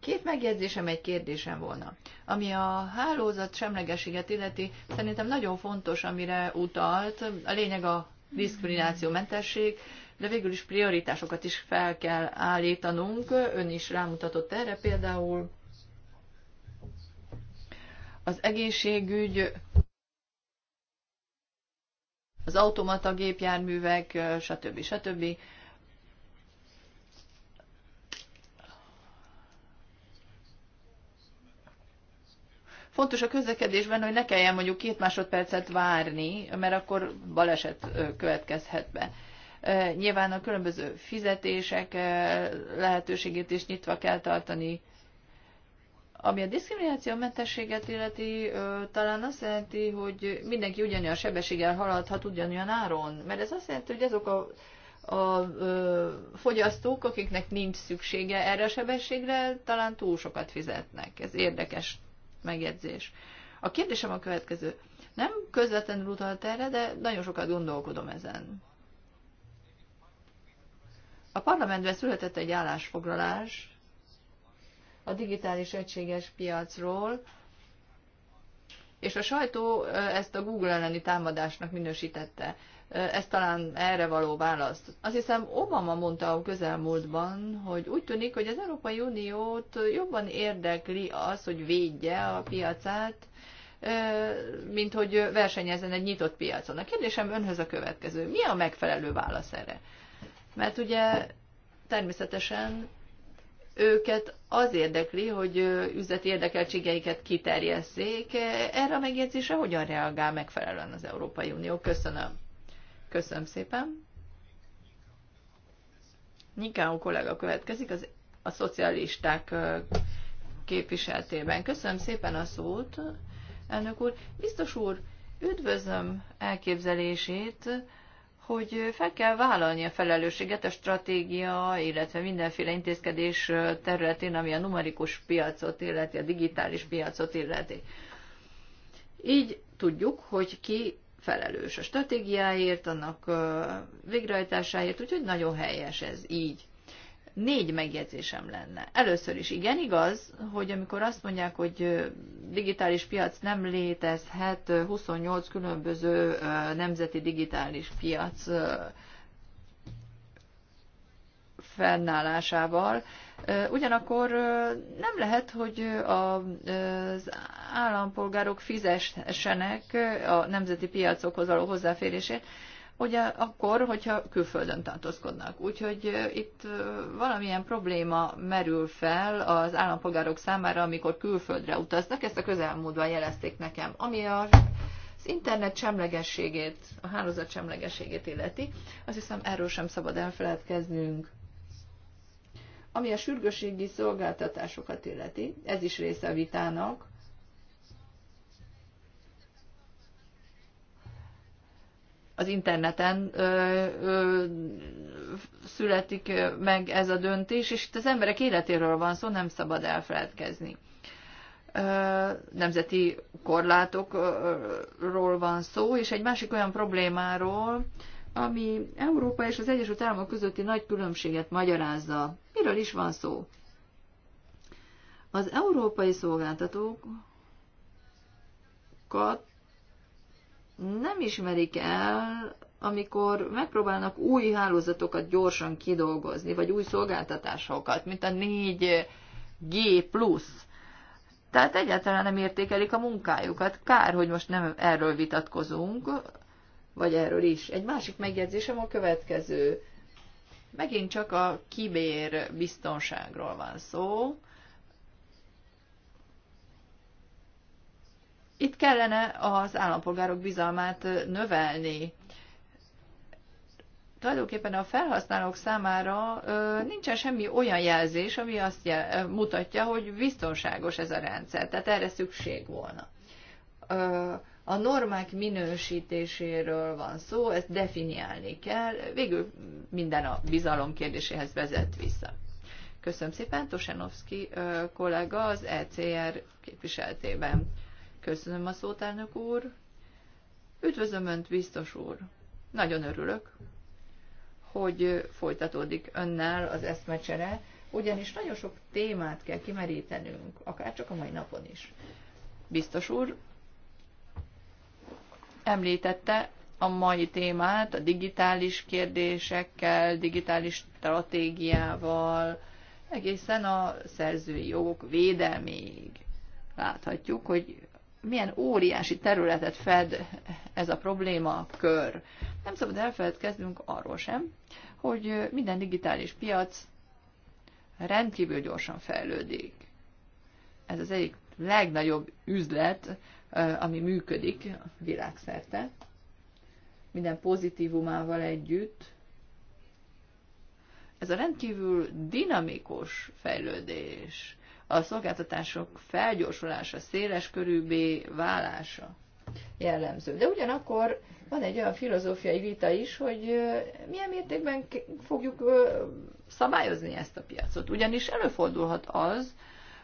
Két megjegyzésem, egy kérdésem volna. Ami a hálózat semlegeséget illeti, szerintem nagyon fontos, amire utalt. A lényeg a diszkriminációmentesség, de végül is prioritásokat is fel kell állítanunk. Ön is rámutatott erre például. Az egészségügy az automata gépjárművek, stb. stb. Fontos a közlekedésben, hogy ne kelljen mondjuk két másodpercet várni, mert akkor baleset következhet be. Nyilván a különböző fizetések lehetőségét is nyitva kell tartani, ami a mentességet illeti, talán azt jelenti, hogy mindenki ugyanolyan sebességgel haladhat ugyanolyan áron, mert ez azt jelenti, hogy azok a a ö, fogyasztók, akiknek nincs szüksége erre a sebességre, talán túl sokat fizetnek. Ez érdekes megjegyzés. A kérdésem a következő. Nem közvetlenül utalt erre, de nagyon sokat gondolkodom ezen. A parlamentben született egy állásfoglalás a digitális egységes piacról, és a sajtó ezt a Google elleni támadásnak minősítette. Ez talán erre való választ. Azt hiszem Obama mondta a közelmúltban, hogy úgy tűnik, hogy az Európai Uniót jobban érdekli az, hogy védje a piacát, mint hogy versenyezzen egy nyitott piacon. A kérdésem önhöz a következő. Mi a megfelelő válasz erre? Mert ugye természetesen őket az érdekli, hogy üzleti érdekeltségeiket kiterjesszék. Erre a megjegyzésre hogyan reagál megfelelően az Európai Unió? Köszönöm. Köszönöm szépen. Nikáó kollega következik az, a szocialisták képviseltében. Köszönöm szépen a szót, elnök úr. Biztos úr, üdvözlöm elképzelését, hogy fel kell vállalni a felelősséget a stratégia, illetve mindenféle intézkedés területén, ami a numerikus piacot illeti, a digitális piacot illeti. Így tudjuk, hogy ki felelős a stratégiáért, annak végrehajtásáért, úgyhogy nagyon helyes ez így négy megjegyzésem lenne. Először is igen igaz, hogy amikor azt mondják, hogy digitális piac nem létezhet, 28 különböző nemzeti digitális piac fennállásával, ugyanakkor nem lehet, hogy az állampolgárok fizessenek a nemzeti piacokhoz való hozzáférését, ugye akkor, hogyha külföldön tartózkodnak. Úgyhogy itt valamilyen probléma merül fel az állampolgárok számára, amikor külföldre utaznak, ezt a közelmúltban jelezték nekem, ami a az internet semlegességét, a hálózat semlegességét illeti, azt hiszem erről sem szabad elfeledkeznünk. Ami a sürgőségi szolgáltatásokat illeti, ez is része a vitának, az interneten ö, ö, születik meg ez a döntés, és itt az emberek életéről van szó, nem szabad elfeledkezni. Ö, nemzeti korlátokról van szó, és egy másik olyan problémáról, ami Európa és az Egyesült Államok közötti nagy különbséget magyarázza. Miről is van szó? Az európai szolgáltatókat nem ismerik el, amikor megpróbálnak új hálózatokat gyorsan kidolgozni, vagy új szolgáltatásokat, mint a 4G+. Tehát egyáltalán nem értékelik a munkájukat. Kár, hogy most nem erről vitatkozunk, vagy erről is. Egy másik megjegyzésem a következő. Megint csak a kibér biztonságról van szó. Itt kellene az állampolgárok bizalmát növelni. Tulajdonképpen a felhasználók számára ö, nincsen semmi olyan jelzés, ami azt jel, mutatja, hogy biztonságos ez a rendszer. Tehát erre szükség volna. Ö, a normák minősítéséről van szó, ezt definiálni kell, végül minden a bizalom kérdéséhez vezet vissza. Köszönöm szépen, Tosenovszki kollega az ECR képviseltében. Köszönöm a szót, elnök úr. Üdvözlöm Önt, biztos úr. Nagyon örülök, hogy folytatódik Önnel az eszmecsere, ugyanis nagyon sok témát kell kimerítenünk, akár csak a mai napon is. Biztos úr említette a mai témát a digitális kérdésekkel, digitális stratégiával, egészen a szerzői jogok védelméig. Láthatjuk, hogy milyen óriási területet fed ez a probléma kör. Nem szabad elfeledkeznünk arról sem, hogy minden digitális piac rendkívül gyorsan fejlődik. Ez az egyik legnagyobb üzlet, eh, ami működik világszerte. Minden pozitívumával együtt. Ez a rendkívül dinamikus fejlődés a szolgáltatások felgyorsulása, széles körűbé válása jellemző. De ugyanakkor van egy olyan filozófiai vita is, hogy milyen mértékben fogjuk szabályozni ezt a piacot. Ugyanis előfordulhat az,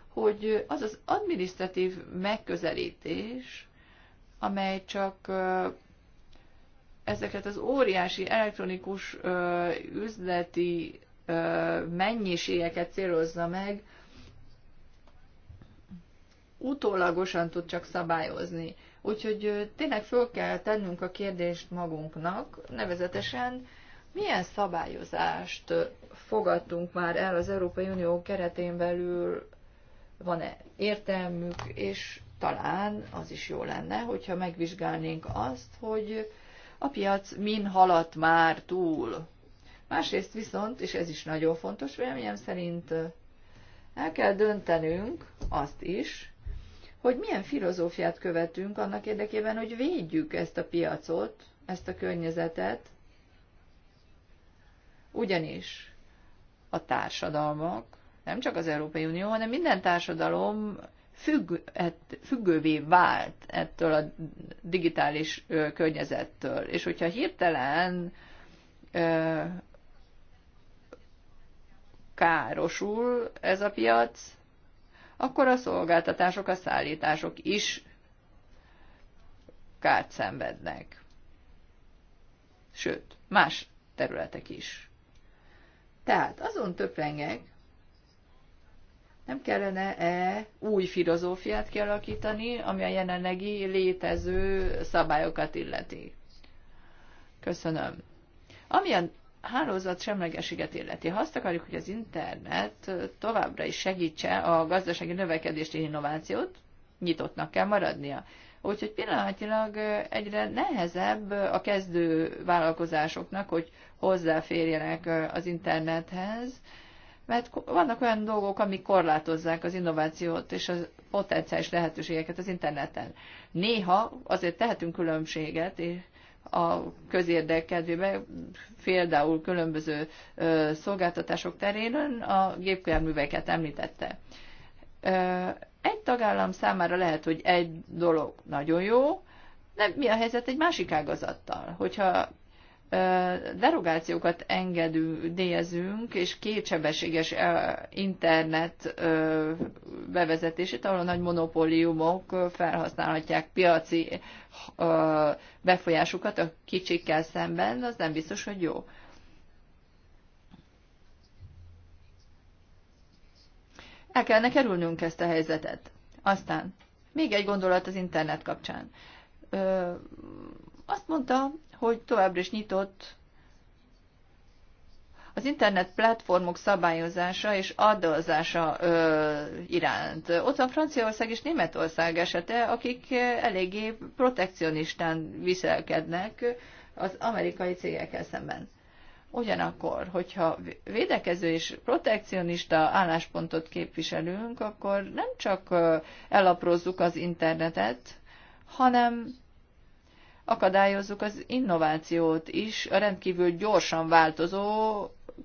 hogy az az administratív megközelítés, amely csak ezeket az óriási elektronikus üzleti mennyiségeket célozza meg, utólagosan tud csak szabályozni. Úgyhogy tényleg föl kell tennünk a kérdést magunknak, nevezetesen milyen szabályozást fogadtunk már el az Európai Unió keretén belül, van-e értelmük, és talán az is jó lenne, hogyha megvizsgálnénk azt, hogy a piac min haladt már túl. Másrészt viszont, és ez is nagyon fontos véleményem szerint, el kell döntenünk azt is, hogy milyen filozófiát követünk annak érdekében, hogy védjük ezt a piacot, ezt a környezetet, ugyanis a társadalmak, nem csak az Európai Unió, hanem minden társadalom függ, függővé vált ettől a digitális környezettől. És hogyha hirtelen károsul ez a piac, akkor a szolgáltatások, a szállítások is kárt szenvednek. Sőt, más területek is. Tehát azon töprengek, nem kellene-e új filozófiát kialakítani, ami a jelenlegi létező szabályokat illeti? Köszönöm. Ami a hálózat semlegességet illeti. Ha azt akarjuk, hogy az internet továbbra is segítse a gazdasági növekedést és innovációt, nyitottnak kell maradnia. Úgyhogy pillanatilag egyre nehezebb a kezdő vállalkozásoknak, hogy hozzáférjenek az internethez, mert vannak olyan dolgok, amik korlátozzák az innovációt és a potenciális lehetőségeket az interneten. Néha azért tehetünk különbséget, és a közérdekedvébe, például különböző szolgáltatások terén a gépjárműveket említette. Egy tagállam számára lehet, hogy egy dolog nagyon jó, de mi a helyzet egy másik ágazattal? Hogyha derogációkat engedélyezünk, és kétsebességes internet bevezetését, ahol a nagy monopóliumok felhasználhatják piaci befolyásukat a kicsikkel szemben, az nem biztos, hogy jó. El kellene kerülnünk ezt a helyzetet. Aztán még egy gondolat az internet kapcsán azt mondta, hogy továbbra is nyitott az internet platformok szabályozása és adózása ö, iránt. Ott van Franciaország és Németország esete, akik eléggé protekcionistán viselkednek az amerikai cégekkel szemben. Ugyanakkor, hogyha védekező és protekcionista álláspontot képviselünk, akkor nem csak elaprózzuk az internetet, hanem akadályozzuk az innovációt is a rendkívül gyorsan változó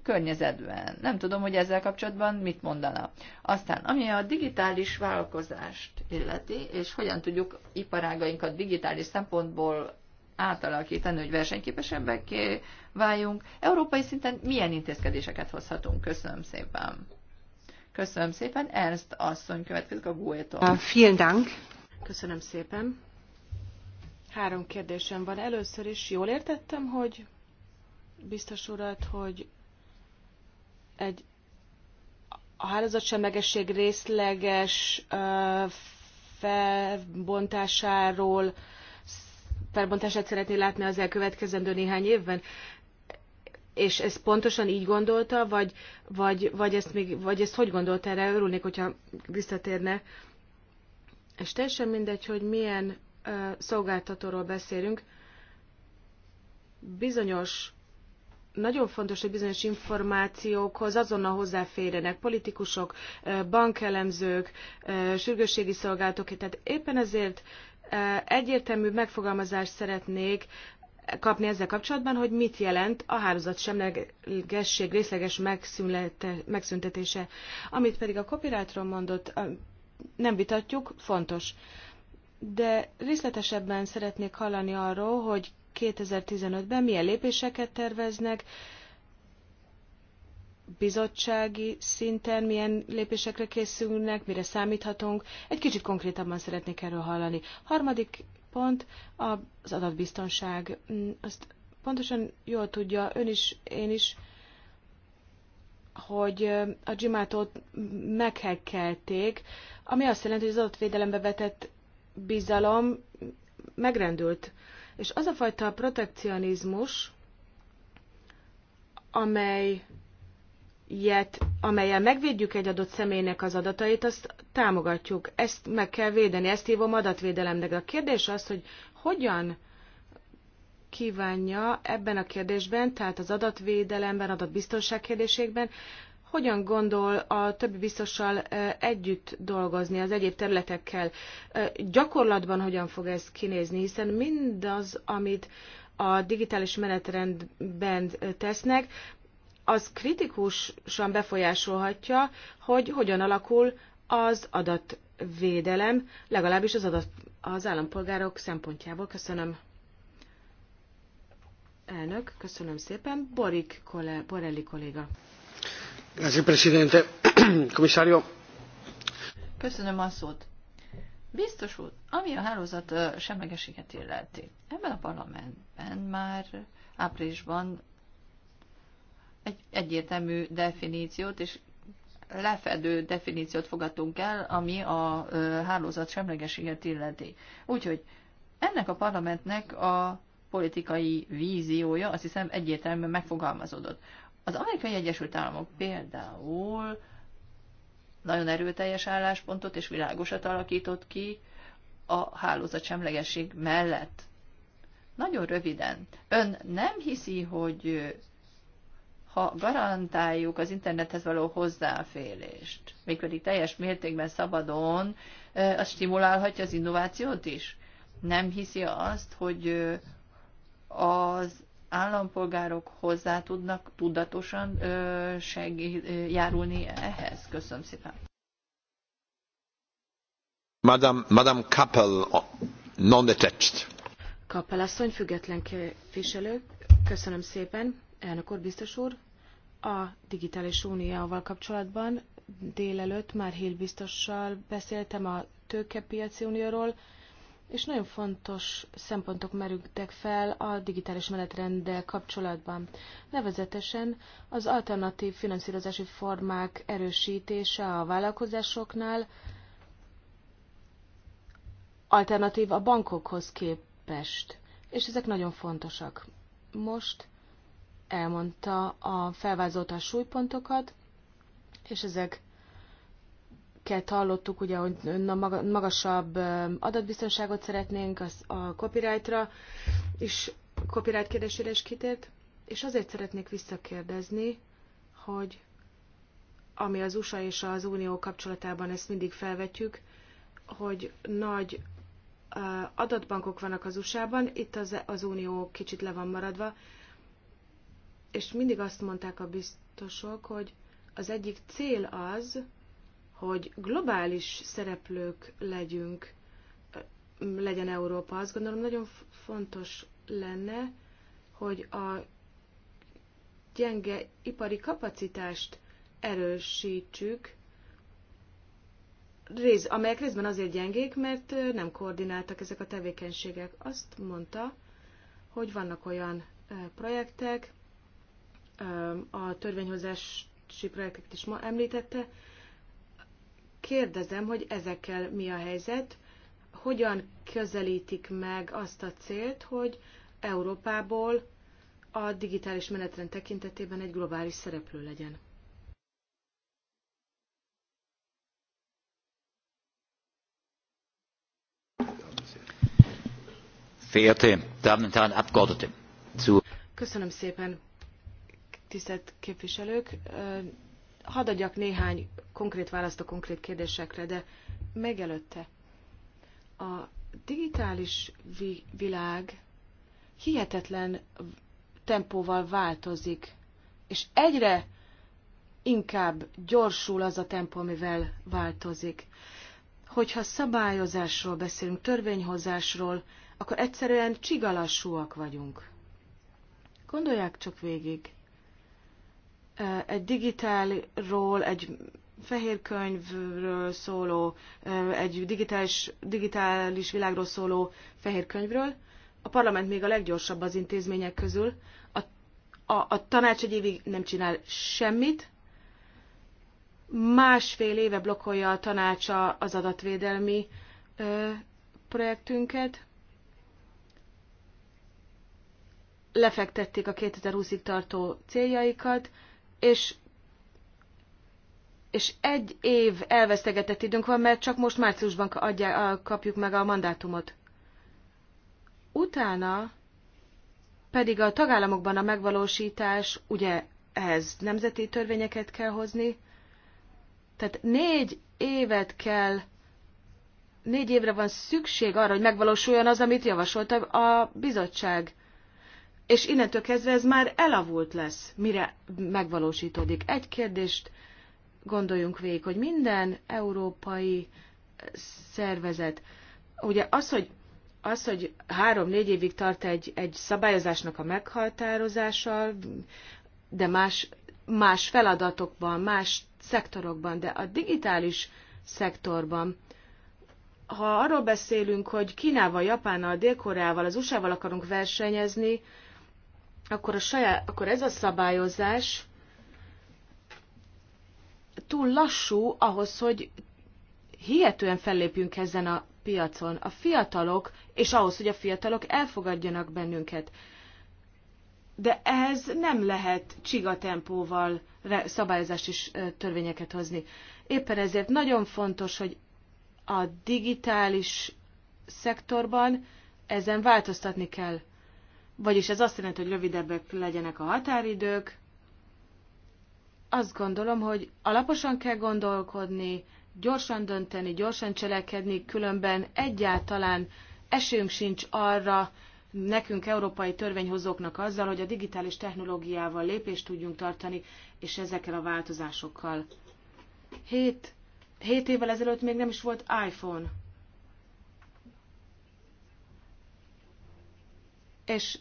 környezetben. Nem tudom, hogy ezzel kapcsolatban mit mondana. Aztán, ami a digitális vállalkozást illeti, és hogyan tudjuk iparágainkat digitális szempontból átalakítani, hogy versenyképesebbek váljunk. Európai szinten milyen intézkedéseket hozhatunk? Köszönöm szépen. Köszönöm szépen. Ernst asszony következik a gue Vielen Dank. Köszönöm szépen. Három kérdésem van. Először is jól értettem, hogy biztos urat, hogy egy a hálózatsemlegesség részleges ö, felbontásáról felbontását szeretné látni az elkövetkezendő néhány évben. És ezt pontosan így gondolta, vagy, vagy, vagy, ezt, még, vagy ezt hogy gondolta erre? Örülnék, hogyha visszatérne. És teljesen mindegy, hogy milyen szolgáltatóról beszélünk, bizonyos nagyon fontos, hogy bizonyos információkhoz azonnal hozzáférjenek politikusok, bankelemzők, sürgősségi szolgálatok. Tehát éppen ezért egyértelmű megfogalmazást szeretnék kapni ezzel kapcsolatban, hogy mit jelent a hálózat semlegesség részleges megszüntetése. Amit pedig a copyrightról mondott, nem vitatjuk, fontos de részletesebben szeretnék hallani arról, hogy 2015-ben milyen lépéseket terveznek, bizottsági szinten milyen lépésekre készülnek, mire számíthatunk. Egy kicsit konkrétabban szeretnék erről hallani. Harmadik pont az adatbiztonság. Mm, azt pontosan jól tudja ön is, én is, hogy a Gmatot meghekkelték, ami azt jelenti, hogy az adatvédelembe vetett bizalom megrendült. És az a fajta protekcionizmus, amelyet, amelyen megvédjük egy adott személynek az adatait, azt támogatjuk. Ezt meg kell védeni, ezt hívom adatvédelemnek. A kérdés az, hogy hogyan kívánja ebben a kérdésben, tehát az adatvédelemben, adatbiztonság kérdésében hogyan gondol a többi biztossal együtt dolgozni az egyéb területekkel? Gyakorlatban hogyan fog ez kinézni, hiszen mindaz, amit a digitális menetrendben tesznek, az kritikusan befolyásolhatja, hogy hogyan alakul az adatvédelem, legalábbis az, adat, az állampolgárok szempontjából. Köszönöm. Elnök, köszönöm szépen. Borik, Borelli kolléga. (clears throat) Köszönöm a szót. Biztos úr, ami a hálózat semlegességet illeti, ebben a parlamentben már áprilisban egy egyértelmű definíciót és lefedő definíciót fogadtunk el, ami a hálózat semlegességet illeti. Úgyhogy ennek a parlamentnek a politikai víziója azt hiszem egyértelműen megfogalmazódott. Az Amerikai Egyesült Államok például nagyon erőteljes álláspontot és világosat alakított ki a hálózat semlegesség mellett. Nagyon röviden. Ön nem hiszi, hogy ha garantáljuk az internethez való hozzáférést, mégpedig teljes mértékben szabadon, az stimulálhatja az innovációt is? Nem hiszi azt, hogy az állampolgárok hozzá tudnak tudatosan segít, járulni ehhez. Köszönöm szépen. Madame, Madame Kappel, non detached Kappel asszony, független képviselő. Köszönöm szépen, elnök úr, biztos úr. A digitális unióval kapcsolatban délelőtt már Hill biztossal beszéltem a tőkepiaci unióról, és nagyon fontos szempontok merültek fel a digitális menetrenddel kapcsolatban. Nevezetesen az alternatív finanszírozási formák erősítése a vállalkozásoknál alternatív a bankokhoz képest, és ezek nagyon fontosak. Most elmondta a felvázolta a súlypontokat, és ezek amiket hallottuk, ugye, hogy magasabb adatbiztonságot szeretnénk az a copyrightra, és copyright kérdésére is kitért, és azért szeretnék visszakérdezni, hogy ami az USA és az Unió kapcsolatában ezt mindig felvetjük, hogy nagy adatbankok vannak az USA-ban, itt az, az Unió kicsit le van maradva, és mindig azt mondták a biztosok, hogy az egyik cél az, hogy globális szereplők legyünk, legyen Európa. Azt gondolom nagyon fontos lenne, hogy a gyenge ipari kapacitást erősítsük, rész, amelyek részben azért gyengék, mert nem koordináltak ezek a tevékenységek. Azt mondta, hogy vannak olyan projektek, a törvényhozási projektet is ma említette, kérdezem, hogy ezekkel mi a helyzet, hogyan közelítik meg azt a célt, hogy Európából a digitális menetrend tekintetében egy globális szereplő legyen. Verehrte Damen und Herren Abgeordnete, zu Köszönöm szépen, tisztelt képviselők! hadd adjak néhány konkrét választ a konkrét kérdésekre, de megelőtte. A digitális vi- világ hihetetlen tempóval változik, és egyre inkább gyorsul az a tempó, amivel változik. Hogyha szabályozásról beszélünk, törvényhozásról, akkor egyszerűen csigalassúak vagyunk. Gondolják csak végig egy digitálról, egy fehér könyvről szóló, egy digitális, digitális világról szóló fehér könyvről. A parlament még a leggyorsabb az intézmények közül. A, a, a tanács egy évig nem csinál semmit, másfél éve blokkolja a tanácsa az adatvédelmi ö, projektünket. Lefektették a 2020-ig tartó céljaikat, és és egy év elvesztegetett időnk van, mert csak most márciusban adják, kapjuk meg a mandátumot. Utána pedig a tagállamokban a megvalósítás, ugye ehhez nemzeti törvényeket kell hozni, tehát négy évet kell, négy évre van szükség arra, hogy megvalósuljon az, amit javasolt a bizottság és innentől kezdve ez már elavult lesz, mire megvalósítódik. Egy kérdést gondoljunk végig, hogy minden európai eh, szervezet, ugye az, hogy az, hogy három-négy évig tart egy, egy szabályozásnak a meghatározása, de más, más feladatokban, más szektorokban, de a digitális szektorban, ha arról beszélünk, hogy Kínával, Japánnal, Dél-Koreával, az USA-val akarunk versenyezni, akkor, a saját, akkor ez a szabályozás túl lassú ahhoz, hogy hihetően fellépjünk ezen a piacon. A fiatalok, és ahhoz, hogy a fiatalok elfogadjanak bennünket. De ehhez nem lehet csigatempóval szabályozást és törvényeket hozni. Éppen ezért nagyon fontos, hogy a digitális szektorban ezen változtatni kell. Vagyis ez azt jelenti, hogy rövidebbek legyenek a határidők. Azt gondolom, hogy alaposan kell gondolkodni, gyorsan dönteni, gyorsan cselekedni, különben egyáltalán esélyünk sincs arra, nekünk, európai törvényhozóknak azzal, hogy a digitális technológiával lépést tudjunk tartani, és ezekkel a változásokkal. Hét, hét évvel ezelőtt még nem is volt iPhone. és,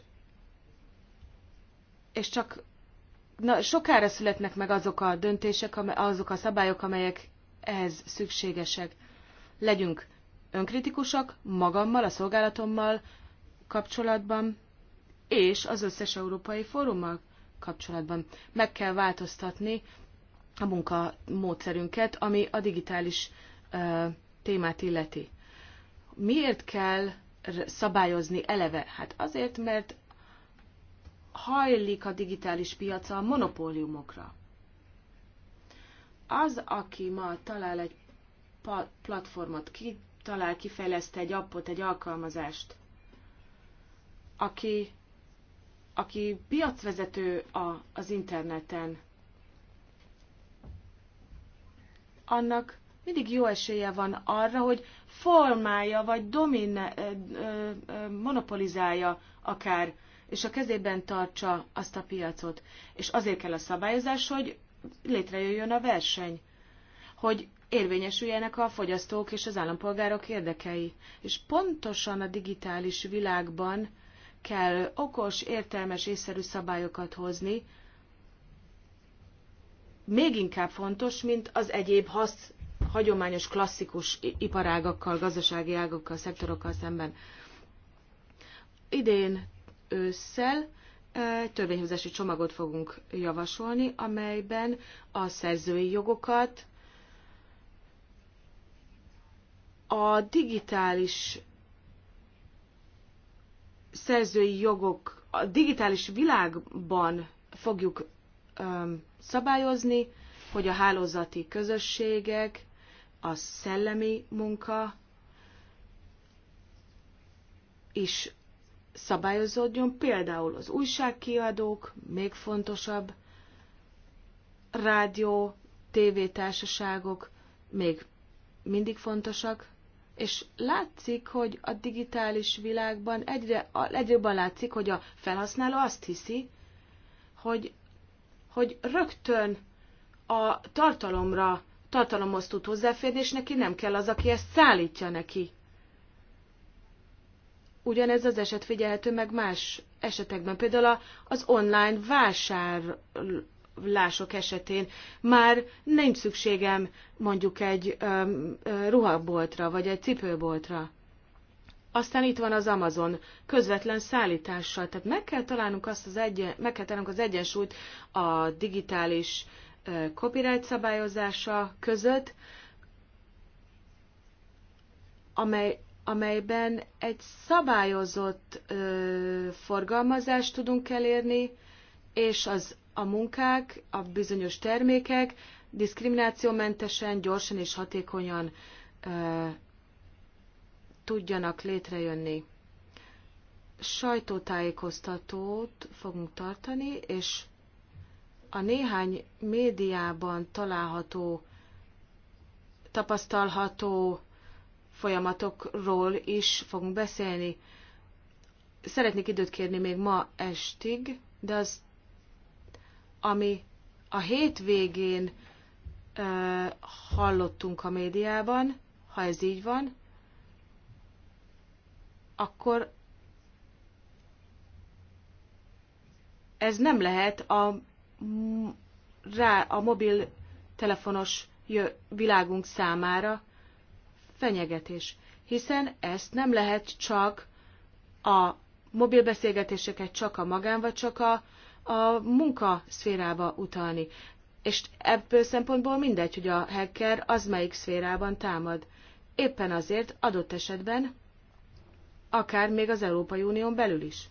és csak na, sokára születnek meg azok a döntések, azok a szabályok, amelyek ehhez szükségesek. Legyünk önkritikusak magammal, a szolgálatommal kapcsolatban, és az összes európai fórummal kapcsolatban. Meg kell változtatni a munkamódszerünket, ami a digitális uh, témát illeti. Miért kell szabályozni eleve? Hát azért, mert hajlik a digitális piaca a monopóliumokra. Az, aki ma talál egy platformot, ki talál, kifejleszte egy appot, egy alkalmazást, aki, aki piacvezető a, az interneten, annak mindig jó esélye van arra, hogy formálja, vagy domine, monopolizálja akár, és a kezében tartsa azt a piacot. És azért kell a szabályozás, hogy létrejöjjön a verseny, hogy érvényesüljenek a fogyasztók és az állampolgárok érdekei. És pontosan a digitális világban kell okos, értelmes, észszerű szabályokat hozni, még inkább fontos, mint az egyéb hasz, hagyományos, klasszikus iparágakkal, gazdasági ágokkal, szektorokkal szemben. Idén ősszel egy törvényhozási csomagot fogunk javasolni, amelyben a szerzői jogokat, a digitális szerzői jogok, a digitális világban fogjuk öm, szabályozni, hogy a hálózati közösségek a szellemi munka is szabályozódjon, például az újságkiadók, még fontosabb, rádió, tévétársaságok még mindig fontosak, és látszik, hogy a digitális világban egyre, egyre jobban látszik, hogy a felhasználó azt hiszi, hogy, hogy rögtön a tartalomra tartalomhoz tud hozzáférni, és neki nem kell az, aki ezt szállítja neki. Ugyanez az eset figyelhető meg más esetekben, például az online vásárlások esetén már nincs szükségem mondjuk egy um, ruhaboltra vagy egy cipőboltra. Aztán itt van az Amazon közvetlen szállítással. Tehát meg kell találnunk, azt az egyen, meg kell találnunk az egyensúlyt a digitális copyright szabályozása között, amely, amelyben egy szabályozott ö, forgalmazást tudunk elérni, és az a munkák, a bizonyos termékek diszkriminációmentesen, gyorsan és hatékonyan ö, tudjanak létrejönni. Sajtótájékoztatót fogunk tartani, és a néhány médiában található, tapasztalható folyamatokról is fogunk beszélni. Szeretnék időt kérni még ma estig, de az, ami a hétvégén ö, hallottunk a médiában, ha ez így van, akkor ez nem lehet a rá a mobil telefonos világunk számára fenyegetés, hiszen ezt nem lehet csak a mobil beszélgetéseket csak a magán vagy csak a, a munka szférába utalni. És ebből szempontból mindegy, hogy a hacker az melyik szférában támad. Éppen azért adott esetben, akár még az Európai Unión belül is.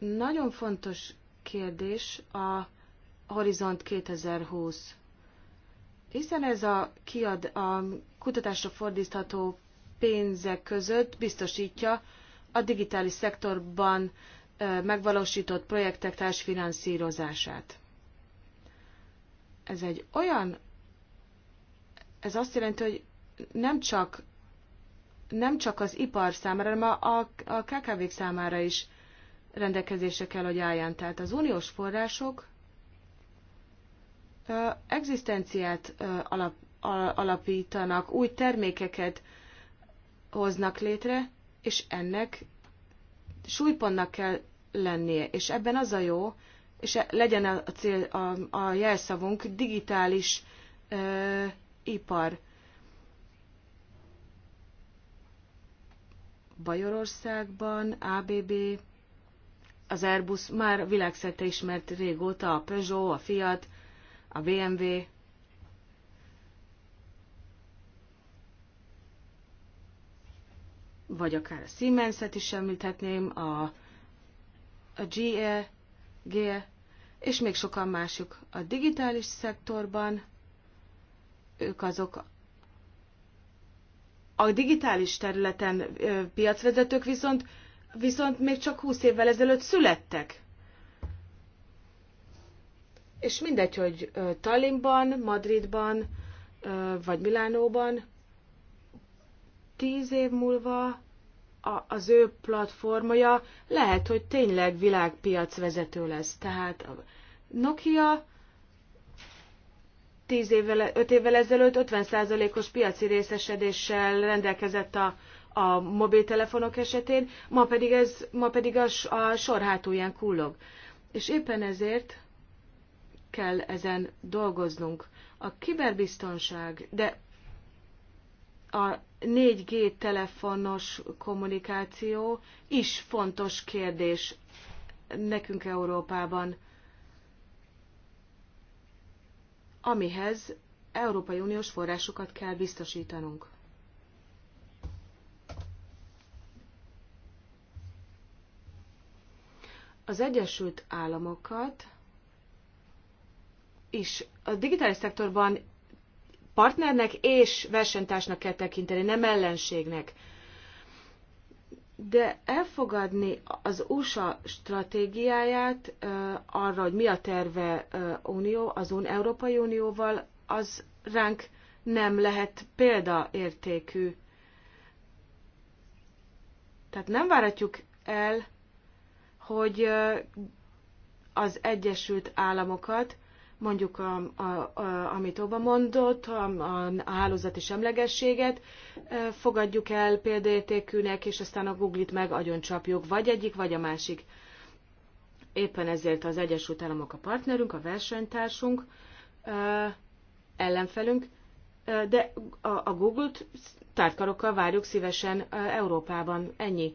Nagyon fontos kérdés a Horizont 2020, hiszen ez a, kiad, a kutatásra fordítható pénzek között biztosítja a digitális szektorban megvalósított projektek társfinanszírozását. Ez egy olyan, ez azt jelenti, hogy nem csak, nem csak az ipar számára, hanem a, a, KKV-k számára is rendelkezésre kell, hogy álljon. Tehát az uniós források egzisztenciát alap, alapítanak, új termékeket hoznak létre, és ennek súlypontnak kell lennie. És ebben az a jó, és e, legyen a, cél, a, a jelszavunk digitális ö, ipar. Bajorországban, ABB az Airbus már világszerte ismert régóta, a Peugeot, a Fiat, a BMW. Vagy akár a Siemens-et is említhetném, a, a GE, GE, és még sokan mások. A digitális szektorban ők azok, a digitális területen piacvezetők viszont viszont még csak 20 évvel ezelőtt születtek. És mindegy, hogy Tallinnban, Madridban, vagy Milánóban, tíz év múlva a, az ő platformja lehet, hogy tényleg világpiac vezető lesz. Tehát a Nokia tíz évvel, e, öt évvel ezelőtt 50%-os piaci részesedéssel rendelkezett a a mobiltelefonok esetén, ma pedig, ez, ma pedig a, a sor hátulján kullog. És éppen ezért kell ezen dolgoznunk. A kiberbiztonság, de a 4G telefonos kommunikáció is fontos kérdés nekünk Európában, amihez Európai Uniós forrásokat kell biztosítanunk. az Egyesült Államokat és a digitális szektorban partnernek és versenytársnak kell tekinteni, nem ellenségnek. De elfogadni az USA stratégiáját arra, hogy mi a terve Unió, az Un Európai Unióval, az ránk nem lehet példaértékű. Tehát nem váratjuk el hogy az Egyesült Államokat, mondjuk a, a, a, amit Oba mondott, a, a hálózati semlegességet fogadjuk el példaértékűnek, és aztán a Google-it meg agyoncsapjuk, vagy egyik, vagy a másik. Éppen ezért az Egyesült Államok a partnerünk, a versenytársunk, ellenfelünk, de a, a Google-t tártkarokkal várjuk szívesen Európában. Ennyi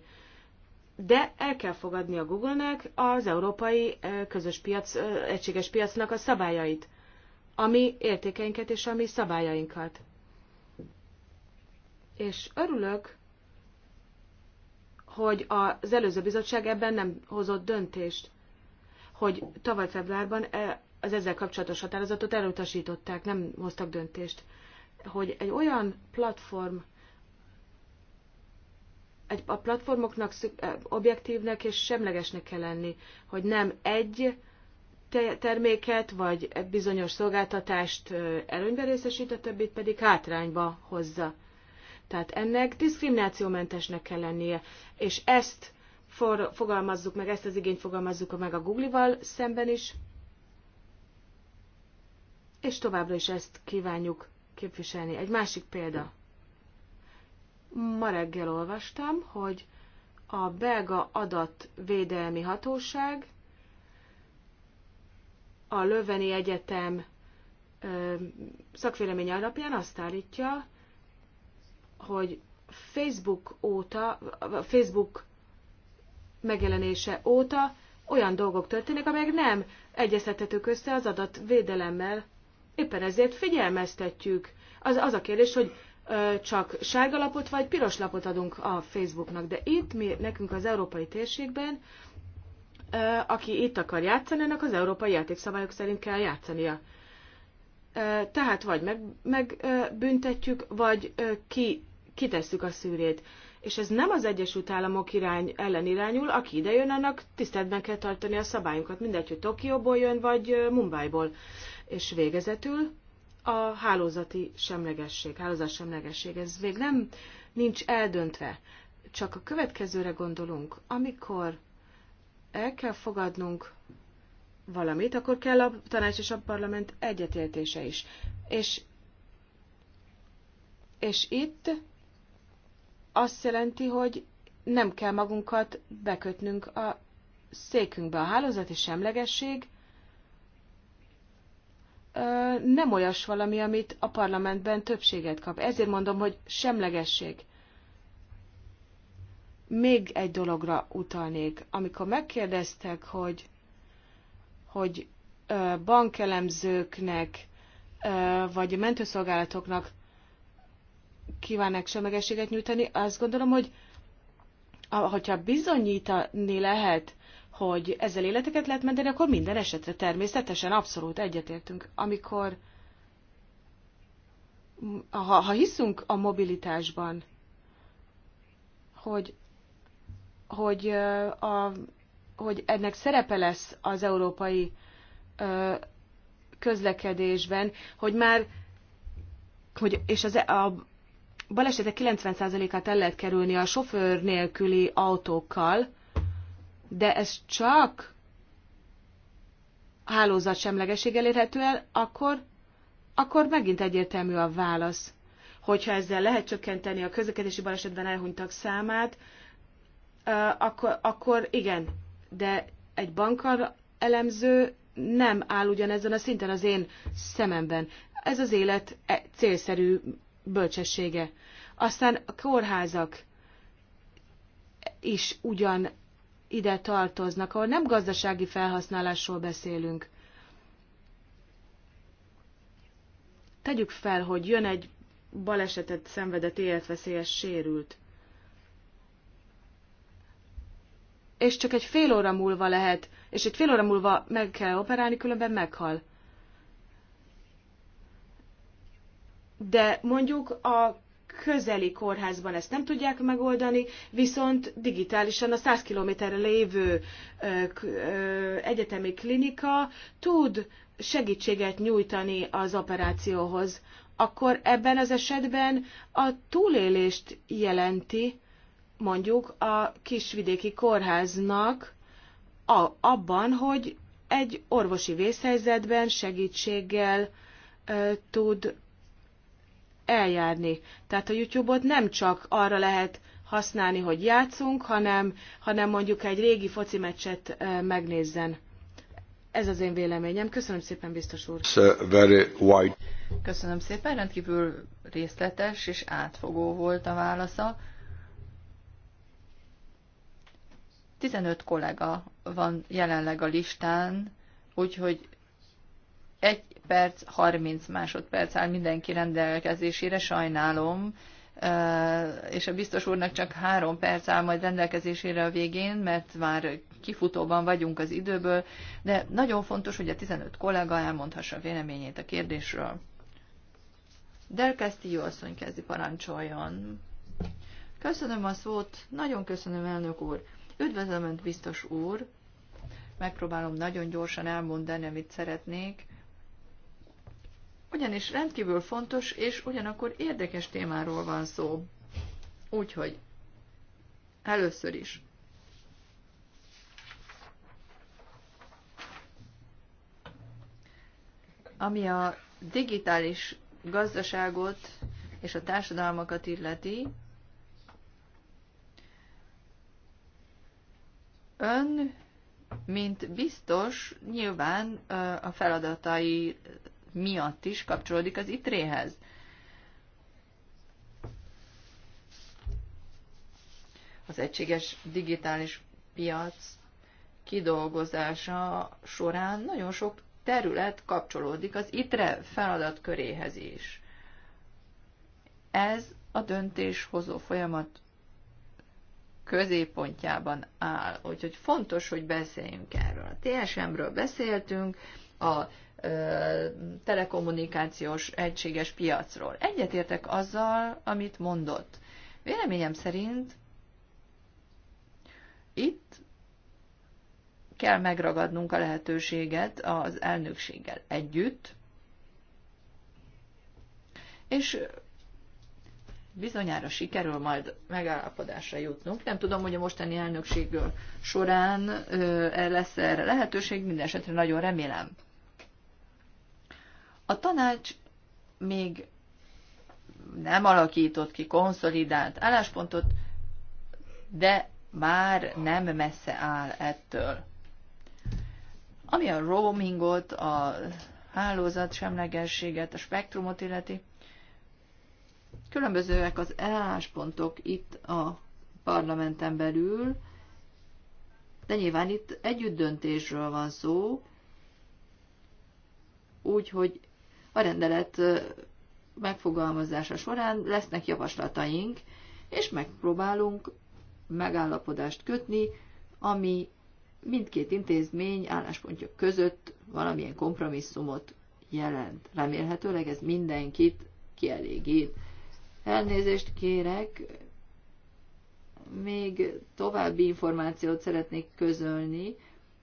de el kell fogadni a Google-nek az európai közös piac, egységes piacnak a szabályait, ami értékeinket és ami szabályainkat. És örülök, hogy az előző bizottság ebben nem hozott döntést, hogy tavaly februárban az ezzel kapcsolatos határozatot elutasították, nem hoztak döntést, hogy egy olyan platform egy, a platformoknak objektívnek és semlegesnek kell lenni, hogy nem egy terméket vagy bizonyos szolgáltatást előnybe részesít, a többit pedig hátrányba hozza. Tehát ennek diszkriminációmentesnek kell lennie, és ezt for, fogalmazzuk meg, ezt az igényt fogalmazzuk meg a Google-val szemben is, és továbbra is ezt kívánjuk képviselni. Egy másik példa. Ma reggel olvastam, hogy a belga adatvédelmi hatóság a Löveni Egyetem szakvélemény alapján azt állítja, hogy Facebook óta, Facebook megjelenése óta olyan dolgok történnek, amelyek nem egyeztethetők össze az adatvédelemmel. Éppen ezért figyelmeztetjük. Az, az a kérdés, hogy csak sárga lapot vagy piros lapot adunk a Facebooknak, de itt mi, nekünk az európai térségben, aki itt akar játszani, ennek az európai játékszabályok szerint kell játszania. Tehát vagy meg, vagy ki, kitesszük a szűrét. És ez nem az Egyesült Államok irány ellen irányul, aki ide jön, annak tiszteletben kell tartani a szabályunkat, mindegy, hogy Tokióból jön, vagy Mumbaiból. És végezetül a hálózati semlegesség, hálózat semlegesség, ez még nem nincs eldöntve. Csak a következőre gondolunk, amikor el kell fogadnunk valamit, akkor kell a tanács és a parlament egyetértése is. És, és itt azt jelenti, hogy nem kell magunkat bekötnünk a székünkbe. A hálózati semlegesség nem olyas valami, amit a parlamentben többséget kap. Ezért mondom, hogy semlegesség. Még egy dologra utalnék. Amikor megkérdeztek, hogy, hogy bankelemzőknek vagy mentőszolgálatoknak kívánnak semlegességet nyújtani, azt gondolom, hogy hogyha bizonyítani lehet, hogy ezzel életeket lehet menteni, akkor minden esetre természetesen abszolút egyetértünk. Amikor ha, ha hiszünk a mobilitásban, hogy, hogy, a, hogy ennek szerepe lesz az európai közlekedésben, hogy már hogy, és az, a balesetek 90%-át el lehet kerülni a sofőr nélküli autókkal, de ez csak hálózatsemlegesség elérhető el, akkor, akkor megint egyértelmű a válasz. Hogyha ezzel lehet csökkenteni a közlekedési balesetben elhunytak számát, akkor, akkor igen, de egy bankar elemző nem áll ugyanezen a szinten az én szememben. Ez az élet e, célszerű bölcsessége. Aztán a kórházak is ugyan ide tartoznak, ahol nem gazdasági felhasználásról beszélünk. Tegyük fel, hogy jön egy balesetet szenvedett életveszélyes sérült. És csak egy fél óra múlva lehet, és egy fél óra múlva meg kell operálni, különben meghal. De mondjuk a közeli kórházban ezt nem tudják megoldani, viszont digitálisan a 100 kilométerre lévő egyetemi klinika tud segítséget nyújtani az operációhoz, akkor ebben az esetben a túlélést jelenti mondjuk a kisvidéki kórháznak a, abban, hogy egy orvosi vészhelyzetben segítséggel ö, tud eljárni. Tehát a YouTube-ot nem csak arra lehet használni, hogy játszunk, hanem, hanem mondjuk egy régi foci meccset megnézzen. Ez az én véleményem. Köszönöm szépen, biztos úr. Uh, Köszönöm szépen, rendkívül részletes és átfogó volt a válasza. 15 kollega van jelenleg a listán, úgyhogy egy perc, 30 másodperc áll mindenki rendelkezésére, sajnálom, és a biztos úrnak csak három perc áll majd rendelkezésére a végén, mert már kifutóban vagyunk az időből, de nagyon fontos, hogy a 15 kollega elmondhassa a véleményét a kérdésről. Del Castillo asszony kezdi parancsoljon. Köszönöm a szót, nagyon köszönöm, elnök úr. Üdvözlöm Önt, biztos úr. Megpróbálom nagyon gyorsan elmondani, amit szeretnék ugyanis rendkívül fontos és ugyanakkor érdekes témáról van szó. Úgyhogy először is. Ami a digitális gazdaságot és a társadalmakat illeti, ön, mint biztos, nyilván a feladatai miatt is kapcsolódik az itréhez. Az egységes digitális piac kidolgozása során nagyon sok terület kapcsolódik az ITRE feladatköréhez is. Ez a döntéshozó folyamat középpontjában áll. Úgyhogy fontos, hogy beszéljünk erről. A TSM-ről beszéltünk, a telekommunikációs egységes piacról. Egyetértek azzal, amit mondott. Véleményem szerint itt kell megragadnunk a lehetőséget az elnökséggel együtt, és bizonyára sikerül majd megállapodásra jutnunk. Nem tudom, hogy a mostani elnökség során lesz erre lehetőség, minden esetre nagyon remélem. A tanács még nem alakított ki konszolidált álláspontot, de már nem messze áll ettől. Ami a roamingot, a hálózat semlegességet, a spektrumot illeti, különbözőek az álláspontok itt a parlamenten belül, de nyilván itt együtt döntésről van szó, úgyhogy a rendelet megfogalmazása során lesznek javaslataink, és megpróbálunk megállapodást kötni, ami mindkét intézmény álláspontja között valamilyen kompromisszumot jelent. Remélhetőleg ez mindenkit kielégít. Elnézést kérek, még további információt szeretnék közölni,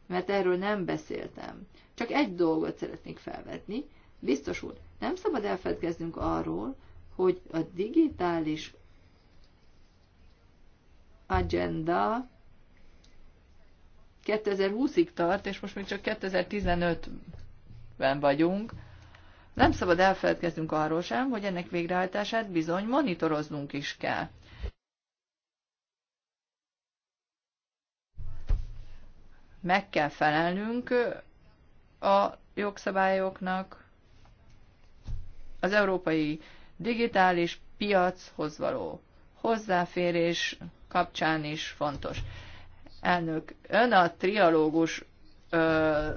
mert erről nem beszéltem. Csak egy dolgot szeretnék felvetni, Biztos úr, nem szabad elfedkeznünk arról, hogy a digitális agenda 2020-ig tart, és most még csak 2015-ben vagyunk. Nem szabad elfeledkeznünk arról sem, hogy ennek végrehajtását bizony monitoroznunk is kell. Meg kell felelnünk a jogszabályoknak, az európai digitális piachoz való hozzáférés kapcsán is fontos. Elnök, ön a trialógus ö,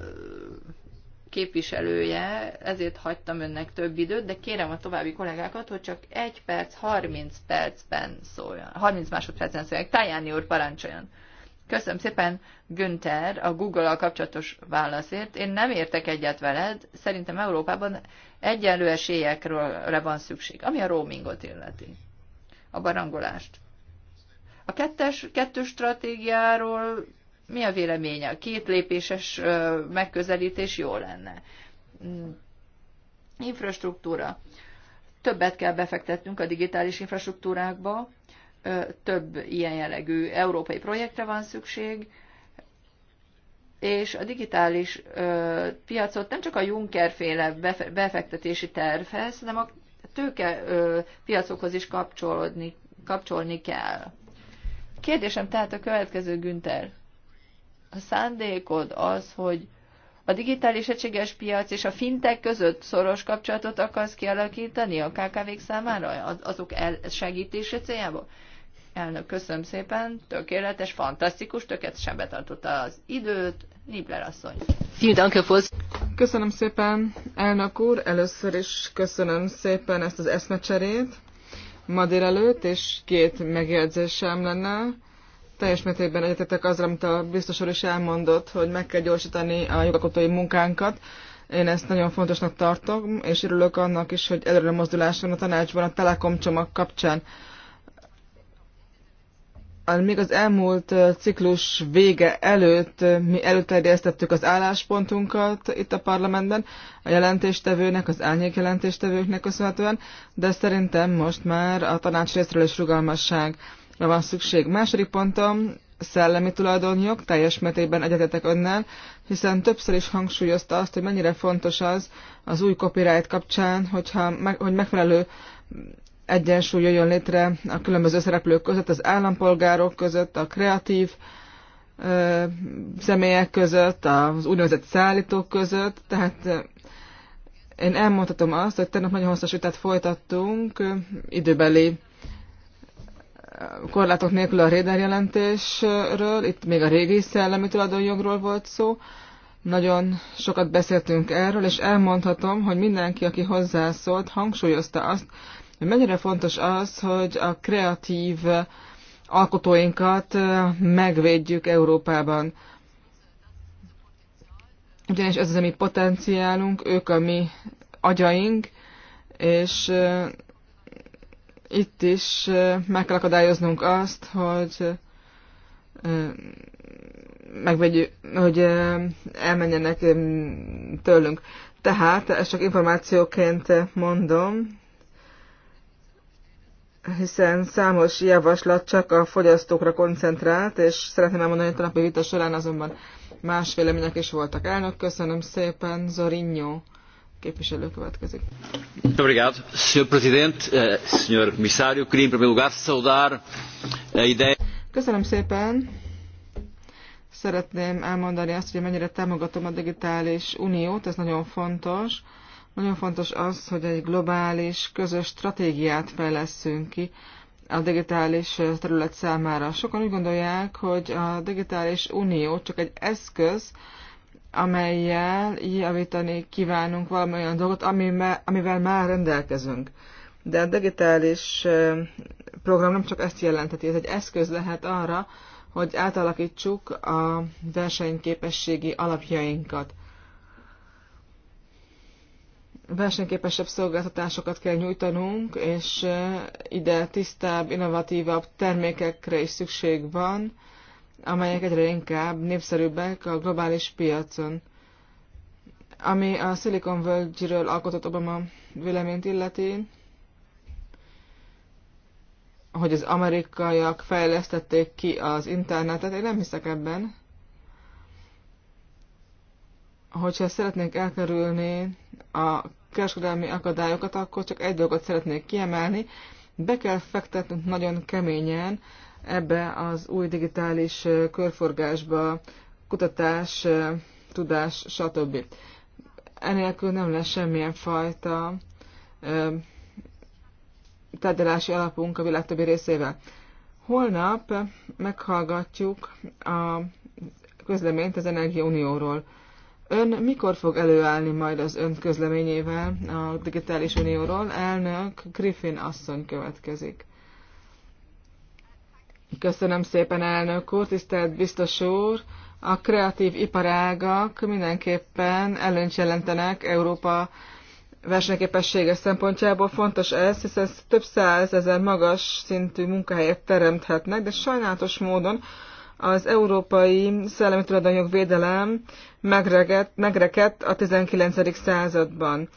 képviselője, ezért hagytam önnek több időt, de kérem a további kollégákat, hogy csak egy perc, 30 percben szóljon, 30 másodpercben szóljon. Tajani úr, parancsoljon! Köszönöm szépen, Günther, a Google-al kapcsolatos válaszért. Én nem értek egyet veled, szerintem Európában egyenlő esélyekről van szükség, ami a roamingot illeti, a barangolást. A kettes, kettős stratégiáról mi a véleménye? A két lépéses megközelítés jó lenne. Hmm. Infrastruktúra. Többet kell befektetnünk a digitális infrastruktúrákba, több ilyen jellegű európai projektre van szükség, és a digitális ö, piacot nem csak a Juncker féle befektetési tervhez, hanem a tőke ö, piacokhoz is kapcsolódni, kapcsolni kell. Kérdésem tehát a következő, Günther. A szándékod az, hogy a digitális egységes piac és a fintek között szoros kapcsolatot akarsz kialakítani a KKV-k számára, azok el segítése céljából? Elnök, köszönöm szépen, tökéletes, fantasztikus, tökéletesen betartotta az időt, Nibler asszony. Köszönöm szépen, elnök úr, először is köszönöm szépen ezt az eszmecserét ma délelőtt, és két megjegyzésem lenne. Teljes mértékben egyetetek azzal, amit a biztos úr is elmondott, hogy meg kell gyorsítani a jogalkotói munkánkat. Én ezt nagyon fontosnak tartom, és örülök annak is, hogy előre mozdulás van a tanácsban a Telekom csomag kapcsán még az elmúlt ciklus vége előtt mi előterjesztettük az álláspontunkat itt a parlamentben, a jelentéstevőnek, az álnyék jelentéstevőknek köszönhetően, de szerintem most már a tanács részről is rugalmasságra van szükség. Második pontom, szellemi tulajdonjog, teljes mértékben egyetetek önnel, hiszen többször is hangsúlyozta azt, hogy mennyire fontos az az új copyright kapcsán, hogyha, hogy megfelelő egyensúly jöjjön létre a különböző szereplők között, az állampolgárok között, a kreatív ö, személyek között, az úgynevezett szállítók között. Tehát én elmondhatom azt, hogy tegnap nagyon hosszas vitát folytattunk időbeli korlátok nélkül a Réder jelentésről, itt még a régi szellemi tulajdonjogról volt szó, nagyon sokat beszéltünk erről, és elmondhatom, hogy mindenki, aki hozzászólt, hangsúlyozta azt, hogy mennyire fontos az, hogy a kreatív alkotóinkat megvédjük Európában. Ugyanis ez az a mi potenciálunk, ők a mi agyaink, és itt is meg kell akadályoznunk azt, hogy megvegyük, hogy elmenjenek tőlünk. Tehát, ezt csak információként mondom, hiszen számos javaslat csak a fogyasztókra koncentrált, és szeretném elmondani, hogy a napi vita során azonban más vélemények is voltak. Elnök, köszönöm szépen, Zorinho képviselő következik. obrigado, Sr. Sr. Eh, queria em primeiro lugar saudar a ideia. Köszönöm szépen. Szeretném elmondani azt, hogy mennyire támogatom a digitális uniót, ez nagyon fontos. Nagyon fontos az, hogy egy globális, közös stratégiát fejleszünk ki a digitális terület számára. Sokan úgy gondolják, hogy a digitális unió csak egy eszköz, amelyel javítani kívánunk valamilyen dolgot, amivel már rendelkezünk. De a digitális program nem csak ezt jelenteti, ez egy eszköz lehet arra, hogy átalakítsuk a versenyképességi alapjainkat versenyképesebb szolgáltatásokat kell nyújtanunk, és eh, ide tisztább, innovatívabb termékekre is szükség van, amelyek egyre inkább népszerűbbek a globális piacon. Ami a Silicon Valley-ről alkotott Obama véleményt illeti, hogy az amerikaiak fejlesztették ki az internetet, én nem hiszek ebben hogyha szeretnénk elkerülni a kereskedelmi akadályokat, akkor csak egy dolgot szeretnék kiemelni. Be kell fektetnünk nagyon keményen ebbe az új digitális körforgásba, kutatás, tudás, stb. Enélkül nem lesz semmilyen fajta tárgyalási alapunk a világ többi részével. Holnap meghallgatjuk a közleményt az Energia Unióról Ön mikor fog előállni majd az ön közleményével a Digitális Unióról? Elnök Griffin asszony következik. Köszönöm szépen, elnök úr, tisztelt biztos úr! A kreatív iparágak mindenképpen előnyt jelentenek Európa versenyképessége szempontjából fontos ez, hiszen több százezer magas szintű munkahelyet teremthetnek, de sajnálatos módon az európai szellemi tulajdonjog védelem megrekedt, a 19. században.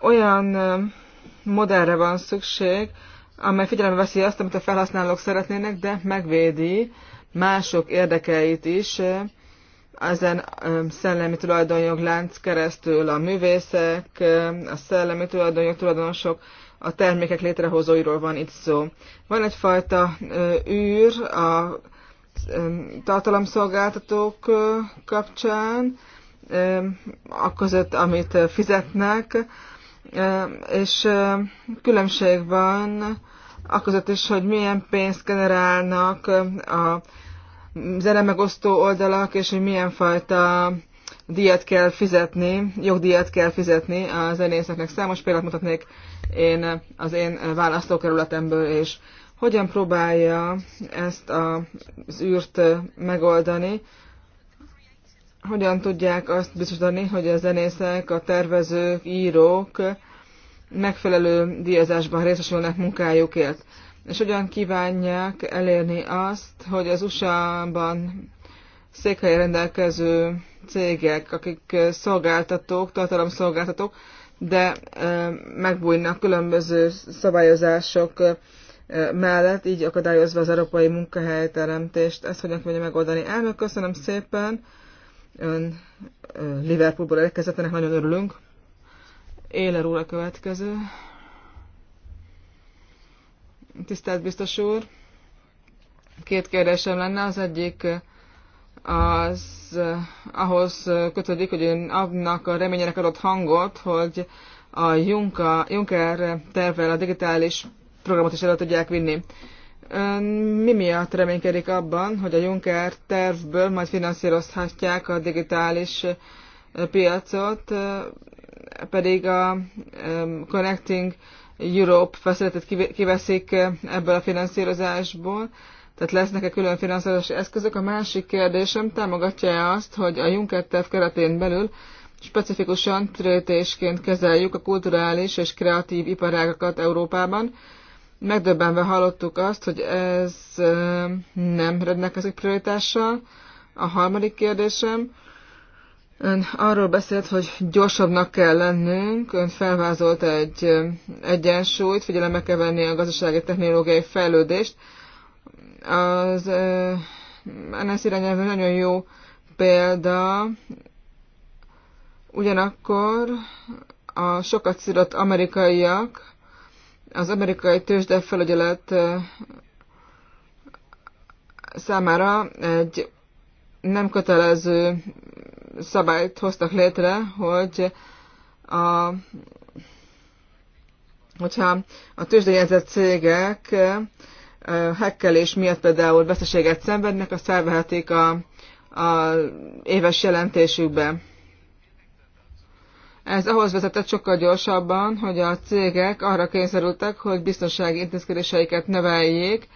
Olyan modellre van szükség, amely figyelembe veszi azt, amit a felhasználók szeretnének, de megvédi mások érdekeit is ezen szellemi tulajdonjoglánc keresztül a művészek, a szellemi tulajdonjog tulajdonosok, a termékek létrehozóiról van itt szó. Van egyfajta űr a tartalomszolgáltatók kapcsán, között, amit fizetnek, és különbség van között is, hogy milyen pénzt generálnak a megosztó oldalak, és hogy milyen fajta díjat kell fizetni, jogdíjat kell fizetni a zenészeknek. Számos példát mutatnék én az én választókerületemből, és hogyan próbálja ezt a, az űrt megoldani, hogyan tudják azt biztosítani, hogy a zenészek, a tervezők, írók megfelelő díjazásban részesülnek munkájukért. És hogyan kívánják elérni azt, hogy az USA-ban székhelyen rendelkező cégek, akik szolgáltatók, tartalomszolgáltatók, de megbújnak különböző szabályozások mellett, így akadályozva az európai munkahelyteremtést. Ezt hogyan tudja megoldani? Elnök, köszönöm szépen. Ön Liverpoolból érkezett, ennek nagyon örülünk. Éler úr a következő. Tisztelt biztos úr! Két kérdésem lenne. Az egyik az eh, ahhoz kötődik, hogy ön annak a reményének adott hangot, hogy a Juncker tervel a digitális programot is el tudják vinni. Ön mi miatt reménykedik abban, hogy a Juncker tervből majd finanszírozhatják a digitális piacot, pedig a Connecting Europe feszületet kiveszik ebből a finanszírozásból, tehát lesznek-e külön finanszírozási eszközök? A másik kérdésem támogatja azt, hogy a Juncker terv keretén belül specifikusan prioritésként kezeljük a kulturális és kreatív iparágakat Európában, Megdöbbenve hallottuk azt, hogy ez nem rendelkezik prioritással. A harmadik kérdésem, Ön arról beszélt, hogy gyorsabbnak kell lennünk, ön felvázolt egy egyensúlyt, figyelembe kell venni a gazdasági technológiai fejlődést. Az NSZ irányelvű nagyon jó példa, ugyanakkor a sokat szidott amerikaiak az amerikai tőzsde felügyelet számára egy nem kötelező szabályt hoztak létre, hogy a, hogyha a tőzsdejegyzett cégek hekkelés miatt például veszteséget szenvednek, azt felvehetik a, a éves jelentésükbe. Ez ahhoz vezetett sokkal gyorsabban, hogy a cégek arra kényszerültek, hogy biztonsági intézkedéseiket növeljék,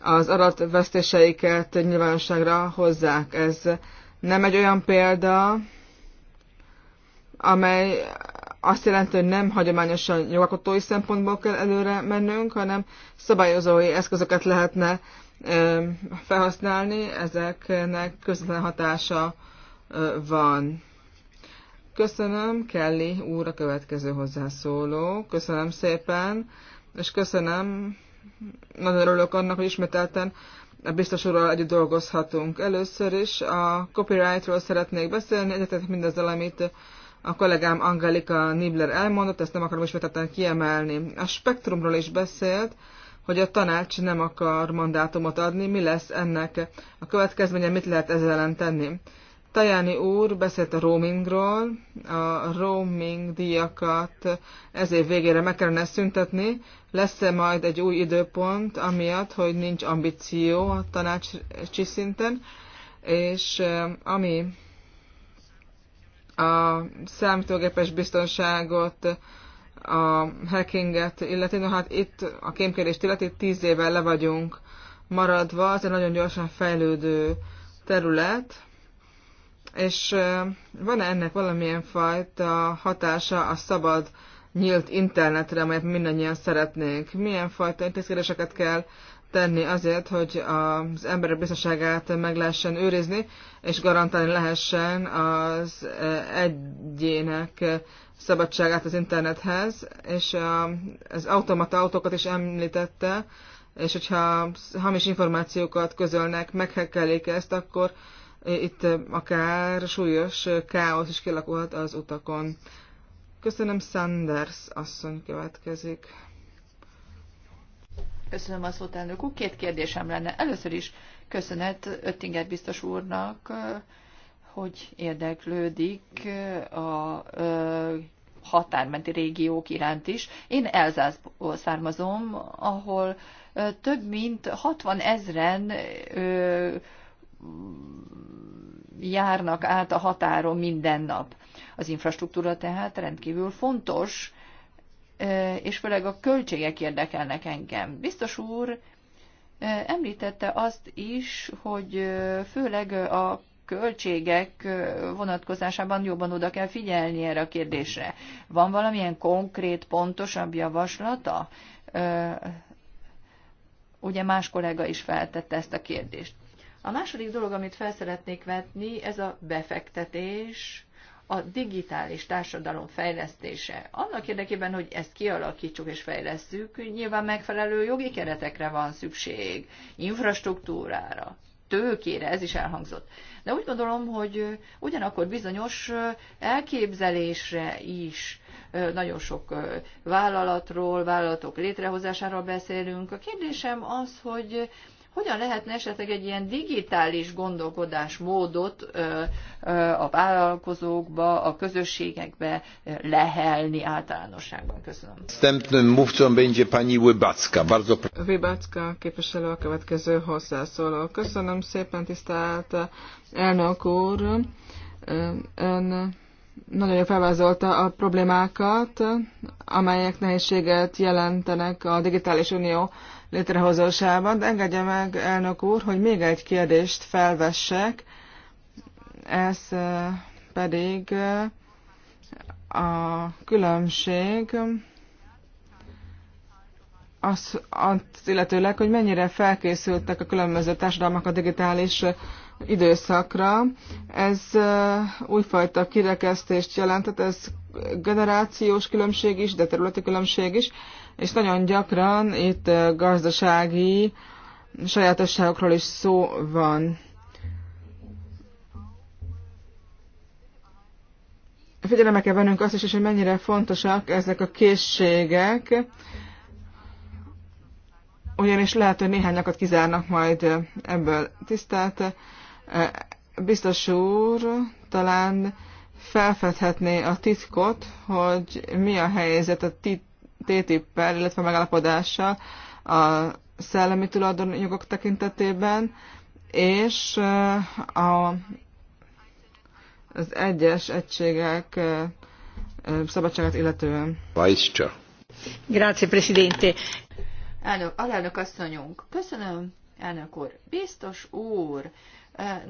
az adatvesztéseiket nyilvánosságra hozzák. Ez nem egy olyan példa, amely azt jelenti, hogy nem hagyományosan jogalkotói szempontból kell előre mennünk, hanem szabályozói eszközöket lehetne felhasználni, ezeknek közvetlen hatása van. Köszönöm, Kelly úr, a következő hozzászóló. Köszönöm szépen, és köszönöm, nagyon örülök annak, hogy ismételten a biztos úrral együtt dolgozhatunk. Először is a copyrightról szeretnék beszélni, egyetek mindazzal, amit a kollégám Angelika Nibler elmondott, ezt nem akarom ismételten kiemelni. A spektrumról is beszélt, hogy a tanács nem akar mandátumot adni, mi lesz ennek a következménye, mit lehet ezzel ellen tenni. Tajani úr beszélt a roamingról, a roaming díjakat ez év végére meg kellene szüntetni. Lesz-e majd egy új időpont, amiatt, hogy nincs ambíció a tanácsi szinten, és eh, ami a számítógépes biztonságot, a hackinget illeti, no hát itt a kémkérést illeti tíz évvel le vagyunk maradva, ez egy nagyon gyorsan fejlődő terület, és van-e ennek valamilyen fajta hatása a szabad nyílt internetre, amelyet mindannyian szeretnénk? Milyen fajta intézkedéseket kell tenni azért, hogy az emberek biztonságát meg lehessen őrizni, és garantálni lehessen az egyének szabadságát az internethez, és az automata autókat is említette, és hogyha hamis információkat közölnek, meghekkelik ezt, akkor itt eh, akár súlyos eh, káosz is kialakulhat az utakon. Köszönöm, Sanders asszony következik. Köszönöm a szót, elnök úr. Két kérdésem lenne. Először is köszönet Öttinger biztos úrnak, eh, hogy érdeklődik a határmenti régiók iránt is. Én Elzászból származom, ahol több mint 60 ezren járnak át a határon minden nap. Az infrastruktúra tehát rendkívül fontos, és főleg a költségek érdekelnek engem. Biztos úr említette azt is, hogy főleg a költségek vonatkozásában jobban oda kell figyelni erre a kérdésre. Van valamilyen konkrét, pontosabb javaslata? Ugye más kollega is feltette ezt a kérdést. A második dolog, amit felszeretnék vetni, ez a befektetés, a digitális társadalom fejlesztése. Annak érdekében, hogy ezt kialakítsuk és fejlesztjük, nyilván megfelelő jogi keretekre van szükség, infrastruktúrára, tőkére, ez is elhangzott. De úgy gondolom, hogy ugyanakkor bizonyos elképzelésre is nagyon sok vállalatról, vállalatok létrehozásáról beszélünk. A kérdésem az, hogy hogyan lehetne esetleg egy ilyen digitális gondolkodásmódot a vállalkozókba, a közösségekbe lehelni általánosságban? Köszönöm. Następnym mówcą będzie pani Wybacka. Bardzo Wybacka képviselő a következő hozzászóló. Köszönöm szépen, tisztelt elnök úr. Ön nagyon jól felvázolta a problémákat, amelyek nehézséget jelentenek a digitális unió létrehozásában, de engedje meg, elnök úr, hogy még egy kérdést felvessek, ez pedig a különbség az, az illetőleg, hogy mennyire felkészültek a különböző társadalmak a digitális időszakra. Ez újfajta kirekesztést jelentett, ez generációs különbség is, de területi különbség is és nagyon gyakran itt gazdasági sajátosságokról is szó van. Figyelembe kell vennünk azt is, hogy mennyire fontosak ezek a készségek, ugyanis lehet, hogy néhányakat kizárnak majd ebből. Tisztelt biztos úr, talán felfedhetné a titkot, hogy mi a helyzet a tit TTIP-el, illetve megállapodással a szellemi tulajdonjogok tekintetében, és a, az egyes egységek szabadságát illetően. Vice Grazie, Presidente. Elnök, alelnök asszonyunk, köszönöm, elnök úr. Biztos úr,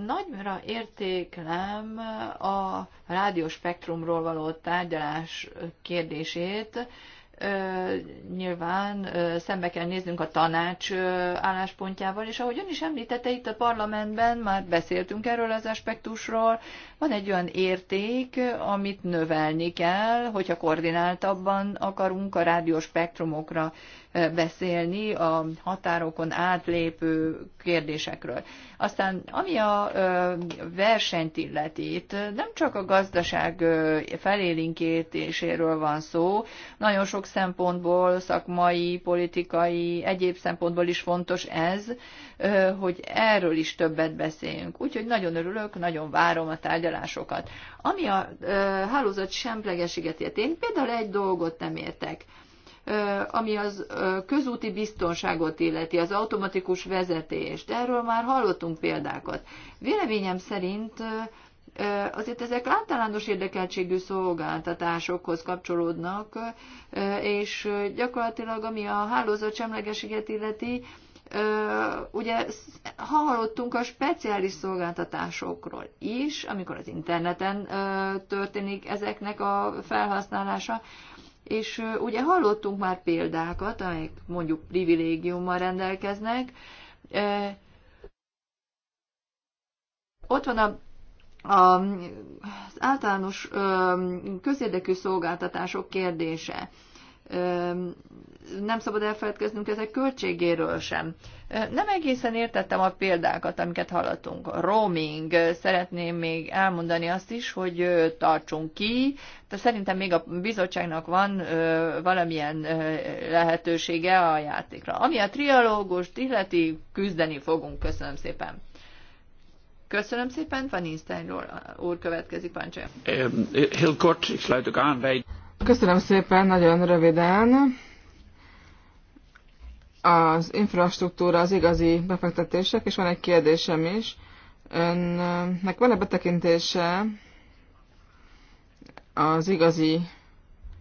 nagyra értéklem a rádióspektrumról való tárgyalás kérdését, nyilván szembe kell néznünk a tanács álláspontjával, és ahogy ön is említette, itt a parlamentben már beszéltünk erről az aspektusról, van egy olyan érték, amit növelni kell, hogyha koordináltabban akarunk a rádióspektrumokra beszélni a határokon átlépő kérdésekről. Aztán ami a versenyt illeti, itt nem csak a gazdaság felélinkítéséről van szó, nagyon sok szempontból, szakmai, politikai, egyéb szempontból is fontos ez, hogy erről is többet beszéljünk. Úgyhogy nagyon örülök, nagyon várom a tárgyalásokat. Ami a hálózat semlegességet ért, én például egy dolgot nem értek ami az közúti biztonságot illeti, az automatikus vezetést. Erről már hallottunk példákat. Véleményem szerint azért ezek általános érdekeltségű szolgáltatásokhoz kapcsolódnak, és gyakorlatilag ami a hálózat semlegeséget illeti, ugye hallottunk a speciális szolgáltatásokról is, amikor az interneten történik ezeknek a felhasználása, és ugye hallottunk már példákat, amelyek mondjuk privilégiummal rendelkeznek. Ott van a az általános közérdekű szolgáltatások kérdése nem szabad elfeledkeznünk ezek költségéről sem. Nem egészen értettem a példákat, amiket hallottunk. Roaming, szeretném még elmondani azt is, hogy tartsunk ki, de szerintem még a bizottságnak van valamilyen lehetősége a játékra. Ami a trialógust illeti, küzdeni fogunk. Köszönöm szépen. Köszönöm szépen, Van Einstein úr következik, Pancsa. Heel kort, ik sluit ook Köszönöm szépen, nagyon röviden. Az infrastruktúra az igazi befektetések, és van egy kérdésem is. Önnek van-e betekintése az igazi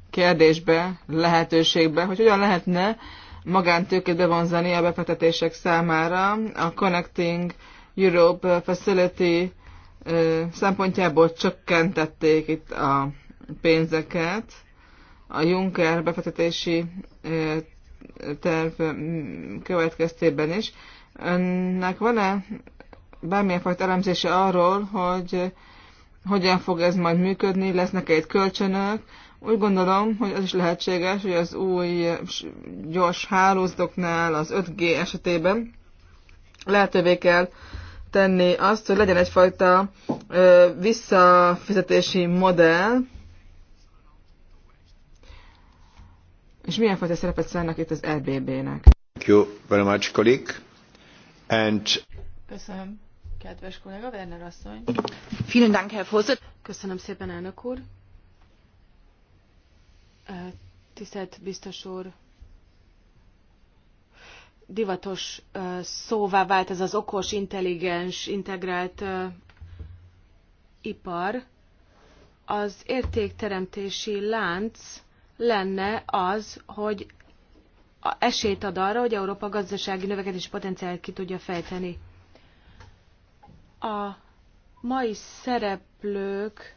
kérdésbe, lehetőségbe, hogy hogyan lehetne magántőkét bevonzani a befektetések számára a Connecting Europe Facility szempontjából csökkentették itt a pénzeket a Juncker befektetési terv következtében is. Önnek van-e bármilyen fajta elemzése arról, hogy hogyan fog ez majd működni, lesznek-e itt kölcsönök? Úgy gondolom, hogy az is lehetséges, hogy az új gyors hálózatoknál, az 5G esetében lehetővé kell tenni azt, hogy legyen egyfajta visszafizetési modell, És milyen fajta szerepet szállnak itt az lbb nek Thank you very much, colleague. And... Köszönöm, kedves kollega, Werner asszony. Vielen Dank, Herr Vorsitz. Köszönöm szépen, elnök úr. Tisztelt biztos úr, divatos szóvá vált ez az okos, intelligens, integrált ipar. Az értékteremtési lánc lenne az, hogy esélyt ad arra, hogy Európa gazdasági növekedési potenciált ki tudja fejteni. A mai szereplők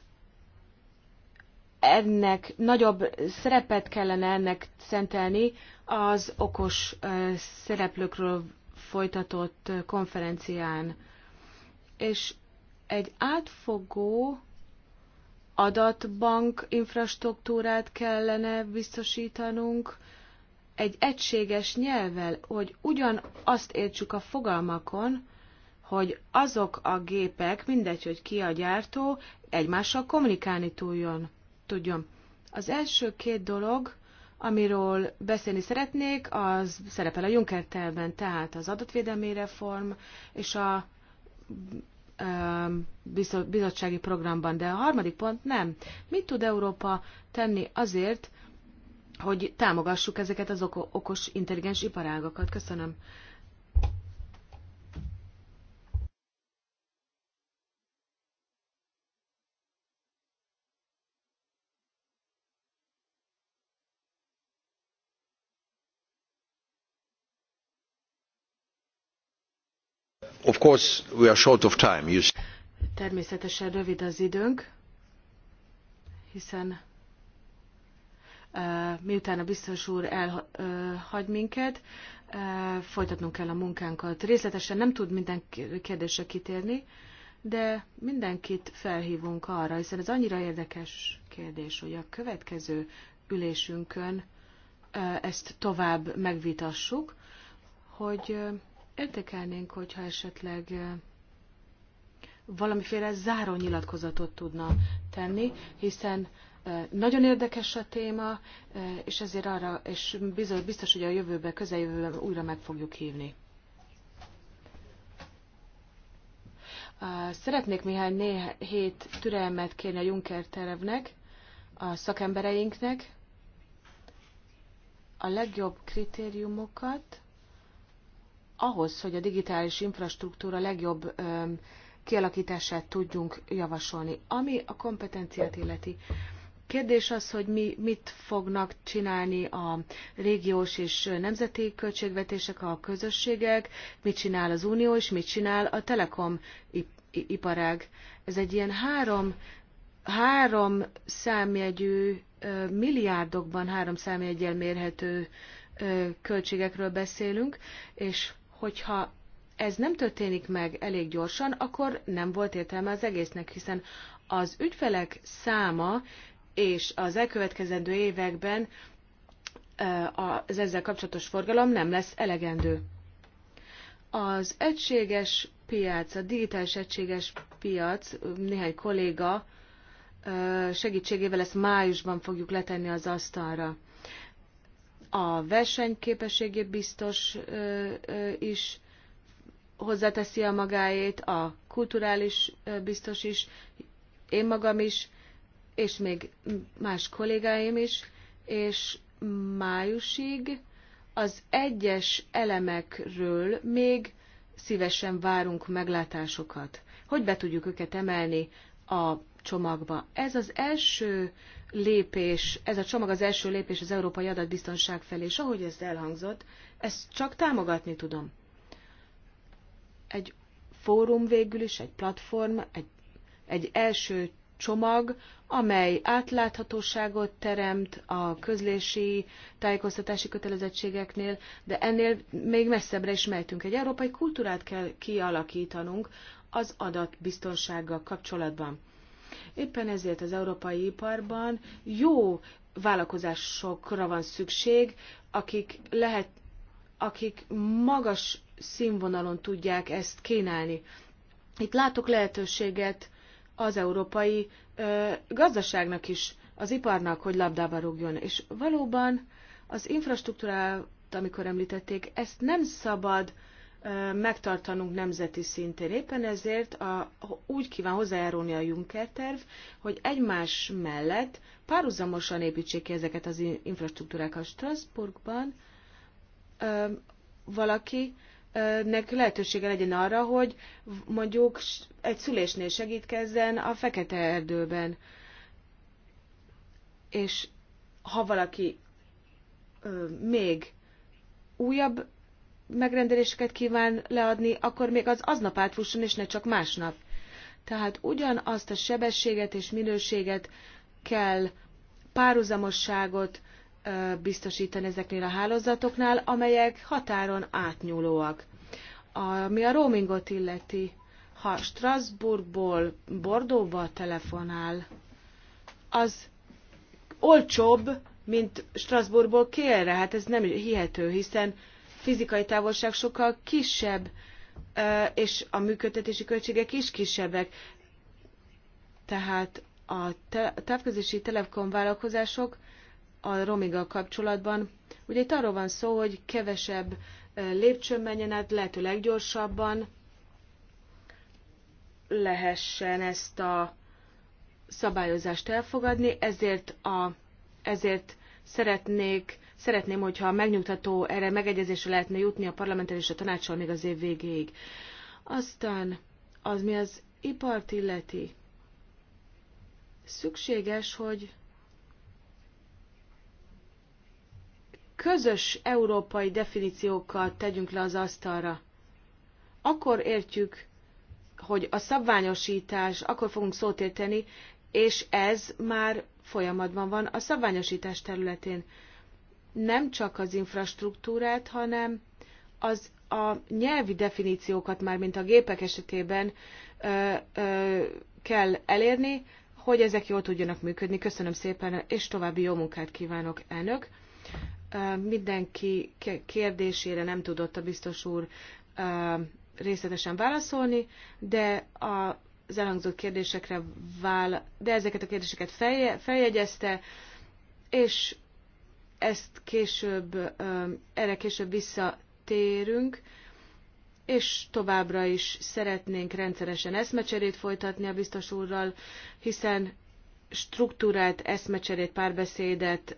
ennek nagyobb szerepet kellene ennek szentelni az okos szereplőkről folytatott konferencián. És egy átfogó adatbank infrastruktúrát kellene biztosítanunk egy egységes nyelvvel, hogy ugyanazt értsük a fogalmakon, hogy azok a gépek, mindegy, hogy ki a gyártó, egymással kommunikálni tudjon. tudjon. Az első két dolog, amiről beszélni szeretnék, az szerepel a Juncker tehát az adatvédelmi reform és a bizottsági programban, de a harmadik pont nem. Mit tud Európa tenni azért, hogy támogassuk ezeket az okos, intelligens iparágokat, Köszönöm. Természetesen rövid az időnk, hiszen eh, miután a biztos úr elhagy eh, minket, eh, folytatnunk kell a munkánkat. Részletesen nem tud minden kérdésre kitérni, de mindenkit felhívunk arra, hiszen ez annyira érdekes kérdés, hogy a következő ülésünkön ezt tovább megvitassuk, hogy Értékelnénk, hogyha esetleg valamiféle záró nyilatkozatot tudna tenni, hiszen nagyon érdekes a téma, és ezért arra, és biztos, biztos hogy a jövőben, közeljövőben újra meg fogjuk hívni. Szeretnék néhány hét türelmet kérni a Juncker tervnek, a szakembereinknek. A legjobb kritériumokat ahhoz, hogy a digitális infrastruktúra legjobb kialakítását tudjunk javasolni. Ami a kompetenciát illeti. Kérdés az, hogy mi, mit fognak csinálni a régiós és nemzeti költségvetések, a közösségek, mit csinál az Unió, és mit csinál a telekom iparág. Ez egy ilyen három, három számjegyű, milliárdokban három számjegyel mérhető költségekről beszélünk, és hogyha ez nem történik meg elég gyorsan, akkor nem volt értelme az egésznek, hiszen az ügyfelek száma és az elkövetkezendő években az ezzel kapcsolatos forgalom nem lesz elegendő. Az egységes piac, a digitális egységes piac, néhány kolléga segítségével ezt májusban fogjuk letenni az asztalra a versenyképességét biztos is hozzáteszi a magáét, a kulturális biztos is, én magam is, és még más kollégáim is, és májusig az egyes elemekről még szívesen várunk meglátásokat, hogy be tudjuk őket emelni a csomagba. Ez az első lépés, ez a csomag az első lépés az európai adatbiztonság felé, és ahogy ez elhangzott, ezt csak támogatni tudom. Egy fórum végül is, egy platform, egy, egy első csomag, amely átláthatóságot teremt a közlési tájékoztatási kötelezettségeknél, de ennél még messzebbre is mehetünk. Egy európai kultúrát kell kialakítanunk az adatbiztonsággal kapcsolatban. Éppen ezért az európai iparban jó vállalkozásokra van szükség, akik lehet, akik magas színvonalon tudják ezt kínálni. Itt látok lehetőséget az európai ö, gazdaságnak is, az iparnak, hogy labdába rúgjon. És valóban az infrastruktúrát, amikor említették, ezt nem szabad ö, megtartanunk nemzeti szintén. Éppen ezért a, úgy kíván hozzájárulni a Juncker terv, hogy egymás mellett párhuzamosan építsék ki ezeket az infrastruktúrákat. Strasbourgban valaki nek lehetősége legyen arra, hogy mondjuk egy szülésnél segítkezzen a fekete erdőben. És ha valaki ö, még újabb megrendeléseket kíván leadni, akkor még az aznap átfusson, és ne csak másnap. Tehát ugyanazt a sebességet és minőséget kell, párhuzamosságot biztosítani ezeknél a hálózatoknál, amelyek határon átnyúlóak. Ami a roamingot illeti, ha Strasbourgból Bordóba telefonál, az olcsóbb, mint Strasbourgból kérre. Hát ez nem hihető, hiszen fizikai távolság sokkal kisebb, és a működtetési költségek is kisebbek. Tehát a távközési telekom vállalkozások a romiga kapcsolatban, ugye itt arról van szó, hogy kevesebb lépcsőn menjen át, lehető leggyorsabban lehessen ezt a szabályozást elfogadni, ezért, a, ezért szeretnék Szeretném, hogyha megnyugtató erre megegyezésre lehetne jutni a parlamenttel és a tanácssal még az év végéig. Aztán, az mi az ipart illeti, szükséges, hogy közös európai definíciókat tegyünk le az asztalra. Akkor értjük, hogy a szabványosítás, akkor fogunk szót érteni, és ez már folyamatban van a szabványosítás területén nem csak az infrastruktúrát, hanem az a nyelvi definíciókat már, mint a gépek esetében ö, ö, kell elérni, hogy ezek jól tudjanak működni. Köszönöm szépen, és további jó munkát kívánok, elnök. Mindenki kérdésére nem tudott a biztos úr részletesen válaszolni, de az elhangzott kérdésekre vál, de ezeket a kérdéseket feljegyezte, és ezt később, erre később visszatérünk, és továbbra is szeretnénk rendszeresen eszmecserét folytatni a biztos úrral, hiszen struktúrált eszmecserét, párbeszédet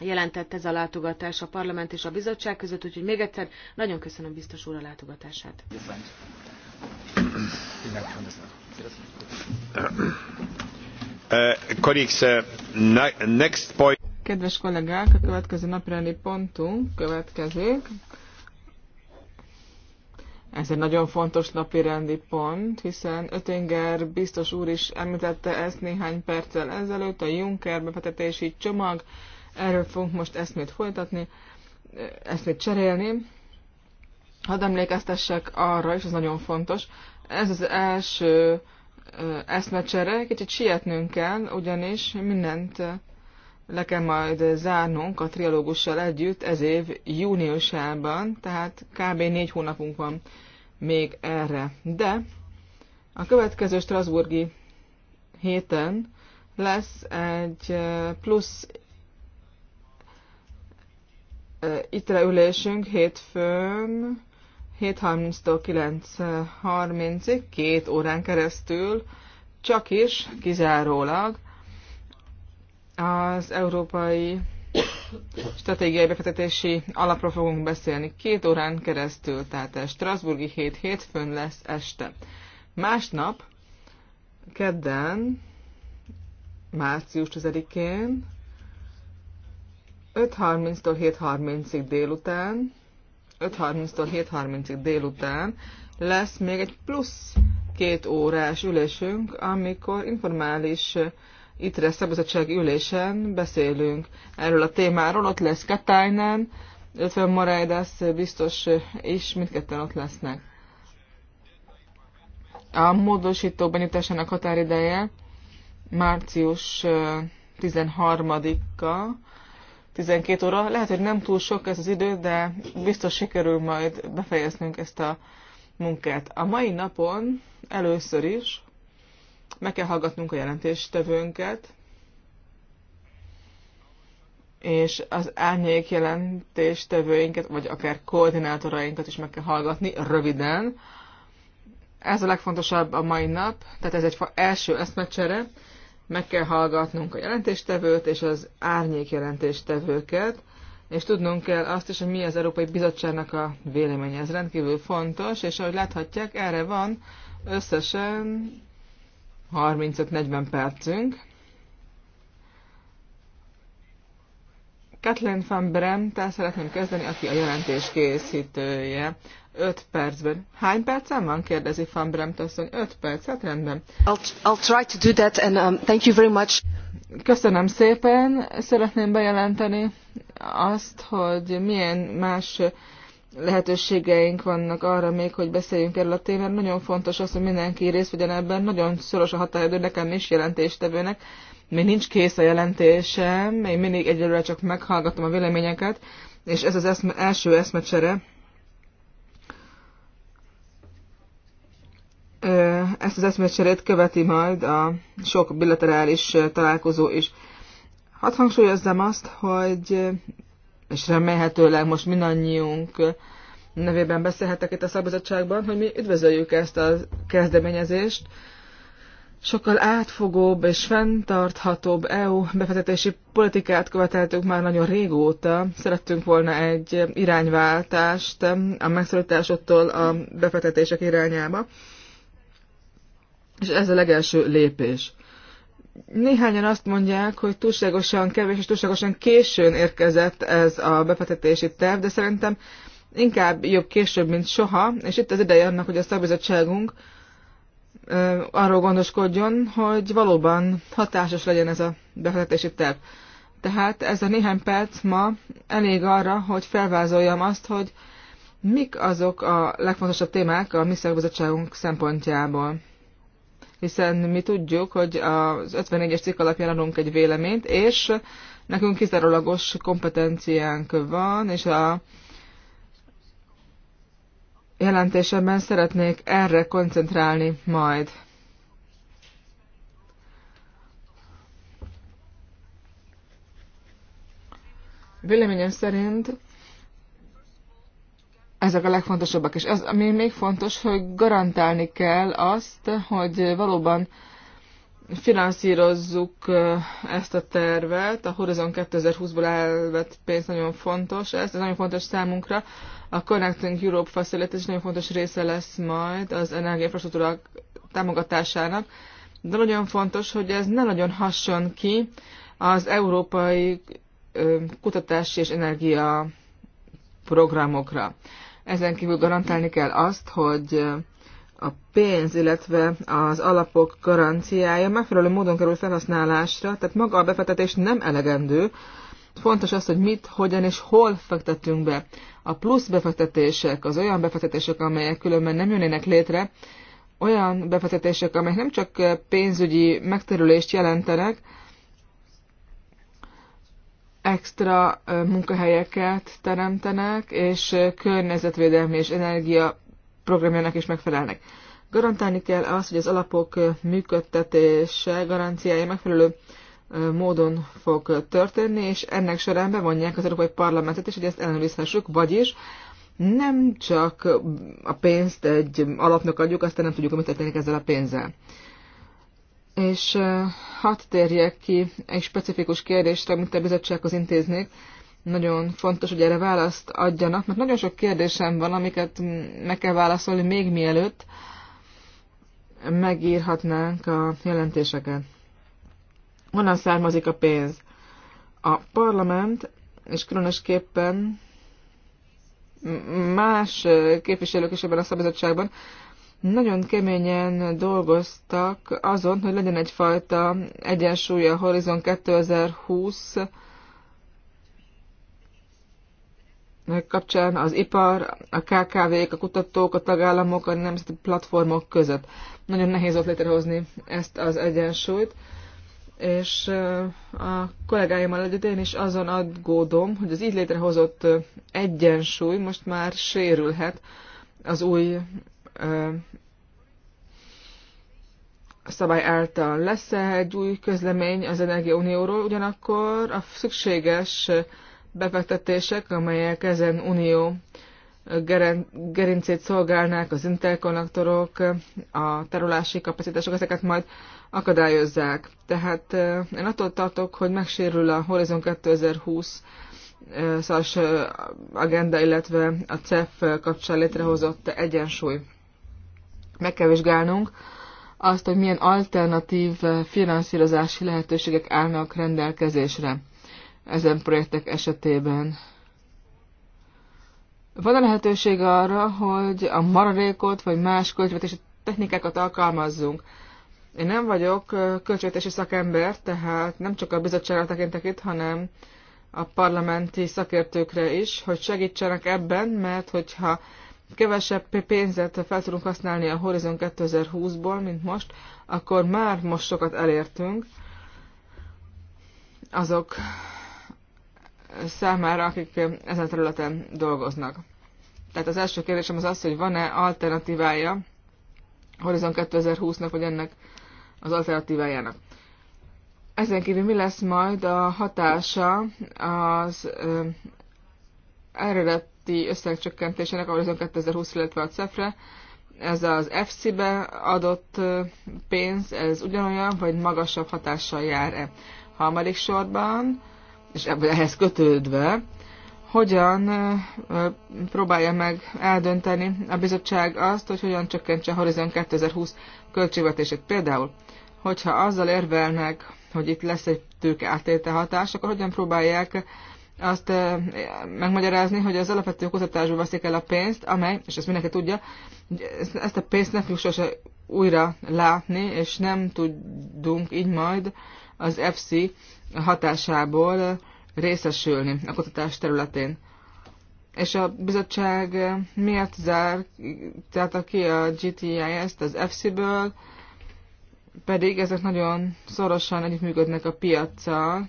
jelentett ez a látogatás a parlament és a bizottság között, úgyhogy még egyszer nagyon köszönöm biztos úr a látogatását. Uh, colleagues, uh, next point. Kedves kollégák, a következő napirendi pontunk következik. Ez egy nagyon fontos napirendi pont, hiszen Ötinger biztos úr is említette ezt néhány perccel ezelőtt, a Juncker befetetési csomag. Erről fogunk most eszmét folytatni, eszmét cserélni. Hadd emlékeztessek arra, és ez nagyon fontos, ez az első eszmecsere, kicsit sietnünk kell, ugyanis mindent le kell majd zárnunk a trialógussal együtt ez év júniusában, tehát kb. négy hónapunk van még erre. De a következő Strasburgi héten lesz egy plusz ittre ülésünk hétfőn 7.30-tól 9.30-ig, két órán keresztül, csak is kizárólag az Európai Stratégiai Befektetési Alapról fogunk beszélni két órán keresztül, tehát a Strasburgi hét hétfőn lesz este. Másnap, kedden, március 10-én, 5.30-tól 7.30-ig délután, 5.30-tól 7.30-ig délután lesz még egy plusz két órás ülésünk, amikor informális ITRE szabadsági ülésen beszélünk erről a témáról. Ott lesz Katainen, 50 Moraidas biztos is mindketten ott lesznek. A módosító benyújtásának határideje március 13-a, 12 óra. Lehet, hogy nem túl sok ez az idő, de biztos sikerül majd befejeznünk ezt a munkát. A mai napon először is meg kell hallgatnunk a jelentéstevőnket, és az árnyék jelentéstevőinket, vagy akár koordinátorainkat is meg kell hallgatni röviden. Ez a legfontosabb a mai nap, tehát ez egy első eszmecsere. Meg kell hallgatnunk a jelentéstevőt és az árnyék jelentéstevőket, és tudnunk kell azt is, hogy mi az Európai Bizottságnak a véleménye. Ez rendkívül fontos, és ahogy láthatják, erre van összesen 35-40 percünk. Kathleen van Bremtel szeretném kezdeni, aki a jelentés készítője. 5 percben. Hány percen van? kérdezi van Bremt asszony. 5 hát Rendben. I'll, I'll try to do that and um, thank you very much. Köszönöm szépen. Szeretném bejelenteni azt, hogy milyen más lehetőségeink vannak arra még, hogy beszéljünk erről a témáról. Nagyon fontos az, hogy mindenki részt vegyen ebben. Nagyon szoros a határidő nekem is jelentéstevőnek. Még nincs kész a jelentésem, én mindig egyelőre csak meghallgatom a véleményeket, és ez az eszme, első eszmecsere. Ezt az eszmecserét követi majd a sok bilaterális találkozó is. Hadd hangsúlyozzam azt, hogy és remélhetőleg most mindannyiunk nevében beszélhetek itt a szabadságban, hogy mi üdvözöljük ezt a kezdeményezést. Sokkal átfogóbb és fenntarthatóbb EU befektetési politikát követeltünk már nagyon régóta. Szerettünk volna egy irányváltást a megszorításoktól a befektetések irányába. És ez a legelső lépés. Néhányan azt mondják, hogy túlságosan kevés és túlságosan későn érkezett ez a befektetési terv, de szerintem inkább jobb később, mint soha, és itt az ideje annak, hogy a szakbizottságunk arról gondoskodjon, hogy valóban hatásos legyen ez a befektetési terv. Tehát ez a néhány perc ma elég arra, hogy felvázoljam azt, hogy mik azok a legfontosabb témák a mi szakbizottságunk szempontjából hiszen mi tudjuk, hogy az 54-es cikk alapján adunk egy véleményt, és nekünk kizárólagos kompetenciánk van, és a jelentésemben szeretnék erre koncentrálni majd. Véleményem szerint ezek a legfontosabbak. És az, ami még fontos, hogy garantálni kell azt, hogy valóban finanszírozzuk ezt a tervet, a Horizon 2020-ból elvett pénz nagyon fontos, ez, ez nagyon fontos számunkra. A Connecting Europe Facility is nagyon fontos része lesz majd az energiainfrastruktúra támogatásának, de nagyon fontos, hogy ez ne nagyon hasson ki az európai kutatási és energia programokra. Ezen kívül garantálni kell azt, hogy a pénz, illetve az alapok garanciája megfelelő módon kerül felhasználásra, tehát maga a befektetés nem elegendő. Fontos az, hogy mit, hogyan és hol fektetünk be. A plusz befektetések, az olyan befektetések, amelyek különben nem jönnének létre, olyan befektetések, amelyek nem csak pénzügyi megterülést jelentenek, extra munkahelyeket teremtenek, és környezetvédelmi és energia programjának is megfelelnek. Garantálni kell azt, hogy az alapok működtetése garanciája megfelelő módon fog történni, és ennek során bevonják az Európai Parlamentet is, hogy ezt ellenőrizhessük, vagyis nem csak a pénzt egy alapnak adjuk, aztán nem tudjuk, hogy mit történik ezzel a pénzzel és hat térjek ki egy specifikus kérdésre, amit a bizottsághoz intéznék. Nagyon fontos, hogy erre választ adjanak, mert nagyon sok kérdésem van, amiket meg kell válaszolni még mielőtt megírhatnánk a jelentéseket. Honnan származik a pénz? A parlament, és különösképpen más képviselők is ebben a szabadságban nagyon keményen dolgoztak azon, hogy legyen egyfajta egyensúly a Horizon 2020 kapcsán az ipar, a KKV-k, a kutatók, a tagállamok, a nemzeti platformok között. Nagyon nehéz ott létrehozni ezt az egyensúlyt, és a kollégáimmal együtt én is azon aggódom, hogy az így létrehozott egyensúly most már sérülhet az új szabály által lesz-e egy új közlemény az Energiaunióról, ugyanakkor a szükséges befektetések, amelyek ezen unió gerincét szolgálnák, az interkonnektorok, a terülási kapacitások, ezeket majd akadályozzák. Tehát én attól tartok, hogy megsérül a Horizon 2020 szas agenda, illetve a CEF kapcsán létrehozott egyensúly meg kell vizsgálnunk azt, hogy milyen alternatív finanszírozási lehetőségek állnak rendelkezésre ezen projektek esetében. Van a lehetőség arra, hogy a maradékot vagy más költségvetési technikákat alkalmazzunk. Én nem vagyok költségvetési szakember, tehát nem csak a bizottságra tekintek itt, hanem a parlamenti szakértőkre is, hogy segítsenek ebben, mert hogyha kevesebb pénzet fel tudunk használni a Horizon 2020-ból, mint most, akkor már most sokat elértünk azok számára, akik ezen a területen dolgoznak. Tehát az első kérdésem az az, hogy van-e alternatívája Horizon 2020-nak, vagy ennek az alternatívájának. Ezen kívül mi lesz majd a hatása az eredeti összegcsökkentésének, ahol azon 2020 illetve a CEF-re, ez az FC-be adott pénz, ez ugyanolyan, vagy magasabb hatással jár-e? Harmadik sorban, és ebből ehhez kötődve, hogyan próbálja meg eldönteni a bizottság azt, hogy hogyan csökkentse a Horizon 2020 költségvetését. Például, hogyha azzal érvelnek, hogy itt lesz egy tőke átélte hatás, akkor hogyan próbálják azt megmagyarázni, hogy az alapvető kutatásba veszik el a pénzt, amely, és ezt mindenki tudja, ezt a pénzt nem fogjuk sose újra látni, és nem tudunk így majd az FC hatásából részesülni a kutatás területén. És a bizottság miért zár, tehát aki a GTIS-t az FC-ből, pedig ezek nagyon szorosan együttműködnek a piaccal,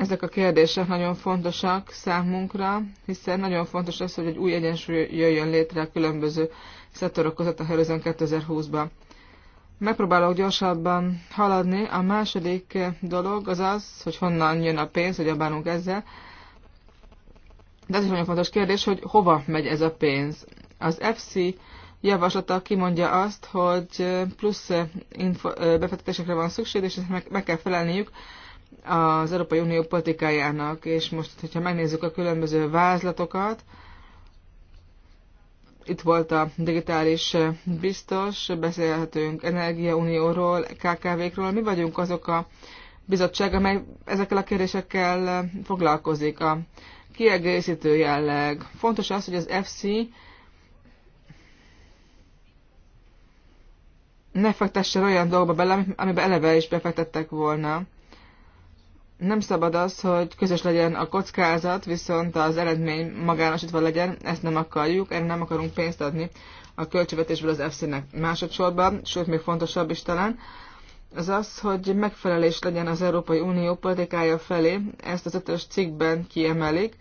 Ezek a kérdések nagyon fontosak számunkra, hiszen nagyon fontos az, hogy egy új egyensúly jöjjön létre a különböző szektorok között a Horizon 2020-ban. Megpróbálok gyorsabban haladni. A második dolog az az, hogy honnan jön a pénz, hogy abánunk ezzel. De ez is nagyon fontos kérdés, hogy hova megy ez a pénz. Az FC javaslata kimondja azt, hogy plusz befektetésekre van szükség, és ezt meg, meg kell felelniük az Európai Unió politikájának. És most, hogyha megnézzük a különböző vázlatokat, itt volt a digitális biztos, beszélhetünk energiaunióról, KKV-król. Mi vagyunk azok a bizottság, amely ezekkel a kérdésekkel foglalkozik. A kiegészítő jelleg. Fontos az, hogy az FC ne fektessen olyan dolgokba bele, amiben eleve is befektettek volna nem szabad az, hogy közös legyen a kockázat, viszont az eredmény magánosítva legyen, ezt nem akarjuk, erre nem akarunk pénzt adni a költségvetésből az FC-nek másodszorban, sőt még fontosabb is talán, az az, hogy megfelelés legyen az Európai Unió politikája felé, ezt az ötös cikkben kiemelik,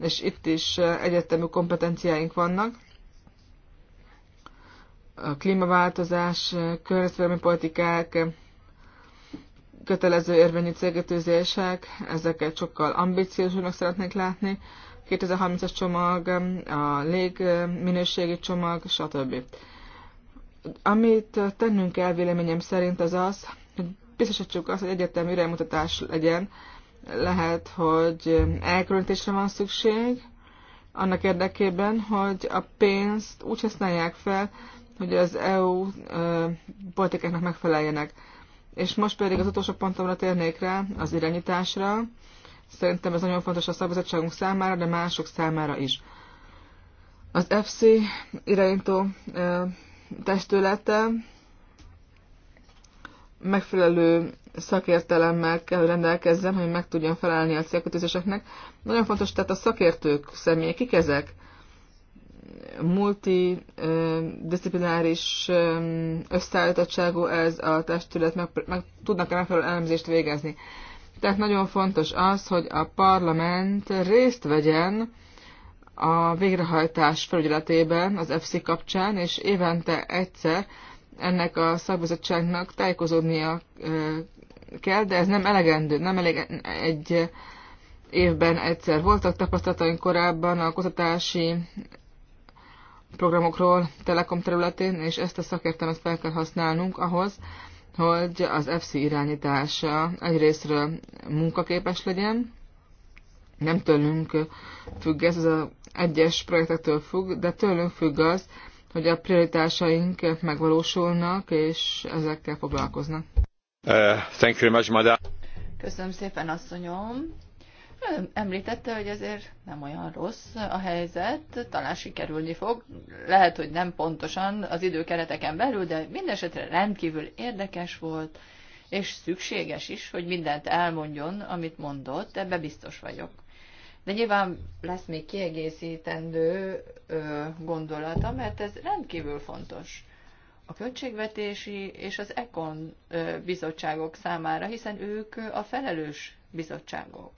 és itt is egyetemű kompetenciáink vannak. A klímaváltozás, környezetvédelmi politikák, kötelező érvényű célgetőzések, ezeket sokkal ambiciósabbnak szeretnék látni. 2030-as csomag, a légminőségi csomag, stb. Amit tennünk kell véleményem szerint az az, hogy biztosítsuk azt, hogy egyetem iránymutatás legyen, lehet, hogy elkülönítésre van szükség, annak érdekében, hogy a pénzt úgy használják fel, hogy az EU politikáknak megfeleljenek. És most pedig az utolsó pontomra térnék rá, az irányításra. Szerintem ez nagyon fontos a szabadságunk számára, de mások számára is. Az FC irányító testülete megfelelő szakértelemmel kell, hogy rendelkezzen, hogy meg tudjon felállni a célkötőzéseknek. Nagyon fontos tehát a szakértők személyek, kik ezek? multidisziplináris összeállítottságú ez a testület, meg, meg tudnak-e megfelelő elemzést végezni. Tehát nagyon fontos az, hogy a parlament részt vegyen a végrehajtás felügyeletében az EFSI kapcsán, és évente egyszer ennek a szakbizottságnak tájékozódnia kell, de ez nem elegendő, nem elég egy évben egyszer. Voltak tapasztalataink korábban a kutatási programokról Telekom területén, és ezt a szakértelmet fel kell használnunk ahhoz, hogy az FC irányítása egyrésztről munkaképes legyen, nem tőlünk függ ez, ez az egyes projektektől függ, de tőlünk függ az, hogy a prioritásaink megvalósulnak, és ezekkel foglalkoznak. Uh, thank you very much, madam. Köszönöm szépen, asszonyom említette, hogy azért nem olyan rossz a helyzet, talán sikerülni fog, lehet, hogy nem pontosan az időkereteken belül, de mindesetre rendkívül érdekes volt, és szükséges is, hogy mindent elmondjon, amit mondott, ebbe biztos vagyok. De nyilván lesz még kiegészítendő ö, gondolata, mert ez rendkívül fontos a költségvetési és az ECON bizottságok számára, hiszen ők a felelős bizottságok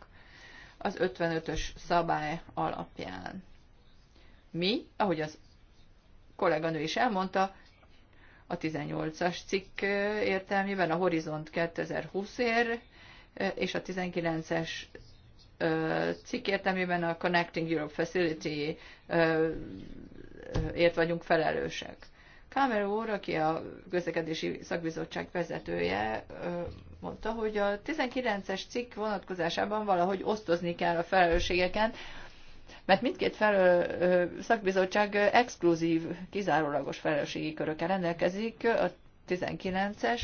az 55-ös szabály alapján. Mi, ahogy az kolléganő is elmondta, a 18-as cikk értelmében a Horizont 2020-ér és a 19-es cikk értelmében a Connecting Europe Facility ért vagyunk felelősek. Kamerú úr, aki a közlekedési szakbizottság vezetője, mondta, hogy a 19-es cikk vonatkozásában valahogy osztozni kell a felelősségeken, mert mindkét felő, szakbizottság exkluzív, kizárólagos felelősségi körökkel rendelkezik a 19-es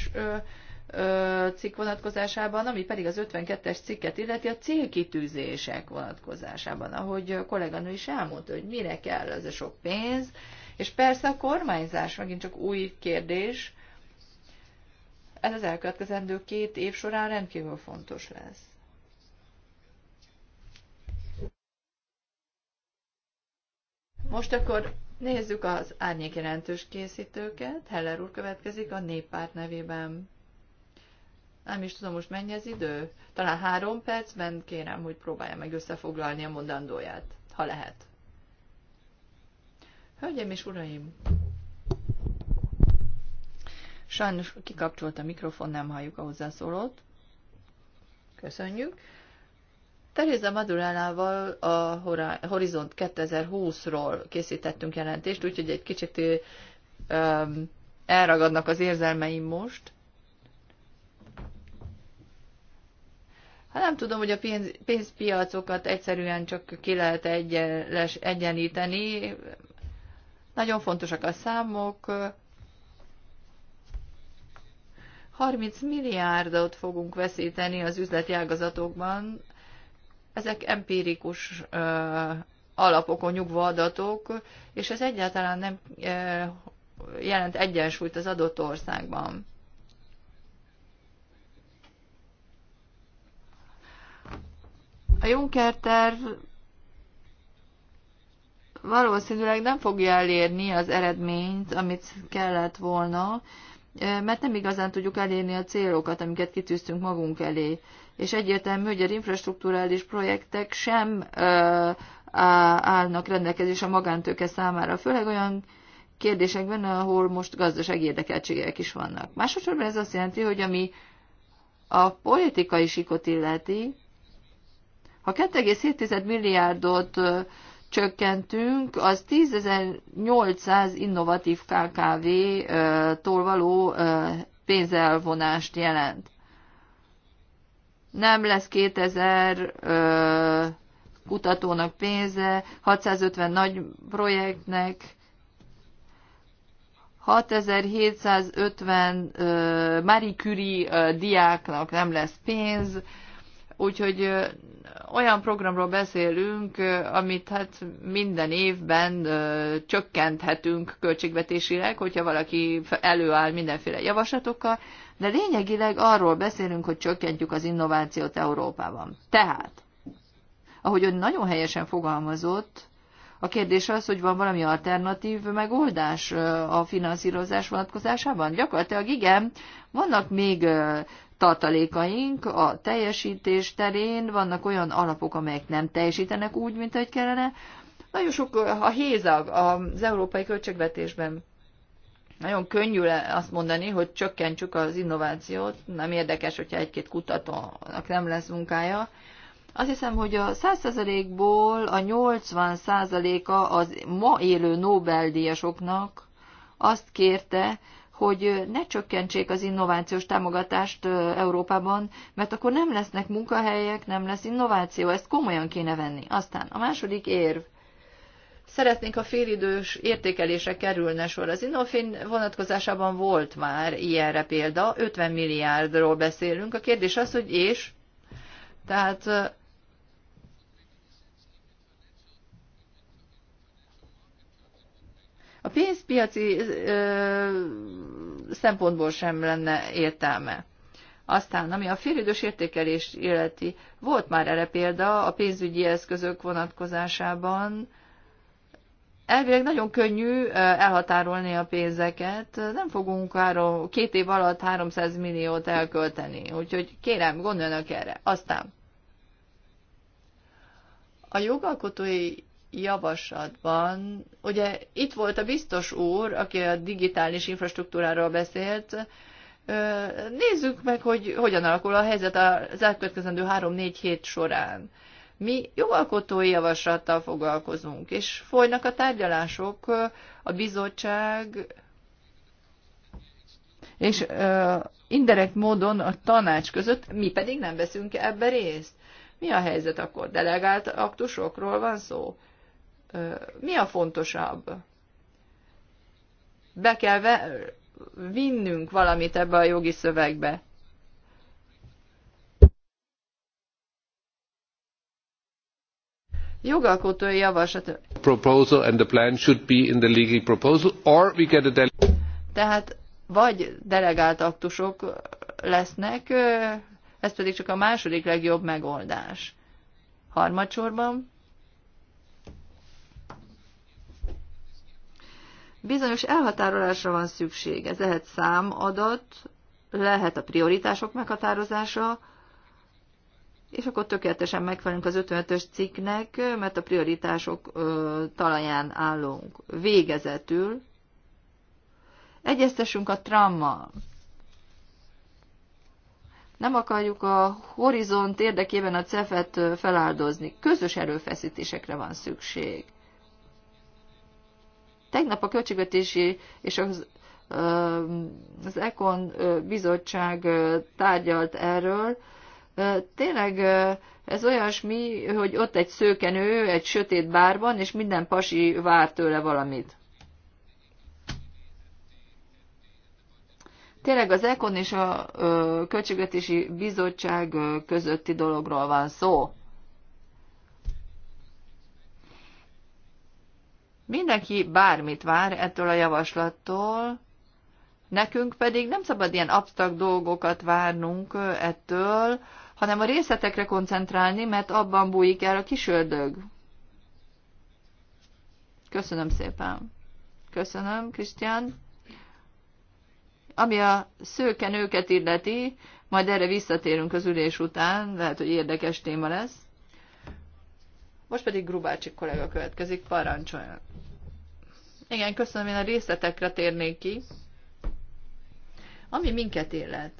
cikk vonatkozásában, ami pedig az 52-es cikket illeti a célkitűzések vonatkozásában, ahogy a kolléganő is elmondta, hogy mire kell ez a sok pénz, és persze a kormányzás megint csak új kérdés, ez az elkövetkezendő két év során rendkívül fontos lesz. Most akkor nézzük az árnyék jelentős készítőket. Heller úr következik a néppárt nevében. Nem is tudom most mennyi az idő. Talán három percben kérem, hogy próbálja meg összefoglalni a mondandóját, ha lehet. Hölgyeim és uraim, Sajnos kikapcsolt a mikrofon, nem halljuk a hozzászólót. Köszönjük. Teresa Madurelával a Horizont 2020-ról készítettünk jelentést, úgyhogy egy kicsit um, elragadnak az érzelmeim most. Hát nem tudom, hogy a pénz, pénzpiacokat egyszerűen csak ki lehet egyenlíteni. Nagyon fontosak a számok, 30 milliárdot fogunk veszíteni az üzleti ágazatokban. Ezek empirikus alapokon nyugva adatok, és ez egyáltalán nem jelent egyensúlyt az adott országban. A Juncker terv valószínűleg nem fogja elérni az eredményt, amit kellett volna, mert nem igazán tudjuk elérni a célokat, amiket kitűztünk magunk elé. És egyértelmű, hogy a infrastruktúrális projektek sem állnak rendelkezés a magántőke számára, főleg olyan kérdésekben, ahol most gazdasági érdekeltségek is vannak. Másodszorban ez azt jelenti, hogy ami a politikai sikot illeti, ha 2,7 milliárdot csökkentünk, az 10.800 innovatív KKV-tól való pénzelvonást jelent. Nem lesz 2000 kutatónak pénze, 650 nagy projektnek, 6750 Marie Curie diáknak nem lesz pénz, Úgyhogy olyan programról beszélünk, amit hát minden évben csökkenthetünk költségvetésileg, hogyha valaki előáll mindenféle javaslatokkal, de lényegileg arról beszélünk, hogy csökkentjük az innovációt Európában. Tehát, ahogy ön nagyon helyesen fogalmazott, a kérdés az, hogy van valami alternatív megoldás a finanszírozás vonatkozásában? Gyakorlatilag igen, vannak még tartalékaink a teljesítés terén, vannak olyan alapok, amelyek nem teljesítenek úgy, mint ahogy kellene. Nagyon sok a hézag az európai költségvetésben. Nagyon könnyű azt mondani, hogy csökkentsük az innovációt, nem érdekes, hogyha egy-két kutatónak nem lesz munkája. Azt hiszem, hogy a 100%-ból a 80%-a az ma élő Nobel-díjasoknak azt kérte, hogy ne csökkentsék az innovációs támogatást Európában, mert akkor nem lesznek munkahelyek, nem lesz innováció, ezt komolyan kéne venni. Aztán a második érv. Szeretnénk, ha félidős értékelésre kerülne sor. Az Innofin vonatkozásában volt már ilyenre példa, 50 milliárdról beszélünk. A kérdés az, hogy és? Tehát A pénzpiaci ö, szempontból sem lenne értelme. Aztán, ami a félidős értékelés illeti, volt már erre példa a pénzügyi eszközök vonatkozásában. Elvileg nagyon könnyű elhatárolni a pénzeket, nem fogunk három, két év alatt 300 milliót elkölteni, úgyhogy kérem, gondoljanak erre. Aztán a jogalkotói javaslatban, ugye itt volt a biztos úr, aki a digitális infrastruktúráról beszélt, nézzük meg, hogy hogyan alakul a helyzet az elkövetkezendő 3-4 hét során. Mi jogalkotói javaslattal foglalkozunk, és folynak a tárgyalások, a bizottság és uh, indirekt módon a tanács között, mi pedig nem veszünk ebbe részt. Mi a helyzet akkor? Delegált aktusokról van szó? mi a fontosabb? Be kell vinnünk valamit ebbe a jogi szövegbe. Jogalkotói javaslat. Proposal and the plan should be in the legal proposal, or we get a Tehát vagy delegált aktusok lesznek, ez pedig csak a második legjobb megoldás. Harmadsorban Bizonyos elhatárolásra van szükség. Ez lehet számadat, lehet a prioritások meghatározása, és akkor tökéletesen megfelelünk az 55-ös cikknek, mert a prioritások ö, talaján állunk. Végezetül egyeztessünk a trauma. Nem akarjuk a horizont érdekében a cefet feláldozni. Közös erőfeszítésekre van szükség. Tegnap a Költségvetési és az, az ECON bizottság tárgyalt erről. Tényleg ez olyasmi, hogy ott egy szőkenő, egy sötét bárban, és minden pasi vár tőle valamit. Tényleg az ECON és a Költségvetési Bizottság közötti dologról van szó. Mindenki bármit vár ettől a javaslattól, nekünk pedig nem szabad ilyen absztrakt dolgokat várnunk ettől, hanem a részletekre koncentrálni, mert abban bújik el a kisördög. Köszönöm szépen. Köszönöm, Krisztián. Ami a szőkenőket illeti, majd erre visszatérünk az ülés után, lehet, hogy érdekes téma lesz. Most pedig Grubácsik kollega következik, parancsoljon. Igen, köszönöm, én a részletekre térnék ki. Ami minket élet.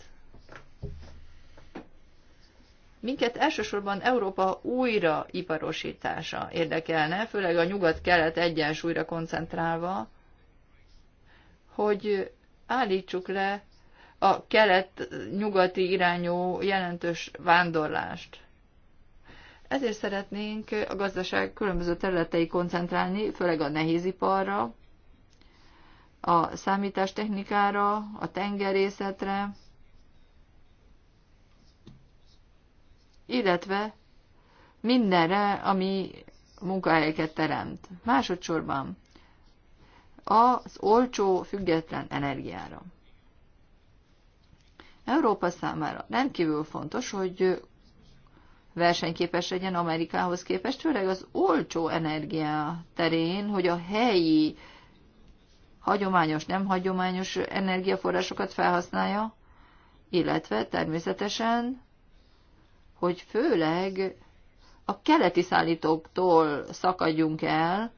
Minket elsősorban Európa újraiparosítása érdekelne, főleg a nyugat-kelet egyensúlyra koncentrálva, hogy állítsuk le a kelet-nyugati irányú jelentős vándorlást. Ezért szeretnénk a gazdaság különböző területei koncentrálni, főleg a nehéziparra, a számítástechnikára, a tengerészetre, illetve mindenre, ami munkahelyeket teremt. Másodszorban az olcsó, független energiára. Európa számára rendkívül fontos, hogy versenyképes legyen Amerikához képest, főleg az olcsó energia terén, hogy a helyi hagyományos, nem hagyományos energiaforrásokat felhasználja, illetve természetesen, hogy főleg a keleti szállítóktól szakadjunk el,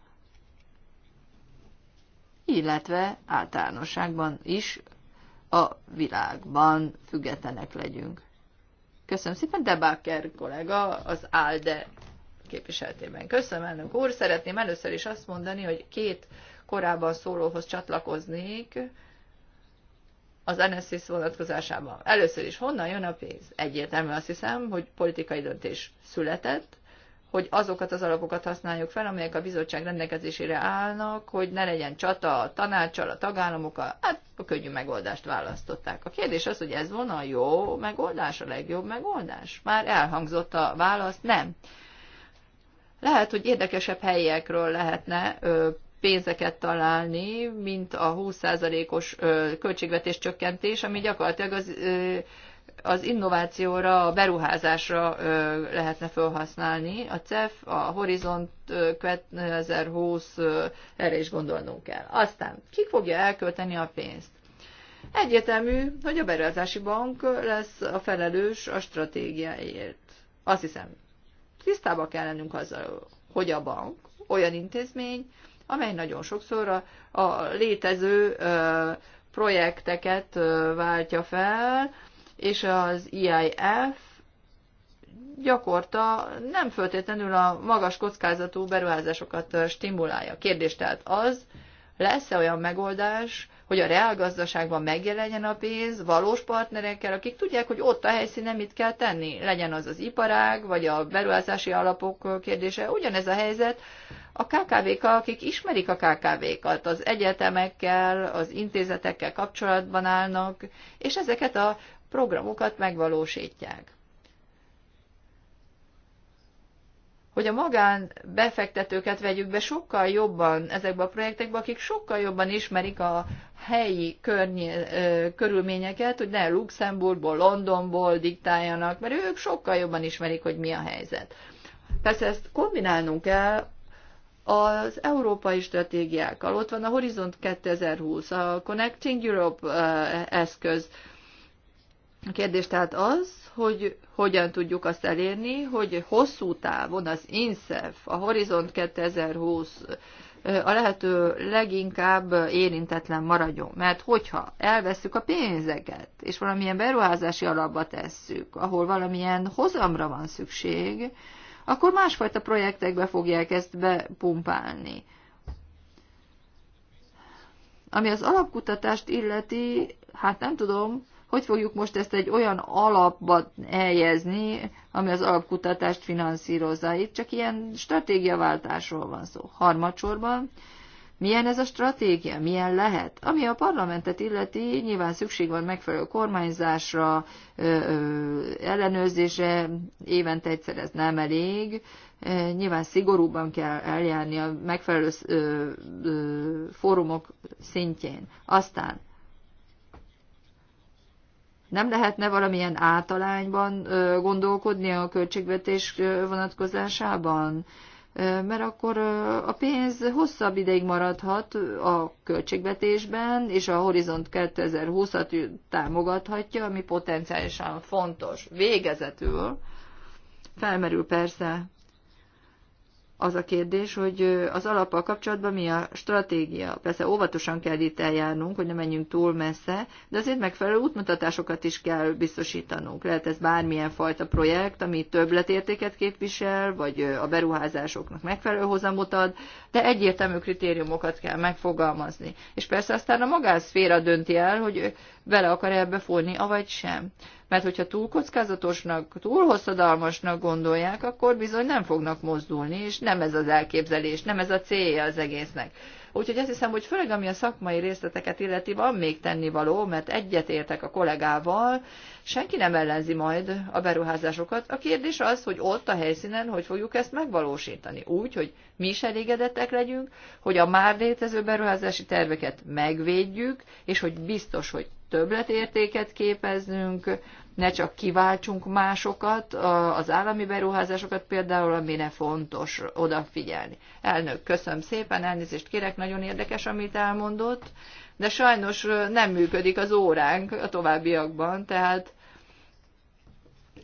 illetve általánosságban is a világban függetlenek legyünk. Köszönöm szépen, Debaker kollega az ALDE képviseletében. Köszönöm, elnök úr. Szeretném először is azt mondani, hogy két korábban szólóhoz csatlakoznék az NSZ vonatkozásában. Először is honnan jön a pénz? Egyértelmű azt hiszem, hogy politikai döntés született, hogy azokat az alapokat használjuk fel, amelyek a bizottság rendelkezésére állnak, hogy ne legyen csata a tanácssal, a tagállamokkal, hát a könnyű megoldást választották. A kérdés az, hogy ez volna a jó megoldás, a legjobb megoldás? Már elhangzott a válasz, nem. Lehet, hogy érdekesebb helyekről lehetne pénzeket találni, mint a 20%-os költségvetés csökkentés, ami gyakorlatilag az az innovációra, a beruházásra lehetne felhasználni. A CEF, a Horizont 2020, erre is gondolnunk kell. Aztán, ki fogja elkölteni a pénzt? Egyetemű, hogy a beruházási bank lesz a felelős a stratégiáért. Azt hiszem, tisztába kell lennünk azzal, hogy a bank olyan intézmény, amely nagyon sokszor a, a létező ö, projekteket ö, váltja fel, és az EIF gyakorta nem föltétlenül a magas kockázatú beruházásokat stimulálja. Kérdés tehát az, lesz-e olyan megoldás, hogy a reálgazdaságban megjelenjen a pénz valós partnerekkel, akik tudják, hogy ott a helyszínen mit kell tenni. Legyen az az iparág, vagy a beruházási alapok kérdése. Ugyanez a helyzet a KKV-kkal, akik ismerik a KKV-kat, az egyetemekkel, az intézetekkel kapcsolatban állnak, és ezeket a programokat megvalósítják. Hogy a magán befektetőket vegyük be sokkal jobban ezekbe a projektekbe, akik sokkal jobban ismerik a helyi környe, körülményeket, hogy ne Luxemburgból, Londonból diktáljanak, mert ők sokkal jobban ismerik, hogy mi a helyzet. Persze ezt kombinálnunk kell az európai stratégiákkal. Ott van a Horizont 2020, a Connecting Europe eszköz, a kérdés tehát az, hogy hogyan tudjuk azt elérni, hogy hosszú távon az INSEF, a Horizont 2020 a lehető leginkább érintetlen maradjon. Mert hogyha elveszük a pénzeket, és valamilyen beruházási alapba tesszük, ahol valamilyen hozamra van szükség, akkor másfajta projektekbe fogják ezt bepumpálni. Ami az alapkutatást illeti, hát nem tudom, hogy fogjuk most ezt egy olyan alapba helyezni, ami az alapkutatást finanszírozza. Itt csak ilyen stratégiaváltásról van szó. Harmadsorban, milyen ez a stratégia? Milyen lehet? Ami a parlamentet illeti, nyilván szükség van megfelelő kormányzásra, ellenőrzése, évente egyszer ez nem elég. Nyilván szigorúban kell eljárni a megfelelő fórumok szintjén. Aztán nem lehetne valamilyen általányban gondolkodni a költségvetés vonatkozásában? Mert akkor a pénz hosszabb ideig maradhat a költségvetésben, és a Horizont 2020-at támogathatja, ami potenciálisan fontos. Végezetül felmerül persze az a kérdés, hogy az alappal kapcsolatban mi a stratégia. Persze óvatosan kell itt eljárnunk, hogy ne menjünk túl messze, de azért megfelelő útmutatásokat is kell biztosítanunk. Lehet ez bármilyen fajta projekt, ami többletértéket képvisel, vagy a beruházásoknak megfelelő hozamot ad, de egyértelmű kritériumokat kell megfogalmazni. És persze aztán a magánszféra dönti el, hogy bele akar -e ebbe folyni, avagy sem mert hogyha túl kockázatosnak, túl hosszadalmasnak gondolják, akkor bizony nem fognak mozdulni, és nem ez az elképzelés, nem ez a célja az egésznek. Úgyhogy azt hiszem, hogy főleg ami a szakmai részleteket illeti, van még tennivaló, mert egyetértek a kollégával, senki nem ellenzi majd a beruházásokat. A kérdés az, hogy ott a helyszínen hogy fogjuk ezt megvalósítani. Úgy, hogy mi is elégedettek legyünk, hogy a már létező beruházási terveket megvédjük, és hogy biztos, hogy többletértéket képeznünk, ne csak kiváltsunk másokat, az állami beruházásokat például, amire fontos odafigyelni. Elnök, köszönöm szépen, elnézést kérek, nagyon érdekes, amit elmondott, de sajnos nem működik az óránk a továbbiakban, tehát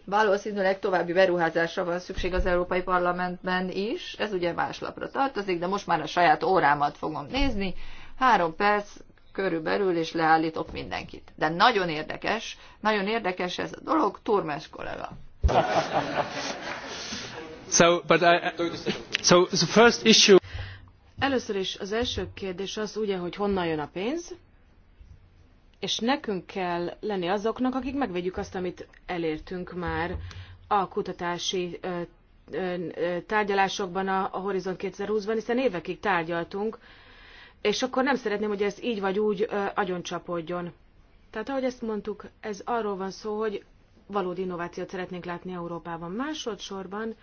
valószínűleg további beruházásra van szükség az Európai Parlamentben is, ez ugye más lapra tartozik, de most már a saját órámat fogom nézni, három perc, körülbelül, és leállítok mindenkit. De nagyon érdekes, nagyon érdekes ez a dolog, Turmes kollega. (laughs) So, but I, so the first issue... Először is az első kérdés az ugye, hogy honnan jön a pénz, és nekünk kell lenni azoknak, akik megvegyük azt, amit elértünk már a kutatási tárgyalásokban a Horizon 2020-ban, hiszen évekig tárgyaltunk és akkor nem szeretném, hogy ez így vagy úgy agyoncsapódjon. Tehát ahogy ezt mondtuk, ez arról van szó, hogy valódi innovációt szeretnénk látni Európában. Másodszorban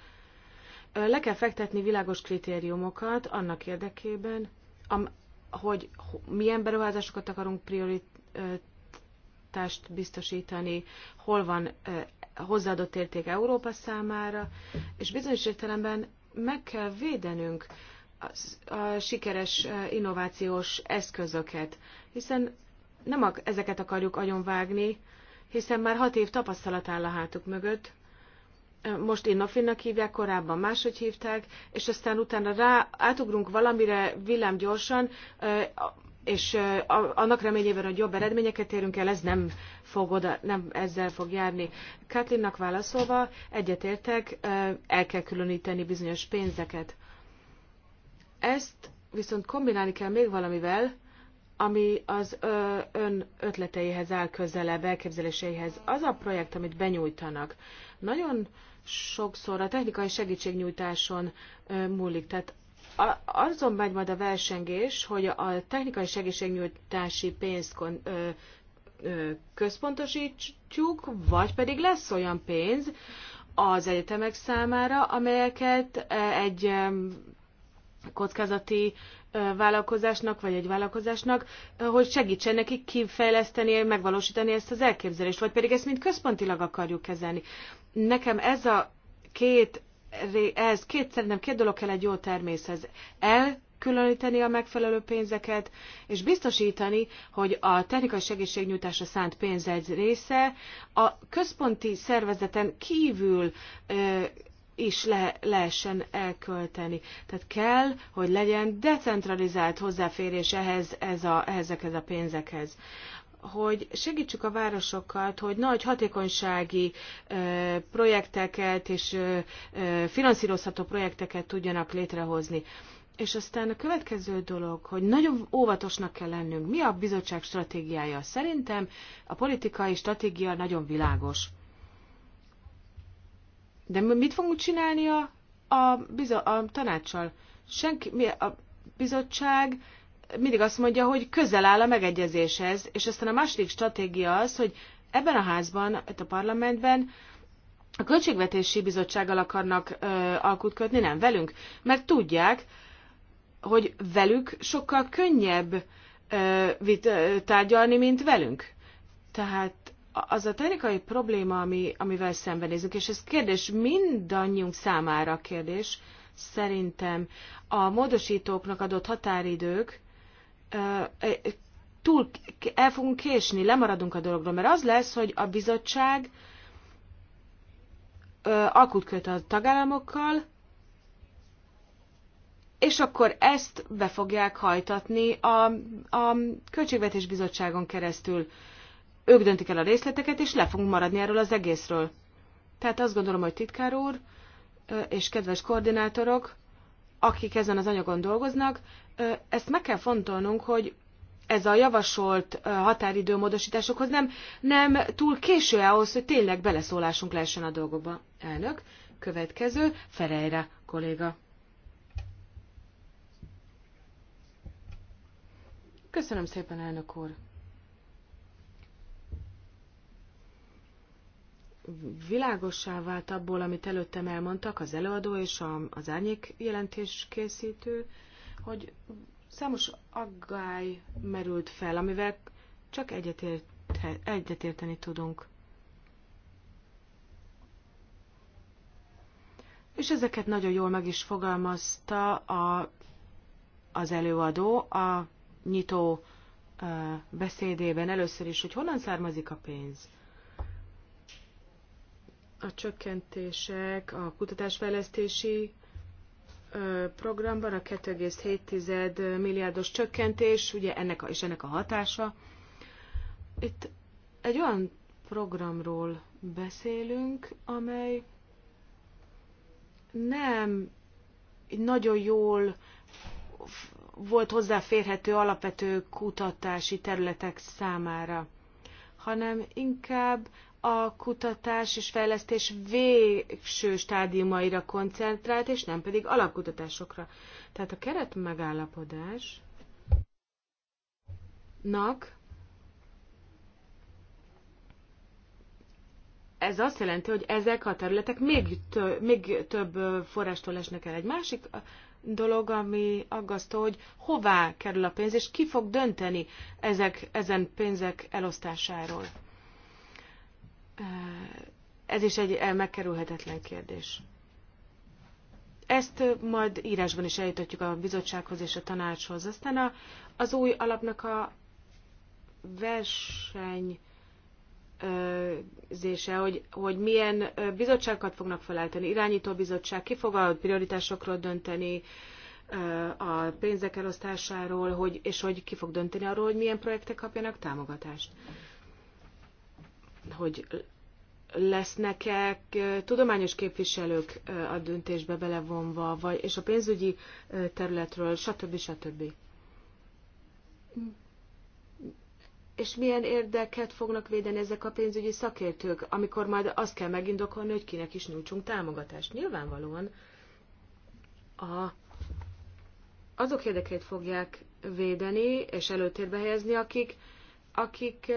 le kell fektetni világos kritériumokat annak érdekében, am hogy milyen beruházásokat akarunk prioritást biztosítani, hol van hozzáadott érték Európa számára, és bizonyos értelemben meg kell védenünk a sikeres innovációs eszközöket, hiszen nem a, ezeket akarjuk agyonvágni, hiszen már hat év tapasztalat áll a hátuk mögött. Most Innofinnak hívják, korábban máshogy hívták, és aztán utána rá átugrunk valamire villám gyorsan, és annak reményében, hogy jobb eredményeket érünk el, ez nem fog oda, nem ezzel fog járni. Katlinnak válaszolva egyetértek, el kell különíteni bizonyos pénzeket ezt viszont kombinálni kell még valamivel, ami az ö, ön ötleteihez áll közelebb, elképzeléseihez. Az a projekt, amit benyújtanak, nagyon sokszor a technikai segítségnyújtáson ö, múlik. Tehát azon megy majd a versengés, hogy a technikai segítségnyújtási pénzt kon, ö, ö, központosítjuk, vagy pedig lesz olyan pénz az egyetemek számára, amelyeket egy kockázati vállalkozásnak, vagy egy vállalkozásnak, hogy segítsen nekik kifejleszteni, megvalósítani ezt az elképzelést, vagy pedig ezt mind központilag akarjuk kezelni. Nekem ez a két, ez két, szerintem két dolog kell egy jó természhez. El különíteni a megfelelő pénzeket, és biztosítani, hogy a technikai segítségnyújtásra szánt pénz egy része a központi szervezeten kívül is le, lehessen elkölteni. Tehát kell, hogy legyen decentralizált hozzáférés ehhez, ez a, ezekhez a pénzekhez hogy segítsük a városokat, hogy nagy hatékonysági projekteket és finanszírozható projekteket tudjanak létrehozni. És aztán a következő dolog, hogy nagyon óvatosnak kell lennünk. Mi a bizottság stratégiája? Szerintem a politikai stratégia nagyon világos. De mit fogunk csinálni a, a, bizo- a tanácssal? Senki, mi, a bizottság mindig azt mondja, hogy közel áll a megegyezéshez, és aztán a második stratégia az, hogy ebben a házban, itt a parlamentben a Költségvetési Bizottsággal akarnak ö, alkut kötni, nem velünk, mert tudják, hogy velük sokkal könnyebb ö, vit, ö, tárgyalni, mint velünk. Tehát az a technikai probléma, ami, amivel szembenézünk, és ez kérdés mindannyiunk számára kérdés, szerintem a módosítóknak adott határidők túl el fogunk késni, lemaradunk a dologról, mert az lesz, hogy a bizottság akut köt a tagállamokkal, és akkor ezt be fogják hajtatni a, a Költségvetés Bizottságon keresztül ők döntik el a részleteket, és le fogunk maradni erről az egészről. Tehát azt gondolom, hogy titkár úr és kedves koordinátorok, akik ezen az anyagon dolgoznak, ezt meg kell fontolnunk, hogy ez a javasolt határidőmódosításokhoz nem, nem túl késő ahhoz, hogy tényleg beleszólásunk lehessen a dolgokba. Elnök, következő, Ferejre kolléga. Köszönöm szépen, elnök úr. világossá vált abból, amit előttem elmondtak az előadó és a, az árnyék jelentés készítő, hogy számos aggály merült fel, amivel csak egyetért, egyetérteni tudunk. És ezeket nagyon jól meg is fogalmazta a, az előadó a nyitó beszédében először is, hogy honnan származik a pénz a csökkentések a kutatásfejlesztési programban, a 2,7 milliárdos csökkentés, ugye ennek a, és ennek a hatása. Itt egy olyan programról beszélünk, amely nem nagyon jól volt hozzáférhető alapvető kutatási területek számára, hanem inkább a kutatás és fejlesztés végső stádiumaira koncentrált, és nem pedig alapkutatásokra. Tehát a keret megállapodás nak ez azt jelenti, hogy ezek a területek még, több, még több forrástól esnek el. Egy másik dolog, ami aggasztó, hogy hová kerül a pénz, és ki fog dönteni ezek, ezen pénzek elosztásáról. Ez is egy megkerülhetetlen kérdés. Ezt majd írásban is eljutatjuk a bizottsághoz és a tanácshoz. Aztán a, az új alapnak a verseny zése, hogy, hogy milyen bizottságokat fognak felállítani, irányító bizottság, ki fog a prioritásokról dönteni, a pénzek elosztásáról, hogy, és hogy ki fog dönteni arról, hogy milyen projektek kapjanak támogatást hogy lesznek-e tudományos képviselők a döntésbe belevonva, vagy, és a pénzügyi területről, stb. stb. És milyen érdeket fognak védeni ezek a pénzügyi szakértők, amikor majd azt kell megindokolni, hogy kinek is nyújtsunk támogatást. Nyilvánvalóan a, azok érdekét fogják védeni és előtérbe helyezni, akik, akik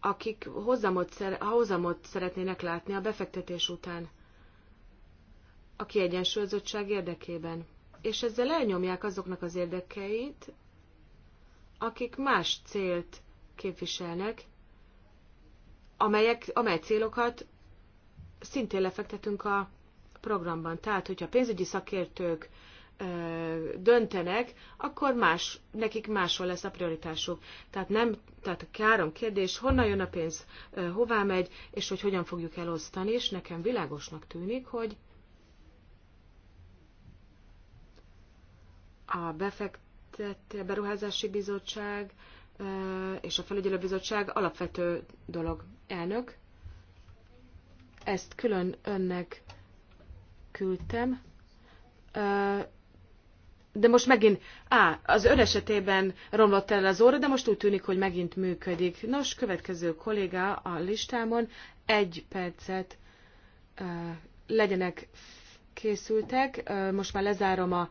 akik hozamot, a hozamot szeretnének látni a befektetés után, a kiegyensúlyozottság érdekében. És ezzel elnyomják azoknak az érdekeit, akik más célt képviselnek, amelyek, amely célokat szintén lefektetünk a programban. Tehát, hogyha pénzügyi szakértők döntenek, akkor más, nekik máshol lesz a prioritásuk. Tehát nem, tehát a három kérdés, honnan jön a pénz, hová megy, és hogy hogyan fogjuk elosztani, és nekem világosnak tűnik, hogy a befektet, beruházási bizottság és a felügyelőbizottság alapvető dolog. Elnök, ezt külön önnek küldtem de most megint, á, az ön esetében romlott el az óra, de most úgy tűnik, hogy megint működik. Nos, következő kollégá a listámon, egy percet uh, legyenek készültek. Uh, most már lezárom a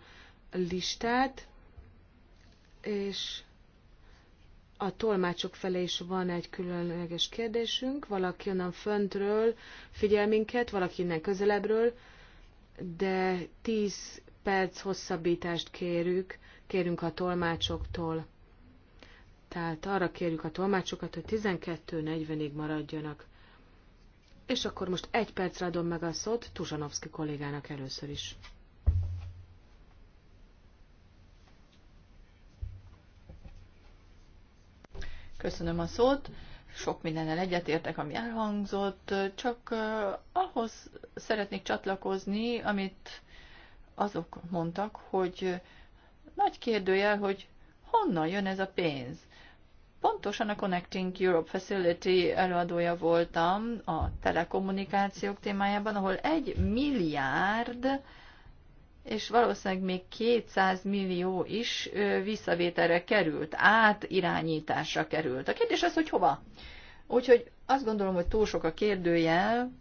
listát, és a tolmácsok felé is van egy különleges kérdésünk. Valaki onnan föntről figyel minket, valaki innen közelebbről, de 10 perc hosszabbítást kérünk, kérünk a tolmácsoktól. Tehát arra kérjük a tolmácsokat, hogy 12.40-ig maradjanak. És akkor most egy percre adom meg a szót Tuzsanovszki kollégának először is. Köszönöm a szót. Sok mindennel egyetértek, ami elhangzott, csak eh, ahhoz szeretnék csatlakozni, amit azok mondtak, hogy nagy kérdőjel, hogy honnan jön ez a pénz. Pontosan a Connecting Europe Facility előadója voltam a telekommunikációk témájában, ahol egy milliárd és valószínűleg még 200 millió is visszavételre került, átirányításra került. A kérdés az, hogy hova? Úgyhogy azt gondolom, hogy túl sok a kérdőjel,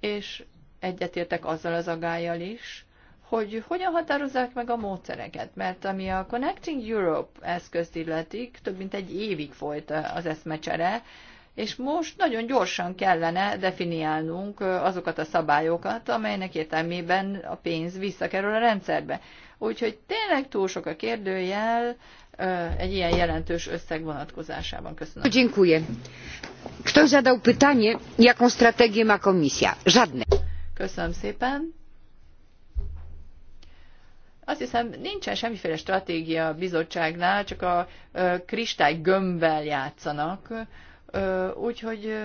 és egyetértek azzal az agájjal is, hogy hogyan határozzák meg a módszereket, mert ami a Connecting Europe eszközt illetik, több mint egy évig folyt az eszmecsere, és most nagyon gyorsan kellene definiálnunk azokat a szabályokat, amelynek értelmében a pénz visszakerül a rendszerbe. Úgyhogy tényleg túl sok a kérdőjel egy ilyen jelentős összeg vonatkozásában. Köszönöm. Dziękuję. Kto zadał pytanie, jaką strategię ma komisja? Żadne. Köszönöm szépen. Azt hiszem, nincsen semmiféle stratégia a bizottságnál, csak a kristály gömbbel játszanak. Úgyhogy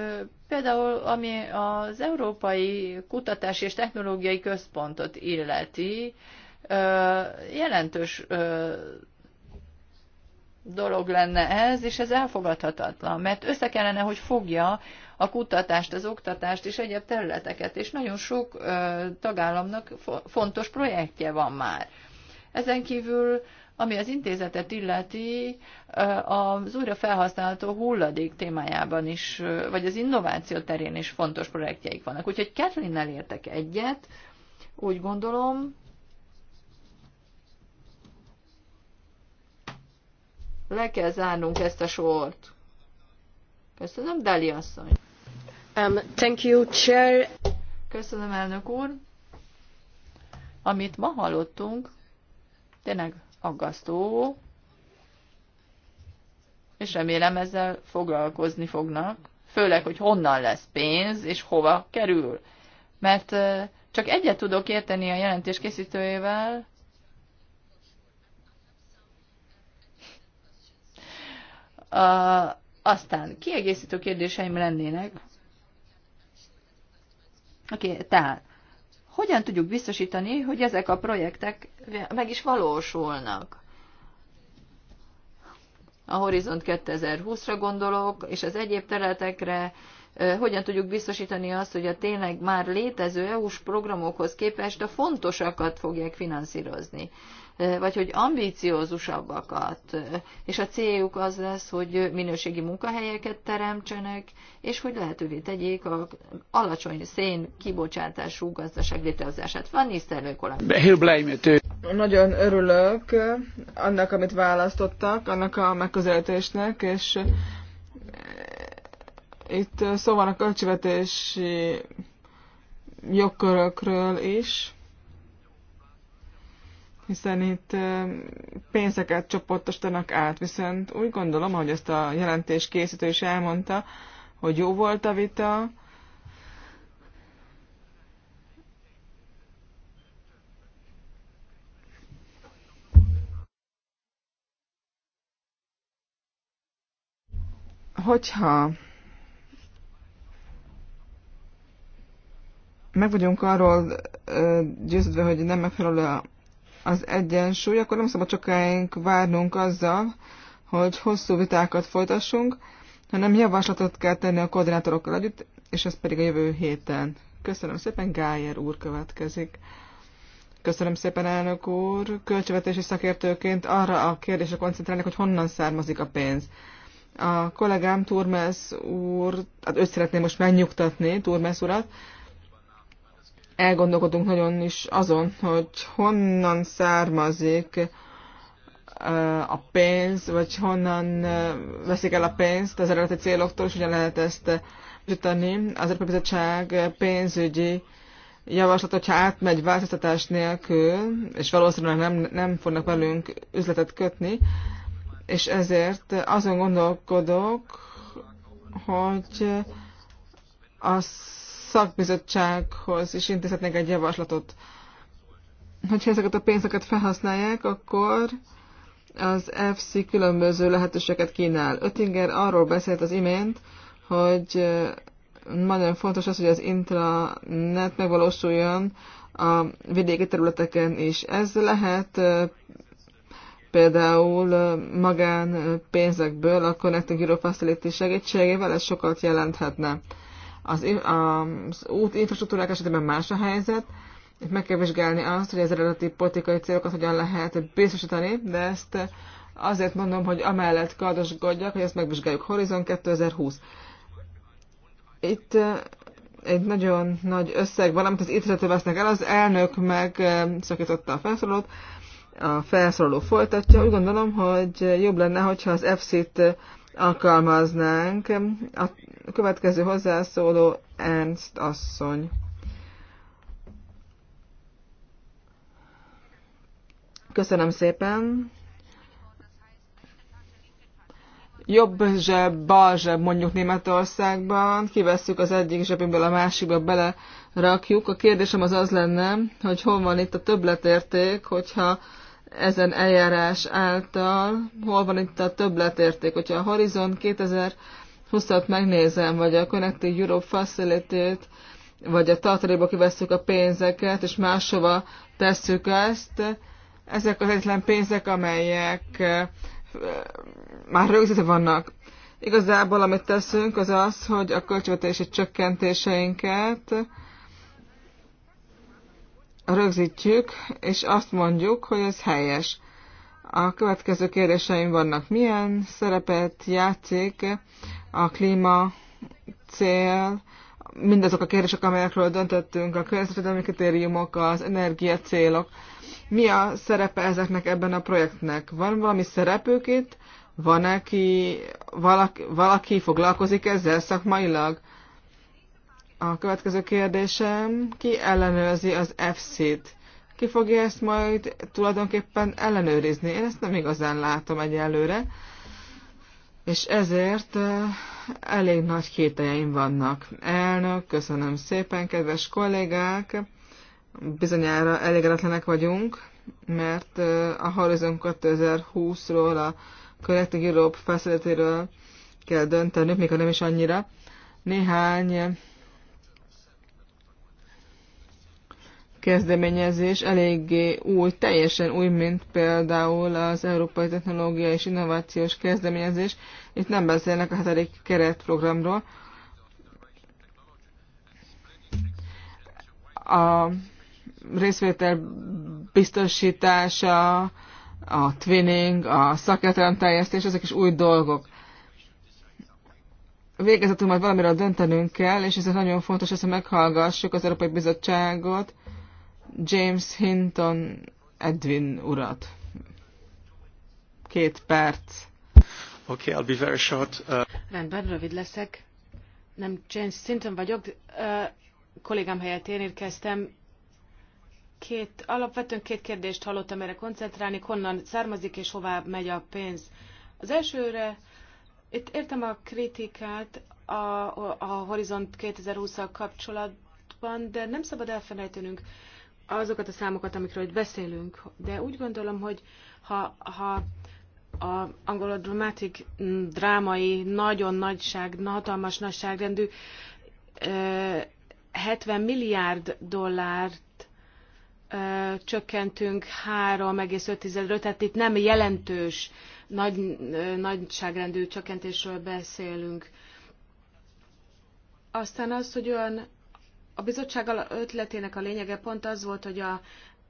például, ami az Európai Kutatási és Technológiai Központot illeti, jelentős dolog lenne ez, és ez elfogadhatatlan, mert össze kellene, hogy fogja a kutatást, az oktatást és egyéb területeket, és nagyon sok tagállamnak fontos projektje van már. Ezen kívül, ami az intézetet illeti, az újra felhasználható hulladék témájában is, vagy az innováció terén is fontos projektjeik vannak. Úgyhogy Kathleen-nel értek egyet, úgy gondolom, le kell zárnunk ezt a sort. Köszönöm, Dali asszony. Um, thank you, Chair. Köszönöm, elnök úr. Amit ma hallottunk, tényleg aggasztó, és remélem ezzel foglalkozni fognak, főleg, hogy honnan lesz pénz, és hova kerül. Mert csak egyet tudok érteni a jelentés készítőjével, A, aztán kiegészítő kérdéseim lennének. Oké, okay, tehát hogyan tudjuk biztosítani, hogy ezek a projektek meg is valósulnak. A Horizont 2020-ra gondolok, és az egyéb területekre, hogyan tudjuk biztosítani azt, hogy a tényleg már létező EU-s programokhoz képest a fontosakat fogják finanszírozni vagy hogy ambíciózusabbakat, és a céljuk az lesz, hogy minőségi munkahelyeket teremtsenek, és hogy lehetővé tegyék a alacsony szén kibocsátású gazdaság létrehozását. Van nisztelőkola. Nagyon örülök annak, amit választottak, annak a megközelítésnek, és itt szó van a költségvetési jogkörökről is hiszen itt pénzeket csoportosítanak át, viszont úgy gondolom, hogy ezt a jelentés készítő is elmondta, hogy jó volt a vita, hogyha meg vagyunk arról győződve, hogy nem megfelelő a az egyensúly, akkor nem szabad sokáig várnunk azzal, hogy hosszú vitákat folytassunk, hanem javaslatot kell tenni a koordinátorokkal együtt, és ez pedig a jövő héten. Köszönöm szépen, Gájer úr következik. Köszönöm szépen, elnök úr. Költségvetési szakértőként arra a kérdésre koncentrálnak, hogy honnan származik a pénz. A kollégám Turmes úr, hát őt szeretném most megnyugtatni, Turmes urat, elgondolkodunk nagyon is azon, hogy honnan származik a pénz, vagy honnan veszik el a pénzt az eredeti céloktól, és ugyan lehet ezt jutani. Az Európai Bizottság pénzügyi javaslat, hogyha átmegy változtatás nélkül, és valószínűleg nem, nem fognak velünk üzletet kötni, és ezért azon gondolkodok, hogy az szakbizottsághoz is intézhetnek egy javaslatot. Hogyha ezeket a pénzeket felhasználják, akkor az FC különböző lehetőséget kínál. Öttinger arról beszélt az imént, hogy eh, nagyon fontos az, hogy az intranet megvalósuljon a vidéki területeken is. Ez lehet eh, például eh, magán pénzekből a Connecting Euro Facility segítségével, ez sokat jelenthetne. Az, az út infrastruktúrák esetében más a helyzet, és meg kell vizsgálni azt, hogy az eredeti politikai célokat hogyan lehet biztosítani, de ezt azért mondom, hogy amellett kardoskodjak, hogy ezt megvizsgáljuk Horizon 2020. Itt eh, egy nagyon nagy összeg van, amit az ítéletre vesznek el, az elnök meg eh, szakította a felszólalót, a felszólaló folytatja. Úgy gondolom, hogy jobb lenne, hogyha az EFSZ-t alkalmaznánk. A következő hozzászóló Ernst asszony. Köszönöm szépen. Jobb zseb, bal zseb mondjuk Németországban, kivesszük az egyik zsebünkből a másikba, bele rakjuk. A kérdésem az az lenne, hogy hol van itt a többletérték, hogyha ezen eljárás által, hol van itt a többletérték, hogyha a Horizon 2000 20 megnézem, vagy a Connected Europe facility vagy a tartalékba kivesszük a pénzeket, és máshova tesszük ezt, ezek az egyetlen pénzek, amelyek már rögzítve vannak. Igazából amit teszünk az az, hogy a költségvetési csökkentéseinket rögzítjük, és azt mondjuk, hogy ez helyes. A következő kérdéseim vannak. Milyen szerepet játszik a klíma cél, mindazok a kérdések, amelyekről döntöttünk, a környezetvédelmi kritériumok, az energia célok. Mi a szerepe ezeknek ebben a projektnek? Van valami szerepük itt? Van aki, valaki, valaki foglalkozik ezzel szakmailag? A következő kérdésem, ki ellenőrzi az FC-t? Ki fogja ezt majd tulajdonképpen ellenőrizni? Én ezt nem igazán látom egyelőre és ezért elég nagy kételjeim vannak. Elnök, köszönöm szépen, kedves kollégák! Bizonyára elégedetlenek vagyunk, mert a Horizon 2020-ról, a Connecting Europe facility kell döntenünk, mikor nem is annyira. Néhány kezdeményezés eléggé új, teljesen új, mint például az Európai Technológia és Innovációs Kezdeményezés, itt nem beszélnek a hetedik keretprogramról. A részvétel biztosítása, a twinning, a teljesztés, ezek is új dolgok végezetül majd valamiről döntenünk kell, és ez nagyon fontos, hogy meghallgassuk az Európai Bizottságot, James Hinton Edwin urat. Két perc. Okay, I'll be very short. Uh... Rendben, rövid leszek. Nem James Sinton vagyok, uh, kollégám helyett én érkeztem. Két, alapvetően két kérdést hallottam erre koncentrálni, honnan származik és hová megy a pénz. Az elsőre, itt értem a kritikát a, a Horizont 2020-al kapcsolatban, de nem szabad elfelejtenünk azokat a számokat, amikről itt beszélünk. De úgy gondolom, hogy ha, ha a dramatik mm, drámai, nagyon nagyság, hatalmas nagyságrendű 70 milliárd dollárt csökkentünk 3,5-ről, tehát itt nem jelentős nagy, nagyságrendű csökkentésről beszélünk. Aztán az, hogy olyan a bizottság ötletének a lényege pont az volt, hogy a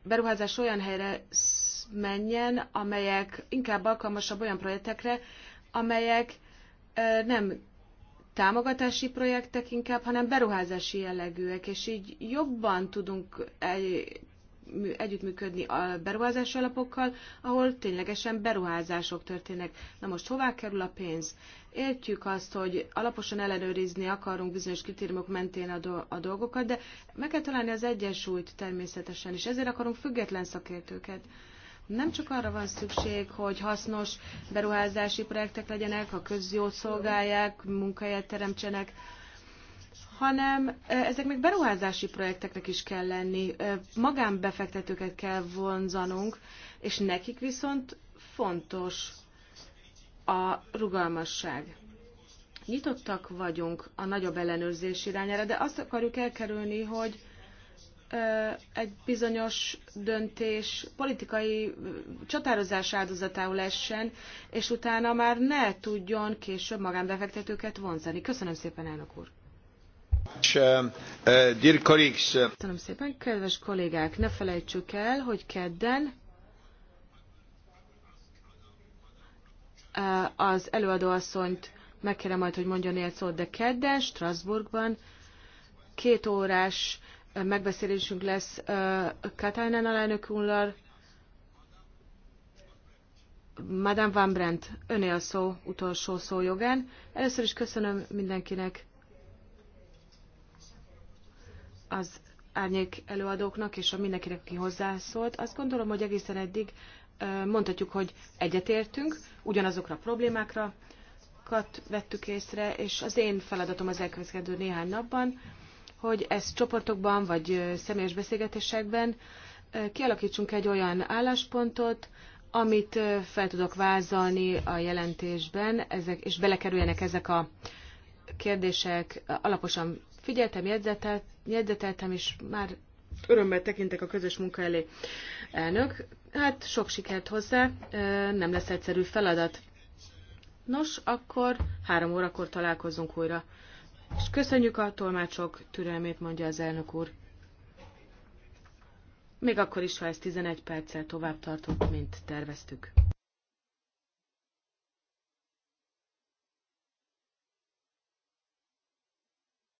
beruházás olyan helyre menjen, amelyek inkább alkalmasabb olyan projektekre, amelyek nem támogatási projektek inkább, hanem beruházási jellegűek, és így jobban tudunk egy, együttműködni a beruházási alapokkal, ahol ténylegesen beruházások történnek. Na most hová kerül a pénz? Értjük azt, hogy alaposan ellenőrizni akarunk bizonyos kritériumok mentén a, do- a dolgokat, de meg kell találni az egyensúlyt természetesen, és ezért akarunk független szakértőket nem csak arra van szükség, hogy hasznos beruházási projektek legyenek, a közjót szolgálják, munkahelyet teremtsenek, hanem ezek még beruházási projekteknek is kell lenni, magánbefektetőket kell vonzanunk, és nekik viszont fontos a rugalmasság. Nyitottak vagyunk a nagyobb ellenőrzés irányára, de azt akarjuk elkerülni, hogy egy bizonyos döntés politikai csatározás áldozatául essen, és utána már ne tudjon később magánbefektetőket vonzani. Köszönöm szépen, elnök úr! Köszönöm szépen, kedves kollégák! Ne felejtsük el, hogy kedden az előadóasszonyt megkérem majd, hogy mondjon ilyet szót, de kedden Strasbourgban két órás megbeszélésünk lesz Katainen alelnök úrral. Madame Van Brent, öné a szó utolsó szó jogán. Először is köszönöm mindenkinek az árnyék előadóknak és a mindenkinek, aki hozzászólt. Azt gondolom, hogy egészen eddig mondhatjuk, hogy egyetértünk, ugyanazokra a problémákra vettük észre, és az én feladatom az elkövetkező néhány napban, hogy ezt csoportokban vagy személyes beszélgetésekben kialakítsunk egy olyan álláspontot, amit fel tudok vázalni a jelentésben, ezek, és belekerüljenek ezek a kérdések. Alaposan figyeltem, jegyzeteltem, jegyzeteltem, és már örömmel tekintek a közös munka elé. Elnök, hát sok sikert hozzá, nem lesz egyszerű feladat. Nos, akkor három órakor találkozunk újra. És köszönjük a tolmácsok türelmét, mondja az elnök úr. Még akkor is, ha ez 11 perccel tovább tartott, mint terveztük.